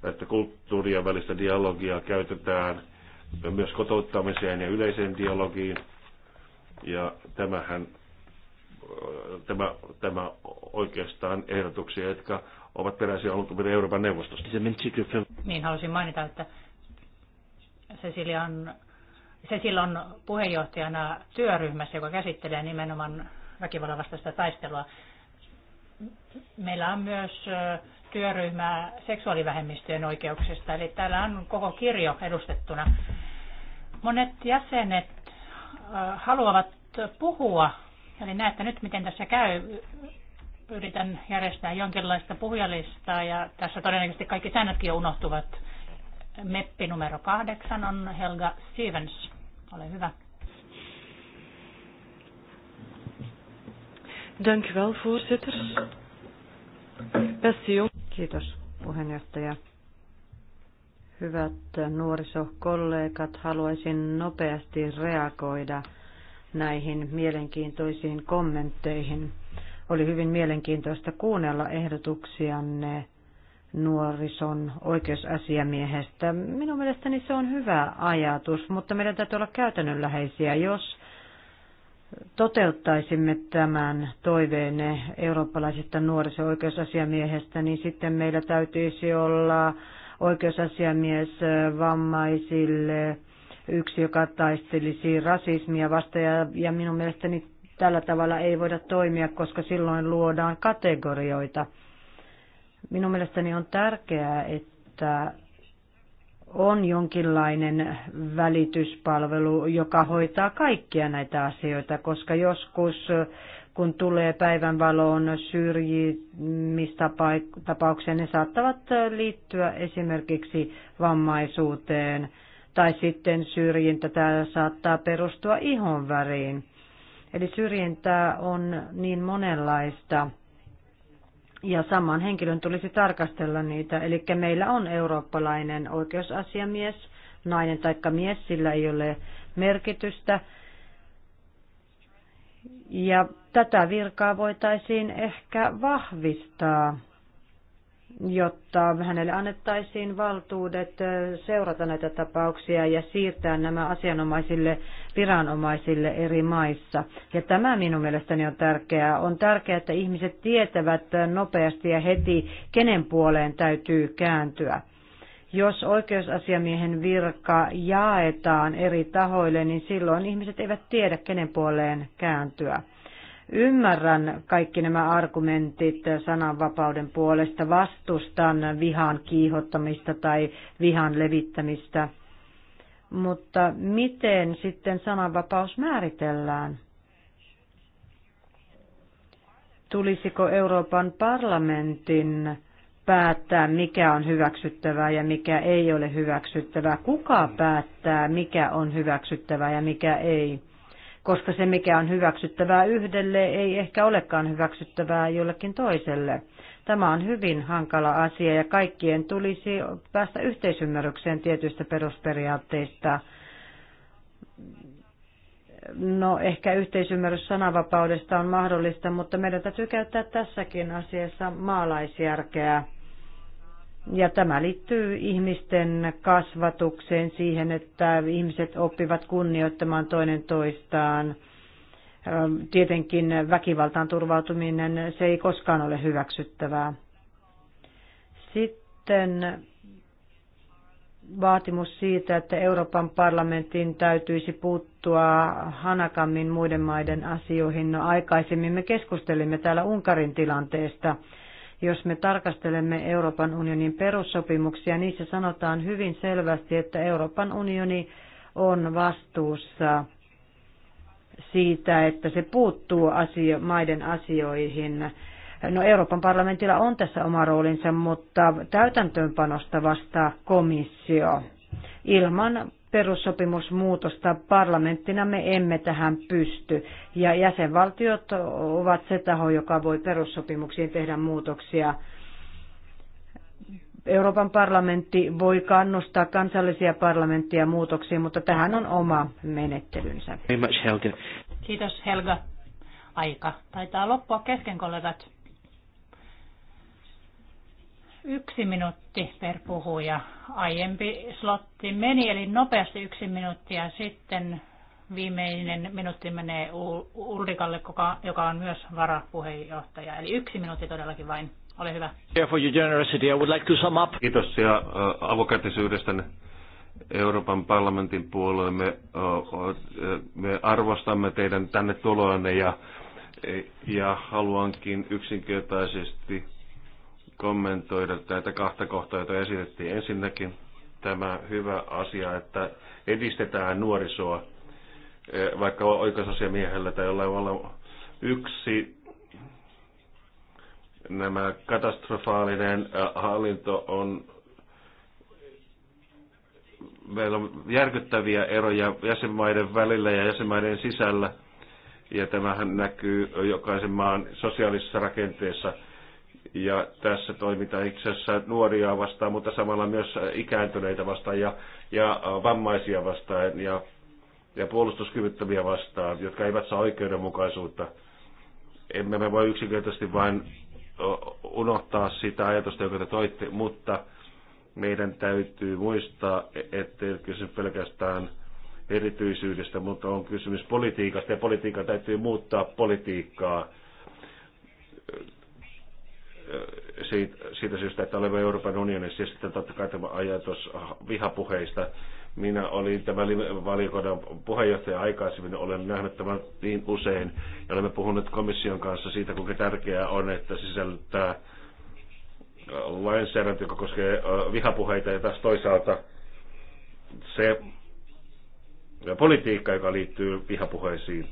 että kulttuuria välistä dialogia käytetään myös kotouttamiseen ja yleiseen dialogiin. Ja tämähän tämä, tämä oikeastaan ehdotuksia, jotka ovat peräisin alunperin Euroopan neuvostosta. Niin, halusin mainita, että Cecilia on, Cecilia on puheenjohtajana työryhmässä, joka käsittelee nimenomaan väkivallan vastaista taistelua. Meillä on myös työryhmä seksuaalivähemmistöjen oikeuksista, eli täällä on koko kirjo edustettuna. Monet jäsenet haluavat puhua Eli näette nyt, miten tässä käy. Yritän järjestää jonkinlaista puhujalistaa ja tässä todennäköisesti kaikki säännötkin jo unohtuvat. Meppi numero kahdeksan on Helga Stevens. Ole hyvä. Dank wel, voorzitter. Kiitos, puheenjohtaja. Hyvät nuorisokollegat, haluaisin nopeasti reagoida näihin mielenkiintoisiin kommentteihin. Oli hyvin mielenkiintoista kuunnella ehdotuksianne nuorison oikeusasiamiehestä. Minun mielestäni se on hyvä ajatus, mutta meidän täytyy olla käytännönläheisiä. Jos toteuttaisimme tämän toiveenne eurooppalaisesta nuorison oikeusasiamiehestä niin sitten meillä täytyisi olla oikeusasiamies vammaisille, yksi, joka taistelisi rasismia vastaan ja, ja minun mielestäni tällä tavalla ei voida toimia, koska silloin luodaan kategorioita. Minun mielestäni on tärkeää, että on jonkinlainen välityspalvelu, joka hoitaa kaikkia näitä asioita, koska joskus kun tulee päivänvaloon syrjimistapauksia, ne saattavat liittyä esimerkiksi vammaisuuteen – tai sitten syrjintä tämä saattaa perustua ihonväriin. Eli syrjintää on niin monenlaista ja saman henkilön tulisi tarkastella niitä. Eli meillä on eurooppalainen oikeusasiamies, nainen tai mies, sillä ei ole merkitystä. Ja tätä virkaa voitaisiin ehkä vahvistaa jotta hänelle annettaisiin valtuudet seurata näitä tapauksia ja siirtää nämä asianomaisille viranomaisille eri maissa. Ja tämä minun mielestäni on tärkeää. On tärkeää, että ihmiset tietävät nopeasti ja heti, kenen puoleen täytyy kääntyä. Jos oikeusasiamiehen virka jaetaan eri tahoille, niin silloin ihmiset eivät tiedä, kenen puoleen kääntyä Ymmärrän kaikki nämä argumentit sananvapauden puolesta, vastustan vihan kiihottamista tai vihan levittämistä, mutta miten sitten sananvapaus määritellään? Tulisiko Euroopan parlamentin päättää, mikä on hyväksyttävää ja mikä ei ole hyväksyttävää? Kuka päättää, mikä on hyväksyttävää ja mikä ei? koska se mikä on hyväksyttävää yhdelle ei ehkä olekaan hyväksyttävää jollekin toiselle. Tämä on hyvin hankala asia ja kaikkien tulisi päästä yhteisymmärrykseen tietyistä perusperiaatteista. No ehkä yhteisymmärrys sananvapaudesta on mahdollista, mutta meidän täytyy käyttää tässäkin asiassa maalaisjärkeä ja tämä liittyy ihmisten kasvatukseen, siihen, että ihmiset oppivat kunnioittamaan toinen toistaan. Ähm, tietenkin väkivaltaan turvautuminen, se ei koskaan ole hyväksyttävää. Sitten vaatimus siitä, että Euroopan parlamentin täytyisi puuttua hanakammin muiden maiden asioihin. No aikaisemmin me keskustelimme täällä Unkarin tilanteesta jos me tarkastelemme Euroopan unionin perussopimuksia, niissä sanotaan hyvin selvästi, että Euroopan unioni on vastuussa siitä, että se puuttuu asio- maiden asioihin. No Euroopan parlamentilla on tässä oma roolinsa, mutta täytäntöönpanosta vastaa komissio. Ilman perussopimusmuutosta parlamenttina me emme tähän pysty. Ja jäsenvaltiot ovat se taho, joka voi perussopimuksiin tehdä muutoksia. Euroopan parlamentti voi kannustaa kansallisia parlamentteja muutoksiin, mutta tähän on oma menettelynsä. Kiitos Helga. Aika taitaa loppua kesken kollegat yksi minuutti per puhuja. Aiempi slotti meni, eli nopeasti yksi minuutti ja sitten viimeinen minuutti menee Ulrikalle, joka on myös varapuheenjohtaja. Eli yksi minuutti todellakin vain. Ole hyvä. Kiitos ja avokätisyydestä Euroopan parlamentin me, Me arvostamme teidän tänne tuloanne ja, ja haluankin yksinkertaisesti kommentoida näitä kahta kohtaa, joita esitettiin. Ensinnäkin tämä hyvä asia, että edistetään nuorisoa, e, vaikka oikeusasiamiehellä tai jollain olla yksi nämä katastrofaalinen e, hallinto on meillä on järkyttäviä eroja jäsenmaiden välillä ja jäsenmaiden sisällä, ja tämähän näkyy jokaisen maan sosiaalisessa rakenteessa – ja tässä toimitaan itse asiassa nuoria vastaan, mutta samalla myös ikääntyneitä vastaan ja, ja vammaisia vastaan ja, ja puolustuskyvyttömiä vastaan, jotka eivät saa oikeudenmukaisuutta. Emme me voi yksinkertaisesti vain unohtaa sitä ajatusta, jonka te toitte, mutta meidän täytyy muistaa, e, ettei kysy pelkästään erityisyydestä, mutta on kysymys politiikasta ja politiikan täytyy muuttaa politiikkaa siitä, siitä syystä, että olemme Euroopan unionissa, ja sitten totta kai tämä ajatus vihapuheista. Minä olin tämän valiokunnan puheenjohtaja aikaisemmin, olen nähnyt tämän niin usein, ja olemme puhuneet komission kanssa siitä, kuinka tärkeää on, että sisällyttää lainsäädäntö, joka koskee vihapuheita, ja taas toisaalta se politiikka, joka liittyy vihapuheisiin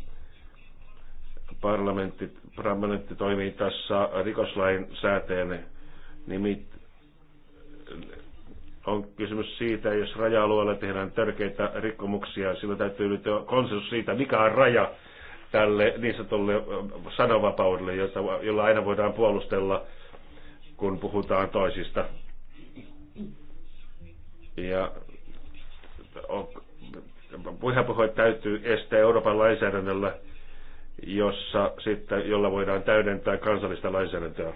parlamentit parlamentti toimii tässä rikoslain säätäjänä, nimit, on kysymys siitä, jos raja-alueella tehdään törkeitä rikkomuksia, sillä täytyy nyt konsensus siitä, mikä on raja tälle niin sanotulle sananvapaudelle, jota, jolla aina voidaan puolustella, kun puhutaan toisista. Ja vihapuhe täytyy estää Euroopan lainsäädännöllä – jossa sitten, jolla voidaan täydentää kansallista lainsäädäntöä.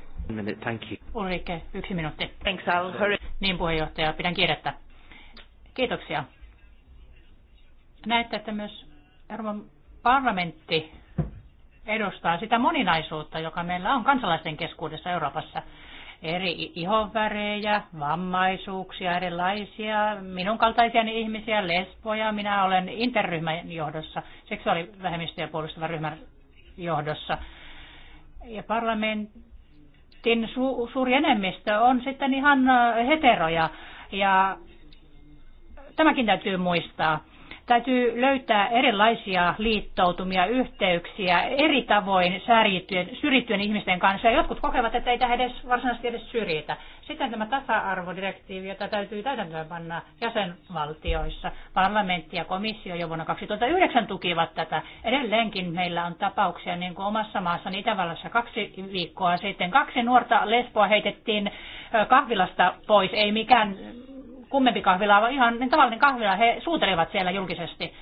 Thank you. Ulrike, yksi minuutti. Thanks, I'll hurry. Niin puheenjohtaja, pidän kiirettä. Kiitoksia. Näette, että myös Euroopan parlamentti edustaa sitä moninaisuutta, joka meillä on kansalaisten keskuudessa Euroopassa. Eri ihonvärejä, vammaisuuksia, erilaisia, minun kaltaisiani ihmisiä, lesboja. Minä olen interryhmän johdossa, seksuaalivähemmistöjä puolustava ryhmän johdossa. Ja parlamentin su- suuri enemmistö on sitten ihan äh, heteroja ja tämäkin täytyy muistaa. Täytyy löytää erilaisia liittoutumia, yhteyksiä eri tavoin särjittyjen, syrjittyjen ihmisten kanssa. Ja jotkut kokevat, että ei tähän edes varsinaisesti edes syrjitä. Sitten tämä tasa-arvodirektiivi, jota täytyy panna jäsenvaltioissa. Parlamentti ja komissio jo vuonna 2009 tukivat tätä. Edelleenkin meillä on tapauksia, niin kuin omassa maassani Itävallassa kaksi viikkoa sitten. Kaksi nuorta lesboa heitettiin kahvilasta pois, ei mikään kummempi kahvila, vaan ihan niin tavallinen kahvila. He suutelivat siellä julkisesti.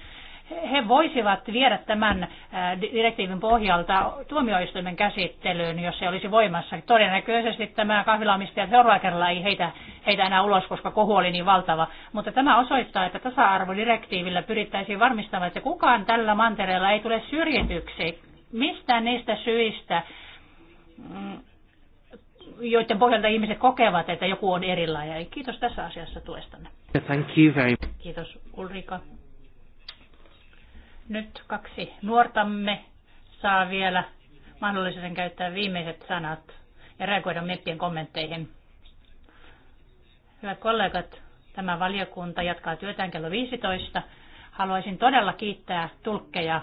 He voisivat viedä tämän äh, direktiivin pohjalta tuomioistuimen käsittelyyn, jos se olisi voimassa. Todennäköisesti tämä kahvilaamistajat seuraavalla kerralla ei heitä, heitä enää ulos, koska kohu oli niin valtava. Mutta tämä osoittaa, että tasa-arvodirektiivillä pyrittäisiin varmistamaan, että kukaan tällä mantereella ei tule syrjityksi mistään niistä syistä, mm, joiden pohjalta ihmiset kokevat, että joku on erilainen. Kiitos tässä asiassa tuestanne. Thank you very much. Kiitos Ulrika. Nyt kaksi nuortamme saa vielä mahdollisuuden käyttää viimeiset sanat ja reagoida meppien kommentteihin. Hyvät kollegat, tämä valiokunta jatkaa työtään kello 15. Haluaisin todella kiittää tulkkeja.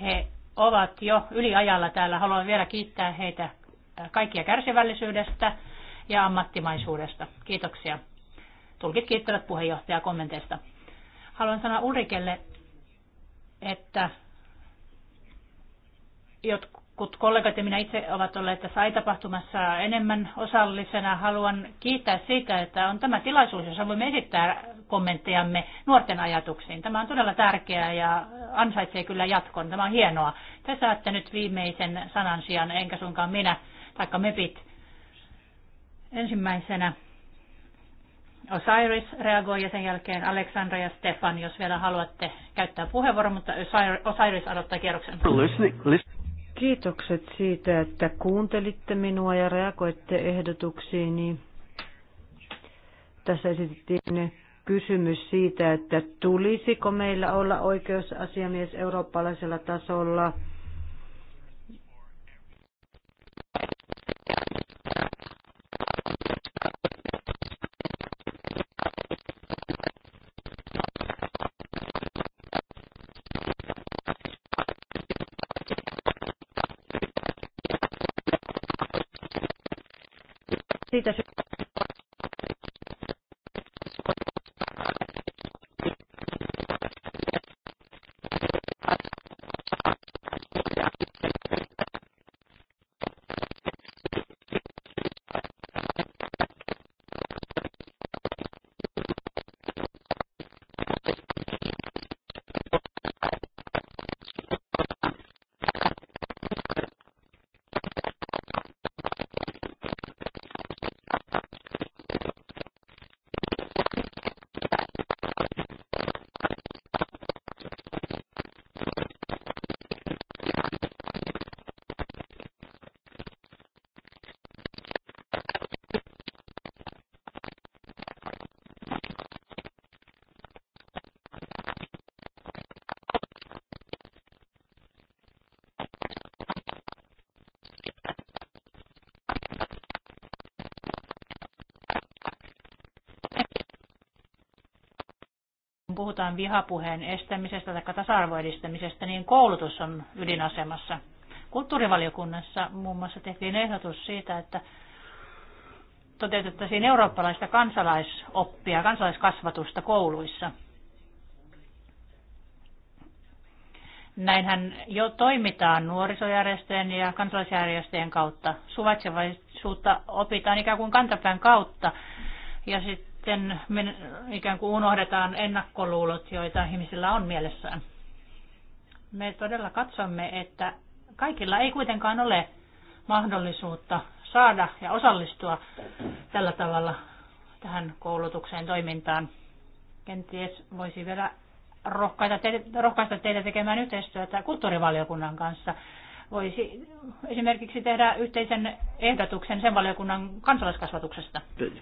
He ovat jo yliajalla täällä. Haluan vielä kiittää heitä kaikkia kärsivällisyydestä ja ammattimaisuudesta. Kiitoksia. Tulkit kiittävät puheenjohtaja kommenteista. Haluan sanoa Ulrikelle, että jotkut kollegat ja minä itse ovat olleet tässä AI-tapahtumassa enemmän osallisena. Haluan kiittää siitä, että on tämä tilaisuus, jossa voimme esittää kommenttejamme nuorten ajatuksiin. Tämä on todella tärkeää ja ansaitsee kyllä jatkon. Tämä on hienoa. Te saatte nyt viimeisen sanan sijaan, enkä suinkaan minä taikka MEPit. Ensimmäisenä Osiris reagoi ja sen jälkeen Aleksandra ja Stefan, jos vielä haluatte käyttää puheenvuoron, mutta Osiris aloittaa kierroksen. Kiitokset siitä, että kuuntelitte minua ja reagoitte ehdotuksiini. Tässä esitettiin kysymys siitä, että tulisiko meillä olla oikeusasiamies eurooppalaisella tasolla – puhutaan vihapuheen estämisestä tai tasa-arvoedistämisestä, niin koulutus on ydinasemassa. Kulttuurivaliokunnassa muun muassa tehtiin ehdotus siitä, että toteutettaisiin eurooppalaista kansalaisoppia, kansalaiskasvatusta kouluissa. Näinhän jo toimitaan nuorisojärjestöjen ja kansalaisjärjestöjen kautta. Suvaitsevaisuutta opitaan ikään kuin kantapään kautta ja sitten sitten me ikään kuin unohdetaan ennakkoluulot, joita ihmisillä on mielessään. Me todella katsomme, että kaikilla ei kuitenkaan ole mahdollisuutta saada ja osallistua tällä tavalla tähän koulutukseen toimintaan. Kenties voisi vielä rohkaista teitä, tekemään yhteistyötä kulttuurivaliokunnan kanssa. Voisi esimerkiksi tehdä yhteisen ehdotuksen sen valiokunnan kansalaiskasvatuksesta.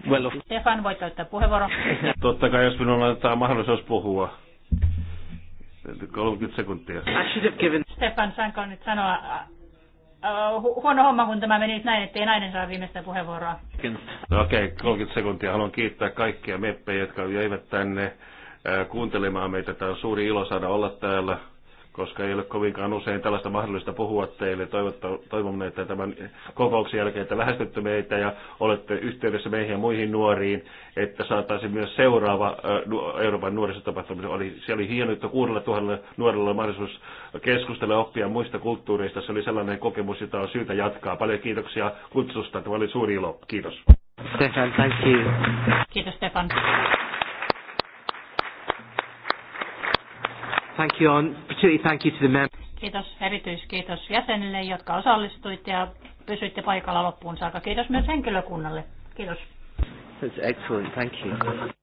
Well, of... Stefan, voit käyttää puheenvuoron. Totta kai, jos minulla annetaan mahdollisuus puhua. 30 sekuntia. Given... Stefan, saanko nyt sanoa Uh, huono homma, kun tämä meni näin, ettei nainen saa viimeistä puheenvuoroa. No okei, okay, 30 sekuntia. Haluan kiittää kaikkia meppejä, jotka jäivät tänne äh, kuuntelemaan meitä. Tämä on suuri ilo saada olla täällä koska ei ole kovinkaan usein tällaista mahdollista puhua teille. Toivomme, että tämän kokouksen jälkeen, että lähestytte meitä ja olette yhteydessä meihin ja muihin nuoriin, että saataisiin myös seuraava Euroopan nuorisotapahtuma. Oli, se oli hieno, että kuudella tuhannella nuorella mahdollisuus keskustella oppia muista kulttuureista. Se oli sellainen kokemus, jota on syytä jatkaa. Paljon kiitoksia kutsusta. Tämä oli suuri ilo. Kiitos. Stefan, thank you. Kiitos Stefan. thank you on, thank you to the Kiitos, erityiskiitos jäsenille, jotka osallistuitte ja pysyitte paikalla loppuun saakka. Kiitos myös henkilökunnalle. Kiitos. That's excellent, thank you.